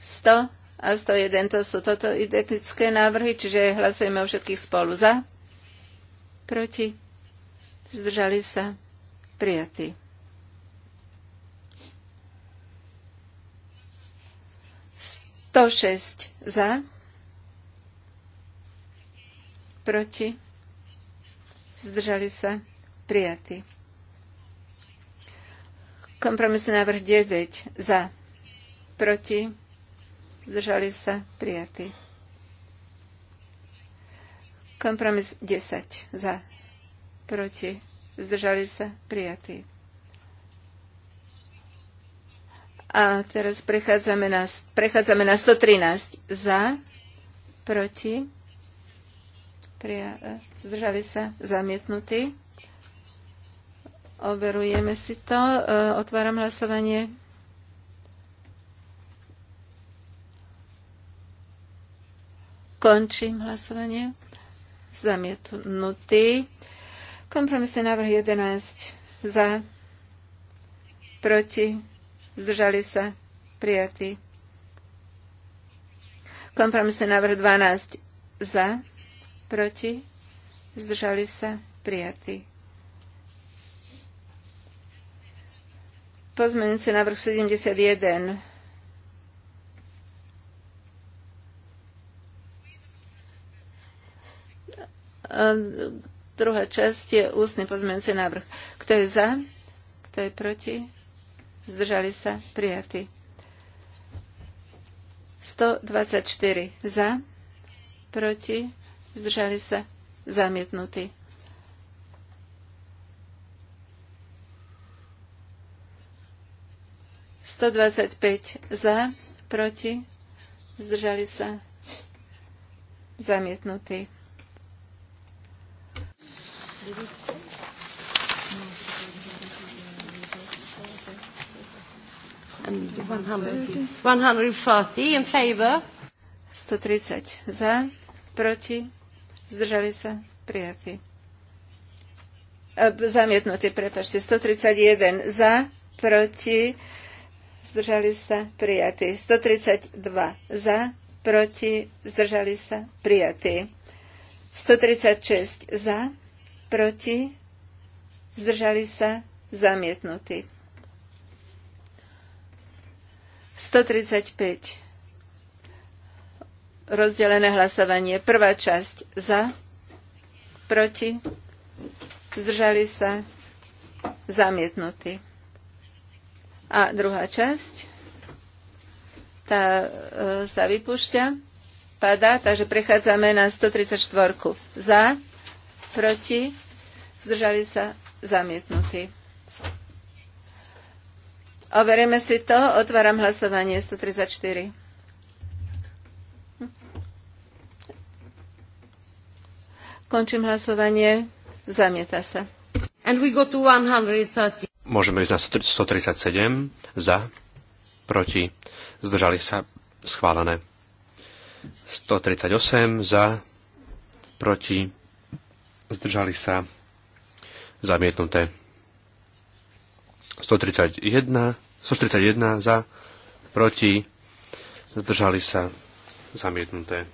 sto a 101, to sú toto identické návrhy, čiže hlasujeme o všetkých spolu za, proti, zdržali sa, Sto 106 za, proti, zdržali sa, prijatí. Kompromisný návrh 9 za, proti, zdržali sa, prijatí. Kompromis 10 za, proti, zdržali sa, prijatí. A teraz prechádzame na, prechádzame na 113 za, proti, Prija, e, zdržali sa zamietnutí. Overujeme si to. E, otváram hlasovanie. Končím hlasovanie. Zamietnutý. Kompromisný návrh 11. Za. Proti. Zdržali sa. Prijatý. Kompromisný návrh 12. Za proti, zdržali sa, prijatý. Pozmenujúci návrh 71. Ehm, druhá časť je ústny pozmenujúci návrh. Kto je za? Kto je proti? Zdržali sa? Prijatí. 124 za, proti, zdržali sa, zamietnutý. Sto dvadsať päť za, proti, zdržali sa, zamietnutý. One hundred forty in favor. Sto tridsať za, proti Zdržali sa? Prijatí. E, zamietnutý, prepašte. 131 za, proti, zdržali sa, prijatí. 132 za, proti, zdržali sa, prijatí. 136 za, proti, zdržali sa, Zamietnutý. 135 Rozdelené hlasovanie. Prvá časť za, proti, zdržali sa, zamietnutí. A druhá časť, tá e, sa vypúšťa, padá, takže prechádzame na 134. Za, proti, zdržali sa, zamietnutí. Overíme si to, otváram hlasovanie 134. Končím hlasovanie. Zamieta sa. And we go to 130. Môžeme ísť na 137 za, proti, zdržali sa, schválené. 138 za, proti, zdržali sa, zamietnuté. 131, 141 za, proti, zdržali sa, zamietnuté.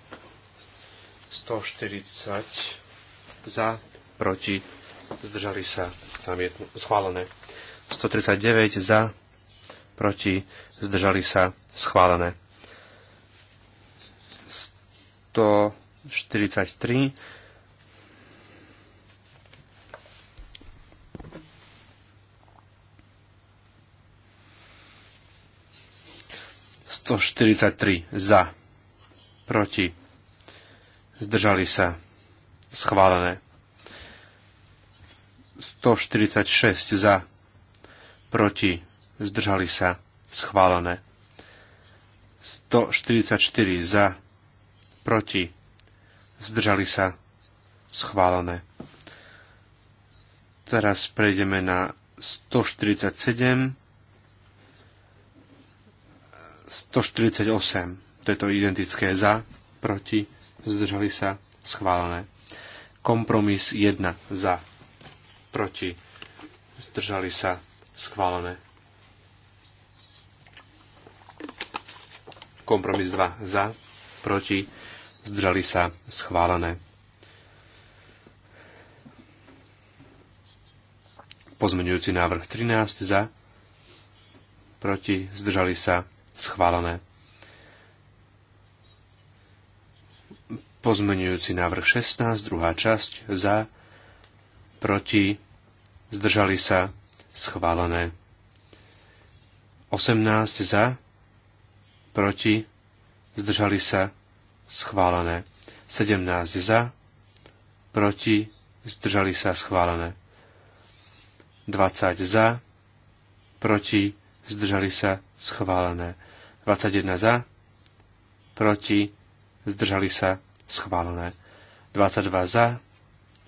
140 za, proti, zdržali sa, zamietnú, schválené. 139 za, proti, zdržali sa, schválené. 143 143 za, proti, zdržali sa, schválené. 146 za, proti, zdržali sa, schválené. 144 za, proti, zdržali sa, schválené. Teraz prejdeme na 147, 148, to je to identické za, proti, zdržali sa, schválené. Kompromis 1 za, proti, zdržali sa, schválené. Kompromis 2 za, proti, zdržali sa, schválené. Pozmeňujúci návrh 13 za, proti, zdržali sa, schválené. Pozmenujúci návrh 16, druhá časť, za, proti, zdržali sa, schválené. 18 za, proti, zdržali sa, schválené. 17 za, proti, zdržali sa, schválené. 20 za, proti, zdržali sa, schválené. 21 za, proti, zdržali sa, schválené. 22 za,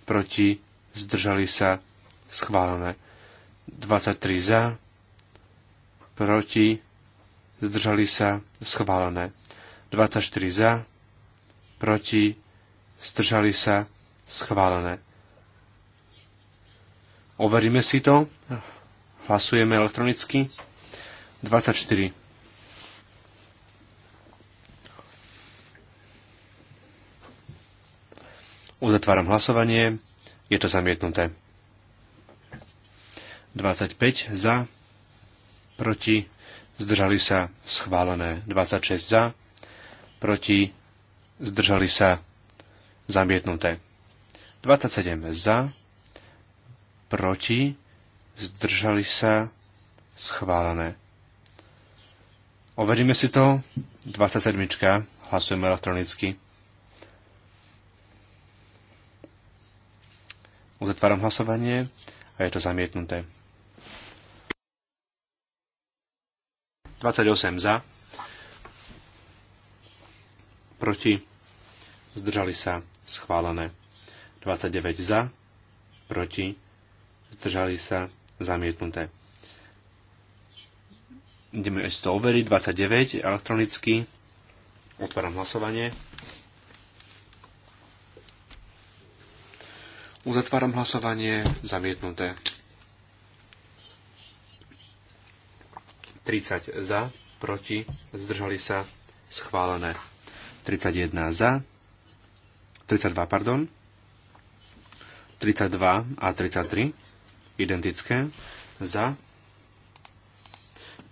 proti, zdržali sa, schválené. 23 za, proti, zdržali sa, schválené. 24 za, proti, zdržali sa, schválené. Overíme si to. Hlasujeme elektronicky. 24. Uzatváram hlasovanie. Je to zamietnuté. 25 za, proti, zdržali sa schválené. 26 za, proti, zdržali sa zamietnuté. 27 za, proti, zdržali sa schválené. Overíme si to. 27. Hlasujeme elektronicky. Uzatváram hlasovanie a je to zamietnuté. 28 za, proti, zdržali sa, schválené. 29 za, proti, zdržali sa, zamietnuté. Ideme ešte to overiť, 29 elektronicky. Otváram hlasovanie. Uzatváram hlasovanie. Zamietnuté. 30 za, proti, zdržali sa, schválené. 31 za, 32, pardon, 32 a 33, identické, za,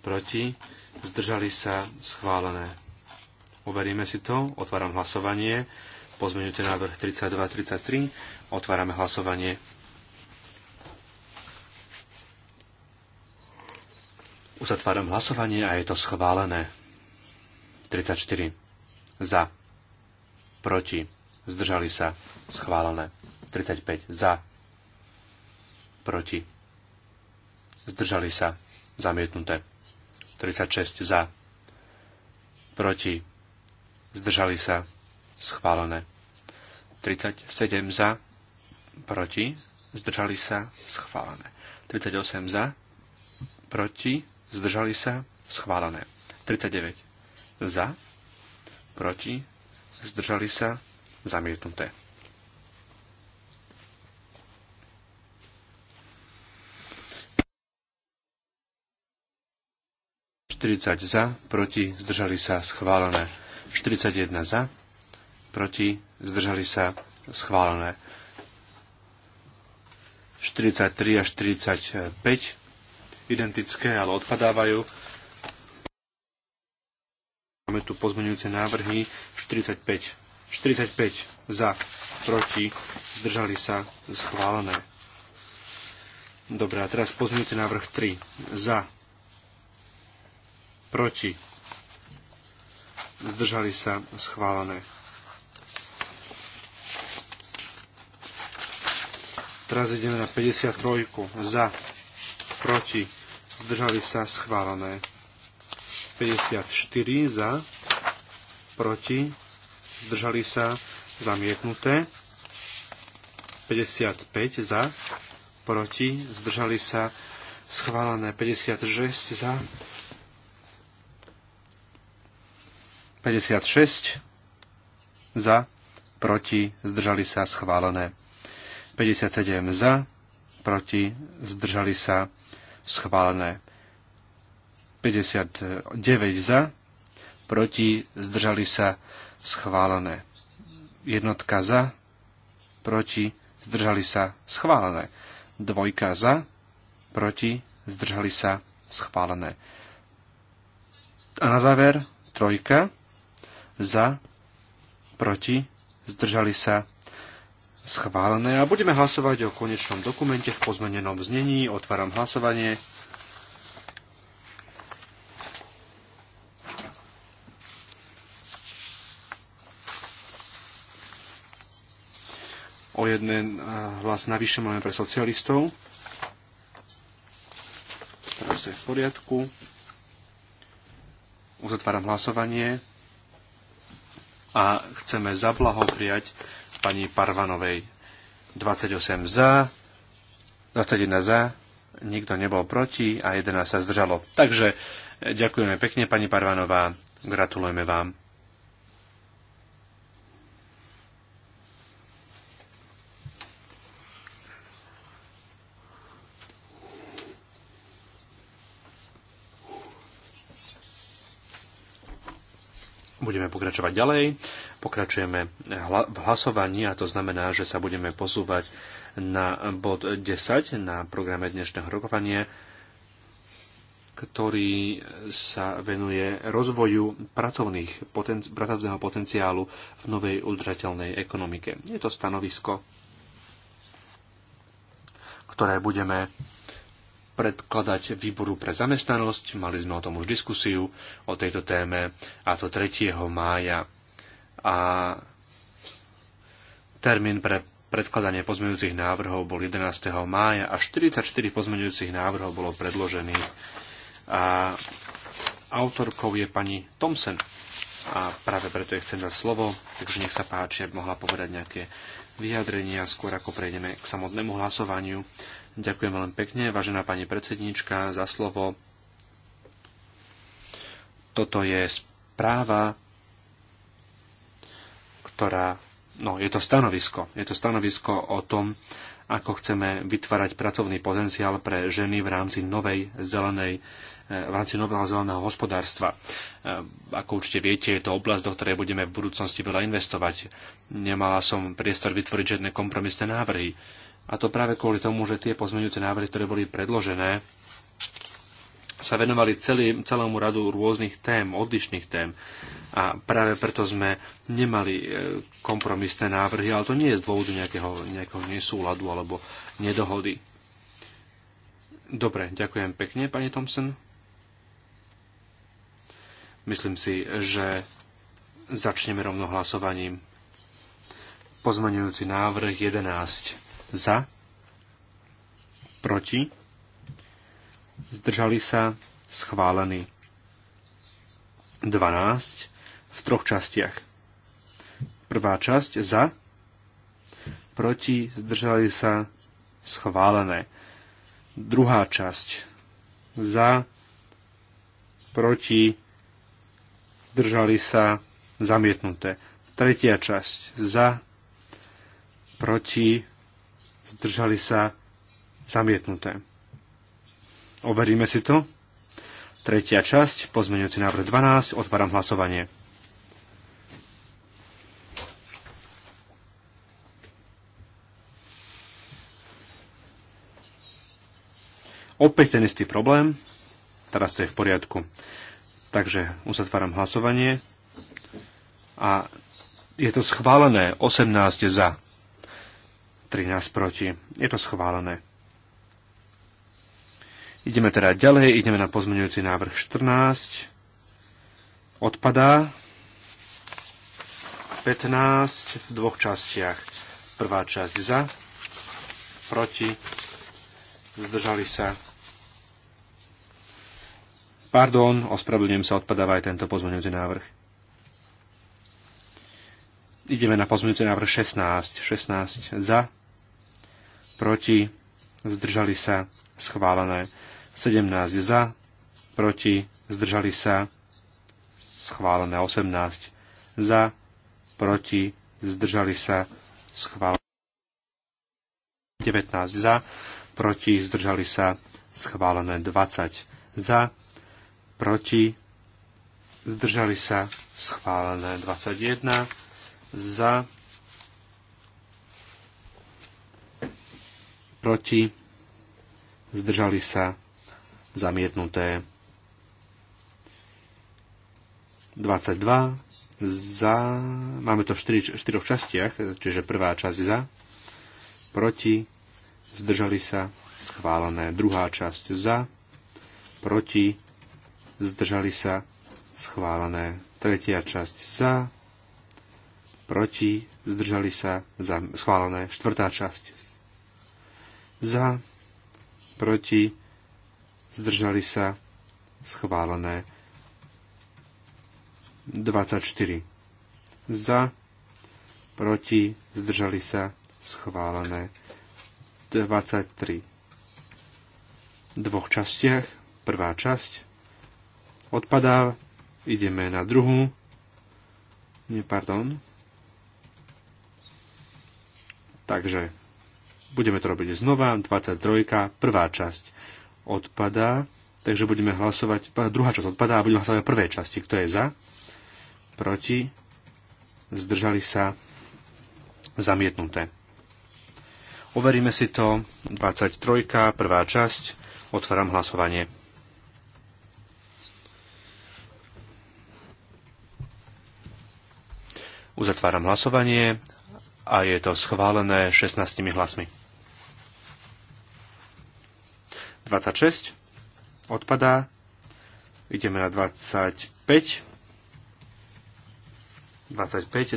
proti, zdržali sa, schválené. Overíme si to, otváram hlasovanie, pozmeňujte návrh 32, 33, Otvárame hlasovanie. Uzatváram hlasovanie a je to schválené. 34. Za. Proti. Zdržali sa. Schválené. 35. Za. Proti. Zdržali sa. Zamietnuté. 36. Za. Proti. Zdržali sa. Schválené. 37. Za proti, zdržali sa, schválené. 38 za, proti, zdržali sa, schválené. 39 za, proti, zdržali sa, zamietnuté. za, proti, zdržali sa, schválené. 41 za, proti, zdržali sa, schválené. 43 a 45 identické, ale odpadávajú. Máme tu pozmeňujúce návrhy 45. 45 za, proti, zdržali sa, schválené. Dobre, a teraz pozmeňujúce návrh 3. Za, proti, zdržali sa, schválené. Teraz ideme na 53. Za, proti, zdržali sa schválené. 54 za, proti, zdržali sa zamietnuté. 55 za, proti, zdržali sa schválené. 56 za, 56 za, proti, zdržali sa schválené. 57 za, proti, zdržali sa, schválené. 59 za, proti, zdržali sa, schválené. Jednotka za, proti, zdržali sa, schválené. Dvojka za, proti, zdržali sa, schválené. A na záver trojka, za, proti, zdržali sa, schválené a budeme hlasovať o konečnom dokumente v pozmenenom znení. Otváram hlasovanie. O jeden eh, hlas navyše máme pre socialistov. Teraz je v poriadku. Uzatváram hlasovanie a chceme zablaho prijať pani Parvanovej. 28 za, 21 za, nikto nebol proti a 11 sa zdržalo. Takže e, ďakujeme pekne, pani Parvanová, gratulujeme vám. Budeme pokračovať ďalej. Pokračujeme v hlasovaní a to znamená, že sa budeme posúvať na bod 10 na programe dnešného rokovania, ktorý sa venuje rozvoju pracovných, pracovného potenciálu v novej udržateľnej ekonomike. Je to stanovisko, ktoré budeme predkladať výboru pre zamestnanosť. Mali sme o tom už diskusiu o tejto téme a to 3. mája. A termín pre predkladanie pozmeňujúcich návrhov bol 11. mája a 44 pozmeňujúcich návrhov bolo predložených. A autorkou je pani Thompson. A práve preto jej chcem dať slovo, takže nech sa páči, aby mohla povedať nejaké vyjadrenia, skôr ako prejdeme k samotnému hlasovaniu. Ďakujem veľmi pekne, vážená pani predsednička, za slovo. Toto je správa, ktorá... No, je to stanovisko. Je to stanovisko o tom, ako chceme vytvárať pracovný potenciál pre ženy v rámci novej zelenej eh, v rámci nového zeleného hospodárstva. Eh, ako určite viete, je to oblasť, do ktorej budeme v budúcnosti veľa investovať. Nemala som priestor vytvoriť žiadne kompromisné návrhy. A to práve kvôli tomu, že tie pozmeňujúce návrhy, ktoré boli predložené, sa venovali celý, celému radu rôznych tém, odlišných tém. A práve preto sme nemali e, kompromisné návrhy, ale to nie je z dôvodu nejakého, nejakého nesúladu alebo nedohody. Dobre, ďakujem pekne, pani Thompson. Myslím si, že začneme rovno hlasovaním. Pozmeňujúci návrh 11 za, proti, zdržali sa, schválený. 12 v troch častiach. Prvá časť za, proti, zdržali sa, schválené. Druhá časť za, proti, zdržali sa, zamietnuté. Tretia časť za, proti, zdržali sa, zamietnuté. Overíme si to. Tretia časť, pozmeňujúci návrh 12, otváram hlasovanie. Opäť ten istý problém. Teraz to je v poriadku. Takže uzatváram hlasovanie. A je to schválené 18 za, 13 proti. Je to schválené. Ideme teda ďalej, ideme na pozmeňujúci návrh 14. Odpadá 15 v dvoch častiach. Prvá časť za, proti, zdržali sa. Pardon, ospravedlňujem sa, odpadáva aj tento pozmeňujúci návrh. Ideme na pozmeňujúci návrh 16. 16 za, proti, zdržali sa, schválené. 17 za, proti, zdržali sa, schválené. 18 za, proti, zdržali sa, schválené. 19 za, proti, zdržali sa, schválené. 20 za, proti, zdržali sa, schválené. 21 za, proti, zdržali sa zamietnuté. 22 za, máme to v štyri, štyroch častiach, čiže prvá časť za, proti, zdržali sa, schválené. Druhá časť za, proti, zdržali sa, schválené. Tretia časť za, proti, zdržali sa, za, schválené. Štvrtá časť za, proti, zdržali sa, schválené. 24. Za, proti, zdržali sa, schválené. 23. V dvoch častiach. Prvá časť odpadá, ideme na druhú. Nie, pardon. Takže Budeme to robiť znova. 23. Prvá časť odpadá. Takže budeme hlasovať, druhá časť odpadá a budeme hlasovať o prvej časti. Kto je za? Proti? Zdržali sa? Zamietnuté. Overíme si to. 23. Prvá časť. Otváram hlasovanie. Uzatváram hlasovanie a je to schválené 16 hlasmi. 26 odpadá. Ideme na 25. 25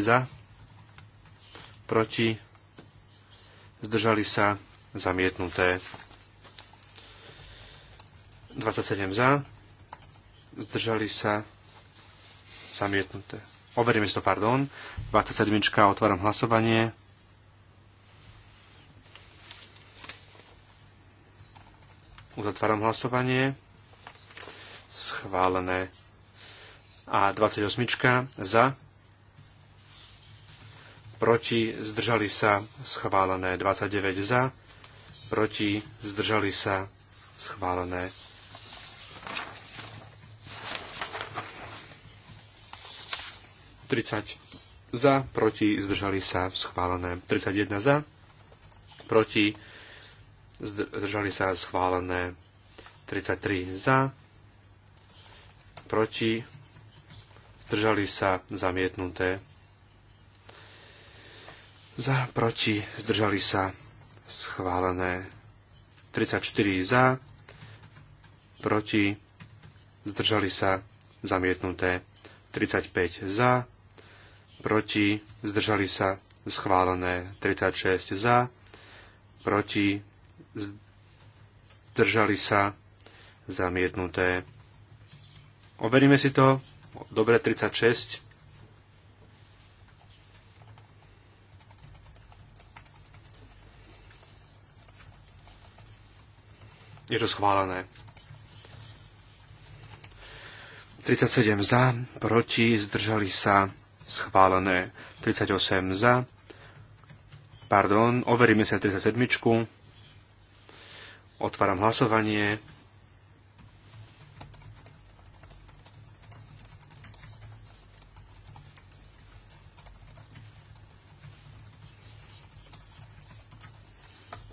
za, proti, zdržali sa, zamietnuté. 27 za, zdržali sa, zamietnuté. Overíme si to, pardon. 27. Otváram hlasovanie. Uzatváram hlasovanie. Schválené. A 28 za. Proti zdržali sa schválené 29 za. Proti zdržali sa schválené. za, proti zdržali sa schválené. 31 za, proti zdržali sa schválené 33 za, proti, zdržali sa zamietnuté za, proti, zdržali sa schválené 34 za, proti, zdržali sa zamietnuté 35 za, proti, zdržali sa schválené 36 za, proti, zdržali sa, zamietnuté. Overíme si to. Dobre, 36. Je to schválené. 37 za, proti, zdržali sa, schválené. 38 za, pardon, overíme sa 37. Otváram hlasovanie.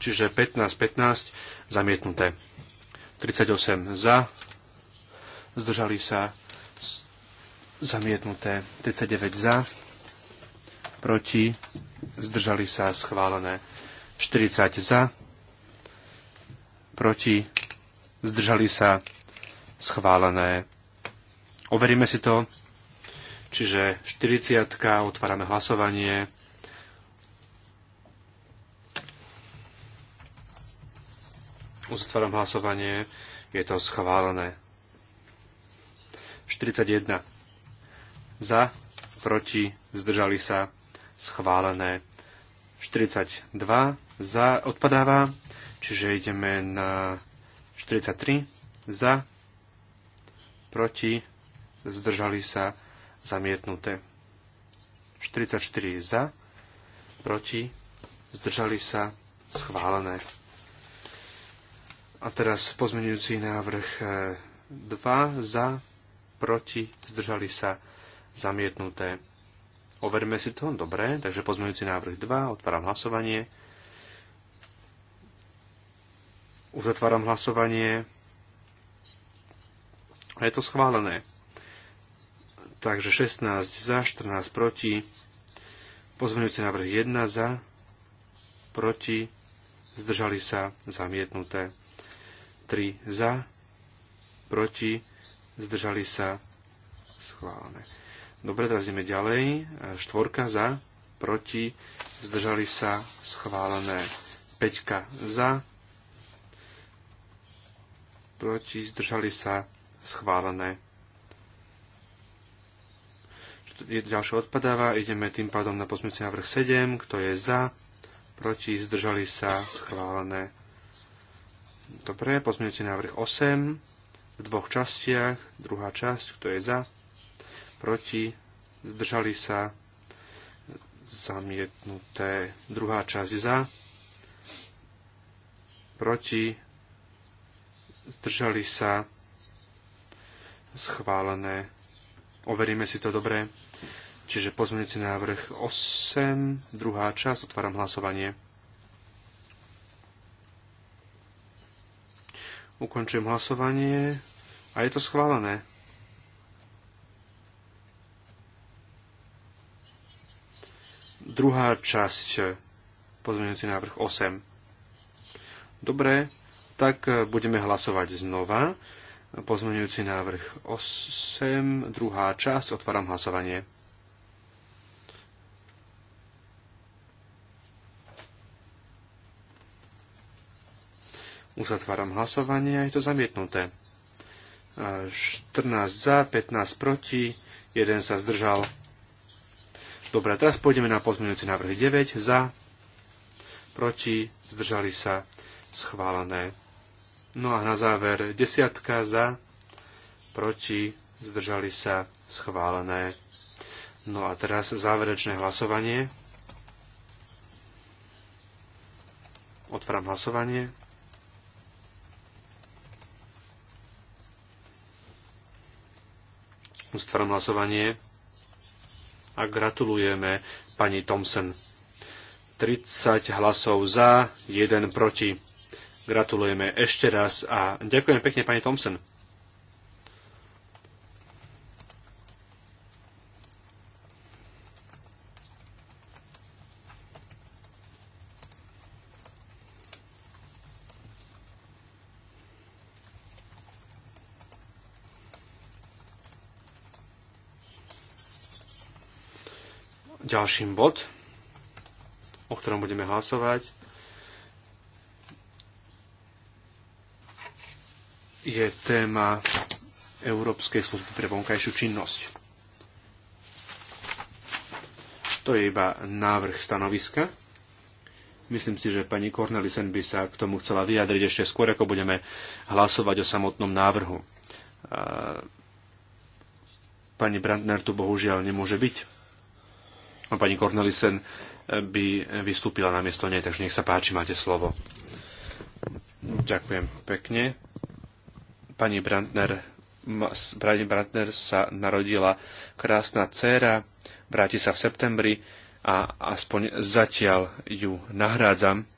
Čiže 15-15 zamietnuté. 38 za, zdržali sa zamietnuté. 39 za, proti, zdržali sa schválené. 40 za, proti, zdržali sa, schválené. Overíme si to. Čiže 40, otvárame hlasovanie. Uzatváram hlasovanie, je to schválené. 41. Za, proti, zdržali sa, schválené. 42. Za, odpadáva. Čiže ideme na 43 za, proti, zdržali sa, zamietnuté. 44 za, proti, zdržali sa, schválené. A teraz pozmenujúci návrh 2 e, za, proti, zdržali sa, zamietnuté. Overme si to, dobre, takže pozmenujúci návrh 2, otváram hlasovanie. Uzatváram hlasovanie. A je to schválené. Takže 16 za, 14 proti. Pozmeňujúci návrh 1 za, proti, zdržali sa, zamietnuté. 3 za, proti, zdržali sa, schválené. Dobre, teraz ideme ďalej. Štvorka za, proti, zdržali sa, schválené. Peťka za, proti, zdržali sa, schválené. Ďalšie odpadáva, ideme tým pádom na pozmeňujúci návrh 7, kto je za, proti, zdržali sa, schválené. Dobre, pozmeňujúci návrh 8, v dvoch častiach, druhá časť, kto je za, proti, zdržali sa, zamietnuté, druhá časť za, proti, zdržali sa, schválené. Overíme si to dobre. Čiže pozmeňujúci návrh 8, druhá časť, otváram hlasovanie. Ukončujem hlasovanie a je to schválené. Druhá časť, pozmeňujúci návrh 8. Dobre, tak e, budeme hlasovať znova. Pozmenujúci návrh 8, druhá časť, otváram hlasovanie. otváram hlasovanie a je to zamietnuté. 14 e, za, 15 proti, 1 sa zdržal. Dobre, teraz pôjdeme na pozmeňujúci návrh 9 za, proti, zdržali sa, schválené. No a na záver desiatka za, proti, zdržali sa schválené. No a teraz záverečné hlasovanie. Otváram hlasovanie. Ustváram hlasovanie a gratulujeme pani Thompson. 30 hlasov za, 1 proti. Gratulujeme ešte raz a ďakujem pekne pani Thompson. ďalším bod, o ktorom budeme hlasovať, je téma Európskej služby pre vonkajšiu činnosť. To je iba návrh stanoviska. Myslím si, že pani Cornelisen by sa k tomu chcela vyjadriť ešte skôr, ako budeme hlasovať o samotnom návrhu. Pani Brandner tu bohužiaľ nemôže byť. A pani Cornelisen by vystúpila na miesto nej, takže nech sa páči, máte slovo. Ďakujem pekne. Pani Brandner, pani Brandner sa narodila krásna dcéra, vráti sa v septembri a aspoň zatiaľ ju nahrádzam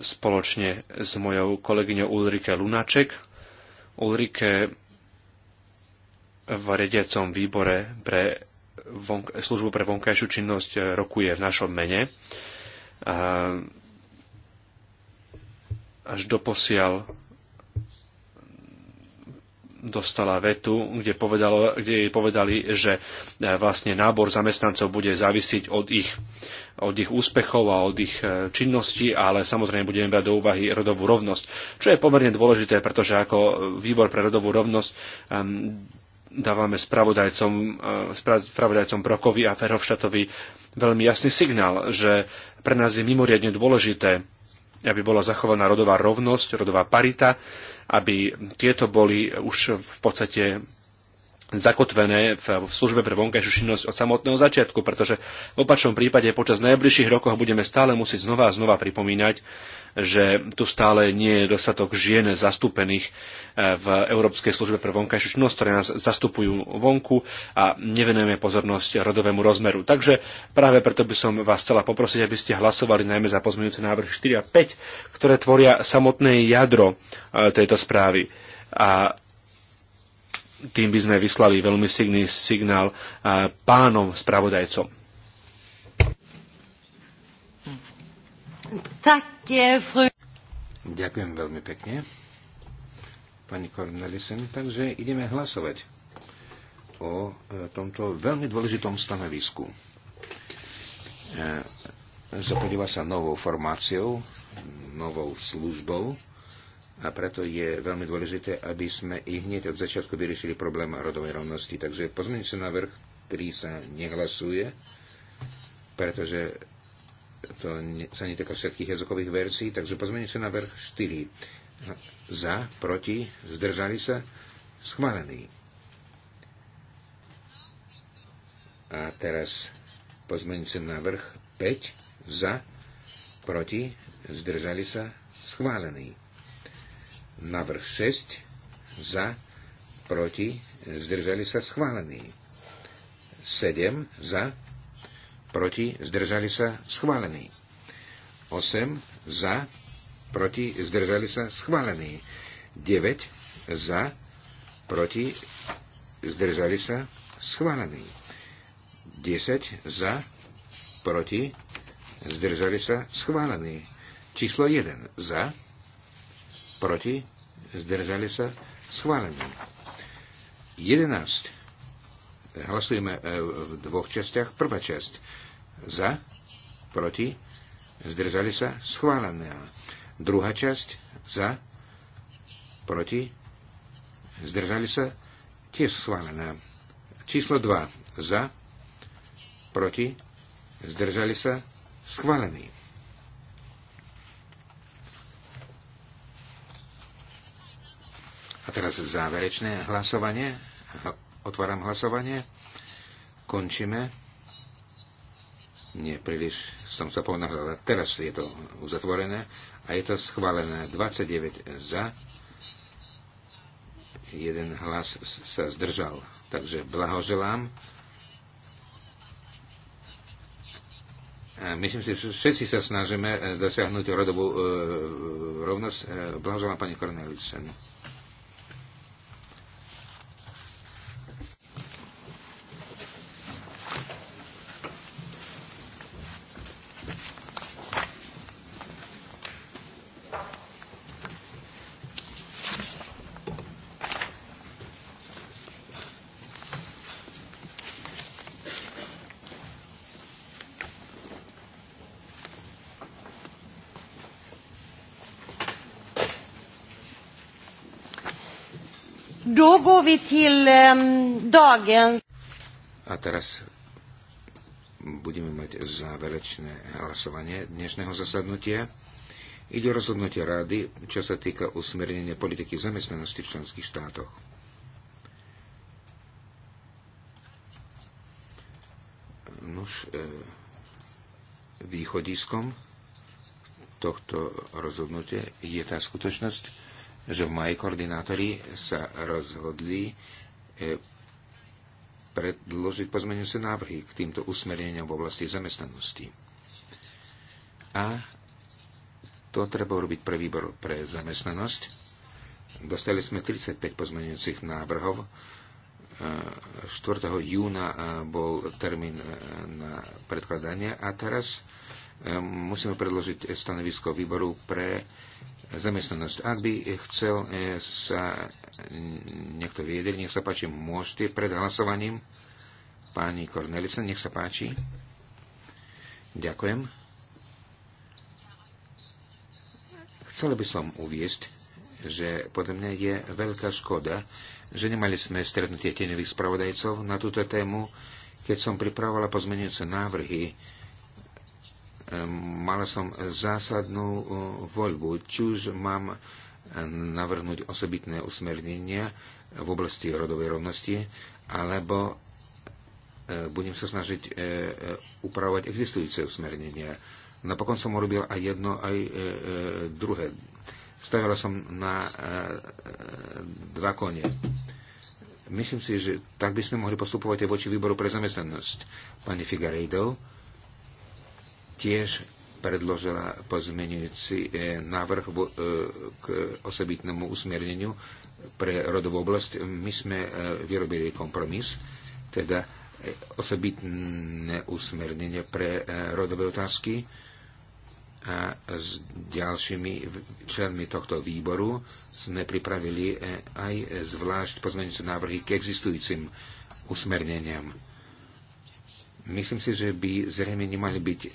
spoločne s mojou kolegyňou Ulrike Lunaček. Ulrike v riadiacom výbore pre službu pre vonkajšiu činnosť eh, rokuje v našom mene. Až doposiaľ dostala vetu, kde, povedalo, kde jej povedali, že e, vlastne nábor zamestnancov bude závisiť od ich, od ich úspechov a od ich e, činností, ale samozrejme budeme brať do úvahy rodovú rovnosť, čo je pomerne dôležité, pretože ako výbor pre rodovú rovnosť dávame spravodajcom, e, spravodajcom Brokovi a Ferhovšatovi veľmi jasný signál, že pre nás je mimoriadne dôležité aby bola zachovaná rodová rovnosť, rodová parita, aby tieto boli už v podstate zakotvené v službe pre vonkajšiu činnosť od samotného začiatku, pretože v opačnom prípade počas najbližších rokov budeme stále musieť znova a znova pripomínať, že tu stále nie je dostatok žien zastúpených e, v Európskej službe pre vonkajšiu činnosť, ktoré nás zastupujú vonku a nevenujeme pozornosť rodovému rozmeru. Takže práve preto by som vás chcela poprosiť, aby ste hlasovali najmä za pozmeňujúce návrhy 4 a 5, ktoré tvoria samotné jadro e, tejto správy. A tým by sme vyslali veľmi signý signál e, pánom spravodajcom. Tak fru... Ďakujem veľmi pekne, pani Cornelisen. Takže ideme hlasovať o e, tomto veľmi dôležitom stanovisku. E, zapodíva sa novou formáciou, novou službou a preto je veľmi dôležité, aby sme i hneď od začiatku vyriešili problém rodovej rovnosti. Takže na vrch, ktorý sa nehlasuje, pretože to sa netýka všetkých jazykových verzií, takže na návrh 4. Za, proti, zdržali sa, schválený. A teraz na návrh 5. Za, proti, zdržali sa, schválený. vrch 6. Za, proti, zdržali sa, schválený. 7. Za, proti, zdržali sa, schválený. 8 za, proti, zdržali sa, schválený. 9 za, proti, zdržali sa, schválený. 10 za, proti, zdržali sa, schválený. Číslo 1 za, proti, zdržali sa, schválený. 11. Hlasujeme e, v dvoch častiach. Prvá časť za? Proti? Zdržali sa? Schválené. Druhá časť? Za? Proti? Zdržali sa? Tiež schválená. Číslo 2. Za? Proti? Zdržali sa? Schválený. A teraz záverečné hlasovanie. Otváram hlasovanie. Končíme nie príliš som sa ponáhľal, ale teraz je to uzatvorené a je to schválené 29 za, jeden hlas sa zdržal. Takže blahoželám. myslím si, že všetci sa snažíme eh, dosiahnuť rodovú eh, rovnosť. Eh, blahoželám pani Cornelissen. Ehm, dagen... A teraz budeme mať záverečné hlasovanie dnešného zasadnutia. Ide o rozhodnutie rady, čo sa týka usmernenia politiky zamestnanosti v členských štátoch. Nuž, e, východiskom tohto rozhodnutia je tá skutočnosť, že v maji koordinátori sa rozhodli E, predložiť pozmeňujúce návrhy k týmto usmereniam v oblasti zamestnanosti. A to treba urobiť pre výbor pre zamestnanosť. Dostali sme 35 pozmeňujúcich návrhov. 4. E, júna e, bol termín na predkladanie a teraz musíme predložiť stanovisko výboru pre zamestnanosť. Ak by chcel e, sa niekto vyjadriť, nech sa páči, môžete pred hlasovaním. Pani Kornelica, nech sa páči. Ďakujem. Chcel by som uviesť, že podľa mňa je veľká škoda, že nemali sme stretnutie tieňových spravodajcov na túto tému, keď som pripravovala pozmenujúce návrhy Eh, mala som zásadnú eh, voľbu, či už mám eh, navrhnúť osobitné usmernenia v oblasti rodovej rovnosti, alebo budem sa snažiť upravovať existujúce usmernenia. Napokon som urobil aj jedno, aj druhé. Stavila som na dva kone. Myslím si, že tak by sme mohli postupovať aj voči výboru pre zamestnanosť. Pani Figarejdov, tiež predložila pozmenujúci e, návrh e, k osobitnému usmierneniu pre rodovú oblasť. My sme e, vyrobili kompromis, teda osobitné usmernenie pre rodové otázky a s ďalšími členmi tohto výboru sme pripravili aj zvlášť pozmeňujúce návrhy k existujúcim usmerneniam Myslím si, že by zrejme nemali byť e,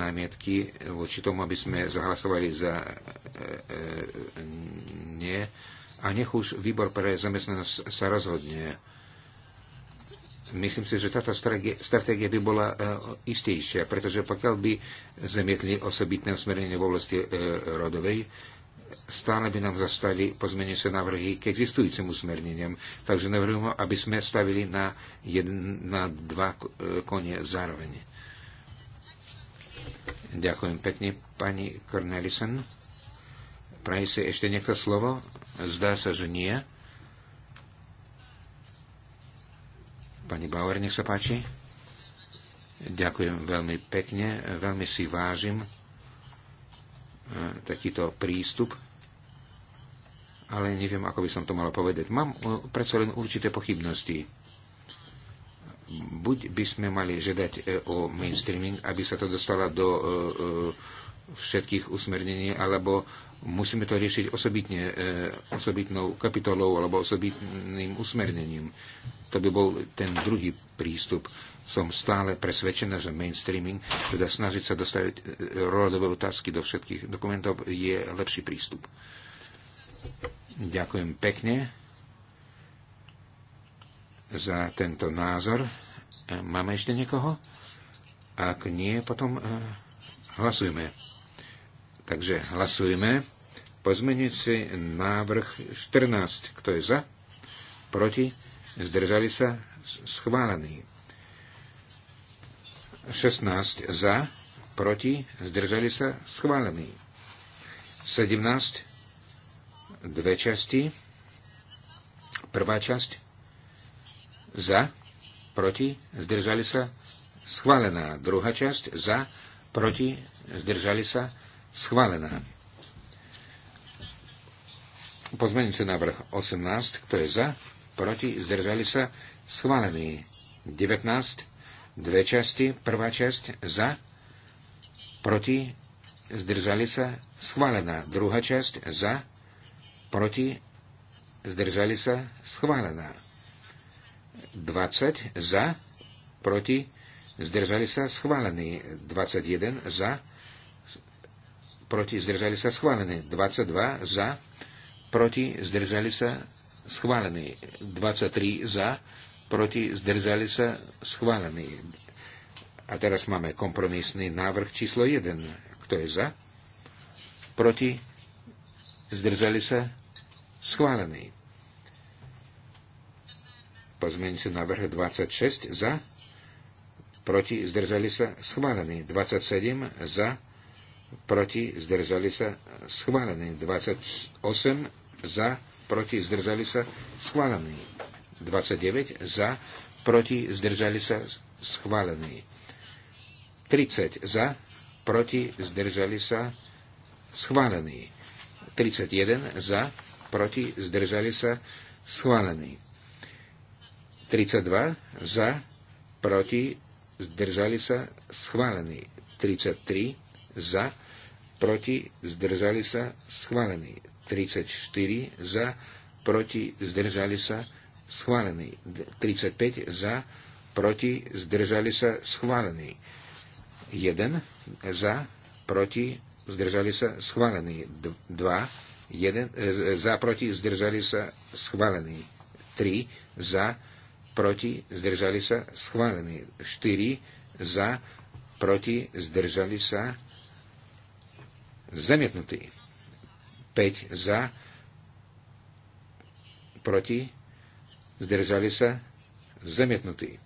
námietky voči tomu, aby sme zahlasovali za e, e, nie. A nech už výbor pre zamestnanosť sa rozhodne. Myslím si, že táto stratégia by bola e, istejšia, pretože pokiaľ by zamietli osobitné usmerenie v oblasti e, rodovej, e, stále by nám zastali sa návrhy k existujúcemu smerneniam. Takže navrhujem, aby sme stavili na, jedn, na dva e, konie zároveň. Ďakujem pekne, pani Cornelison. Praje si ešte niekto slovo? Zdá sa, že nie. Pani Bauer, nech sa páči. Ďakujem veľmi pekne, veľmi si vážim e, takýto prístup ale neviem, ako by som to mal povedať. Mám e, predsa len určité pochybnosti. Buď by sme mali žiadať e, o mainstreaming, aby sa to dostalo do e, všetkých usmernení, alebo musíme to riešiť osobitne, osobitnou kapitolou alebo osobitným usmernením. To by bol ten druhý prístup. Som stále presvedčená, že mainstreaming, teda snažiť sa dostaviť rodové otázky do všetkých dokumentov, je lepší prístup. Ďakujem pekne za tento názor. E, máme ešte niekoho? Ak nie, potom e, hlasujeme. Takže hlasujeme. Pozmenujúci návrh 14. Kto je za? Proti? Zdržali sa? Schválený. 16 za, proti, zdržali sa, schválený. 17 dve časti. Prvá časť za, proti, zdržali sa, schválená. Druhá časť za, proti, zdržali sa, schválená. Pozmeňujúci návrh 18, kto je za, proti, zdržali sa, schválený. 19, dve časti, prvá časť za, proti, zdržali sa, schválená. Druhá časť za, proti, zdržali sa, schválená. 20 za, proti, zdržali sa, schválený. 21 za, proti, zdržali sa, schválený. 22 za, proti, zdržali sa, schválený. 23 za, proti, zdržali sa, schválený. A teraz máme kompromisný návrh číslo 1. Kto je za? Proti, zdržali sa, Schválený. Pozmeňujúci návrh 26 za, proti, zdržali sa, schválený. 27 za, proti, zdržali sa, schválený. 28 za, proti, zdržali sa, schválený. 29 za, proti, zdržali sa, schválený. 30 za, proti, zdržali sa, schválený. 31 za, proti, zdržali sa, schválený. 32 za, proti, zdržali sa, schválený. 33 za, proti, zdržali sa, schválený. 34 za, proti, zdržali sa, schválený. 35 za, proti, zdržali sa, schválený. 1 za, proti, zdržali sa, schválený. 2 1 e, e, za, proti, zdržali sa, schválený. 3 za, proti, zdržali sa, schválený. 4 za, proti, zdržali sa, zamietnutý. 5 za, proti, zdržali sa, zamietnutý.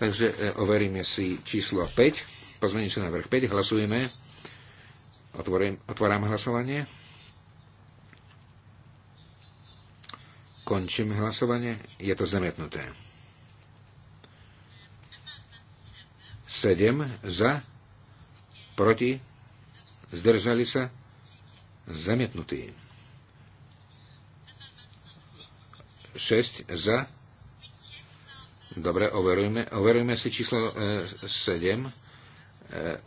Takže e, overíme si číslo 5, na vrch 5, hlasujeme. Otvorím, otvorám hlasovanie. Končím hlasovanie. Je to zamietnuté. 7 za, proti, zdržali sa, zamietnutí. 6 za, dobre, overujme, overujme si číslo e, 7, e,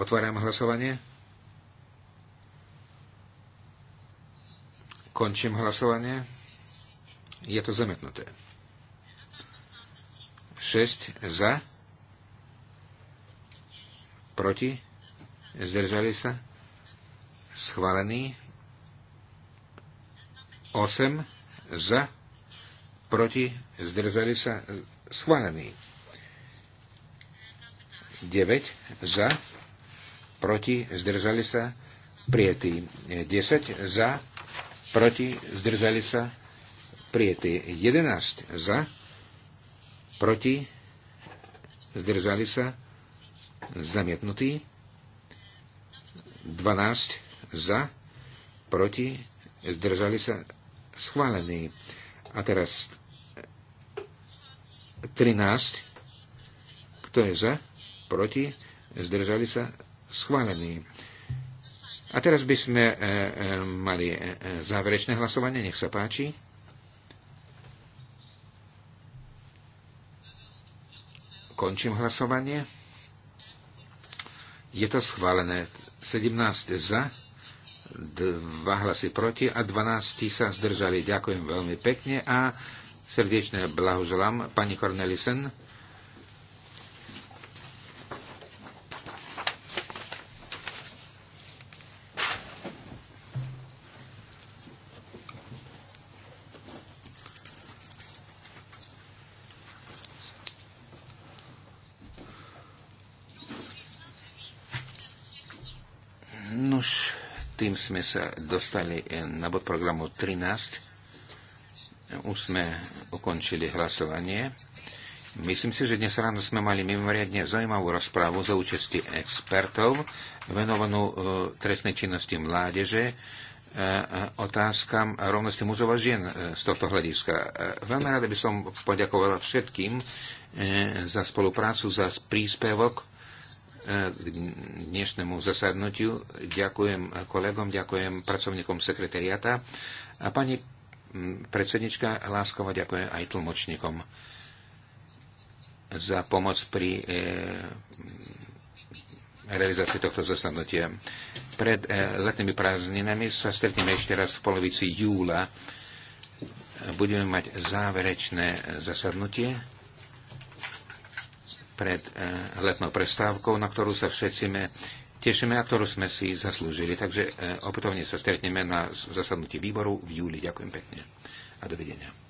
otváram hlasovanie. Končím hlasovanie. Je to zametnuté. 6 za. Proti. Zdržali sa. Schválený. 8 za. Proti. Zdržali sa. Schválený. 9 za. Proti. Zdržali sa. Prijetý. 10 za proti, zdržali sa, prijaté 11 za, proti, zdržali sa, zamietnutí, 12 za, proti, zdržali sa, schválení. A teraz 13, kto je za, proti, zdržali sa, schválení. A teraz by sme e, e, mali e, záverečné hlasovanie. Nech sa páči. Končím hlasovanie. Je to schválené. 17 za, 2 hlasy proti a 12 sa zdržali. Ďakujem veľmi pekne a srdečne blahoželám pani Cornelisen sme sa dostali eh, na bod programu 13. Už sme ukončili hlasovanie. Myslím si, že dnes ráno sme mali mimoriadne zaujímavú rozprávu za účasti expertov venovanú eh, trestnej činnosti mládeže eh, otázkam rovnosti mužov a žien z tohto hľadiska. Veľmi rada by som poďakovala všetkým za spoluprácu, za príspevok E, k dnešnému zasadnutiu. Ďakujem kolegom, ďakujem pracovníkom sekretariata a pani predsednička Láskova ďakujem aj tlmočníkom za pomoc pri e, realizácii tohto zasadnutia. Pred e, letnými prázdninami sa stretneme ešte raz v polovici júla. Budeme mať záverečné zasadnutie pred eh, letnou prestávkou, na ktorú sa všetci tešíme a ktorú sme si zaslúžili. Takže eh, opätovne sa stretneme na zasadnutí výboru v júli. Ďakujem pekne a dovidenia.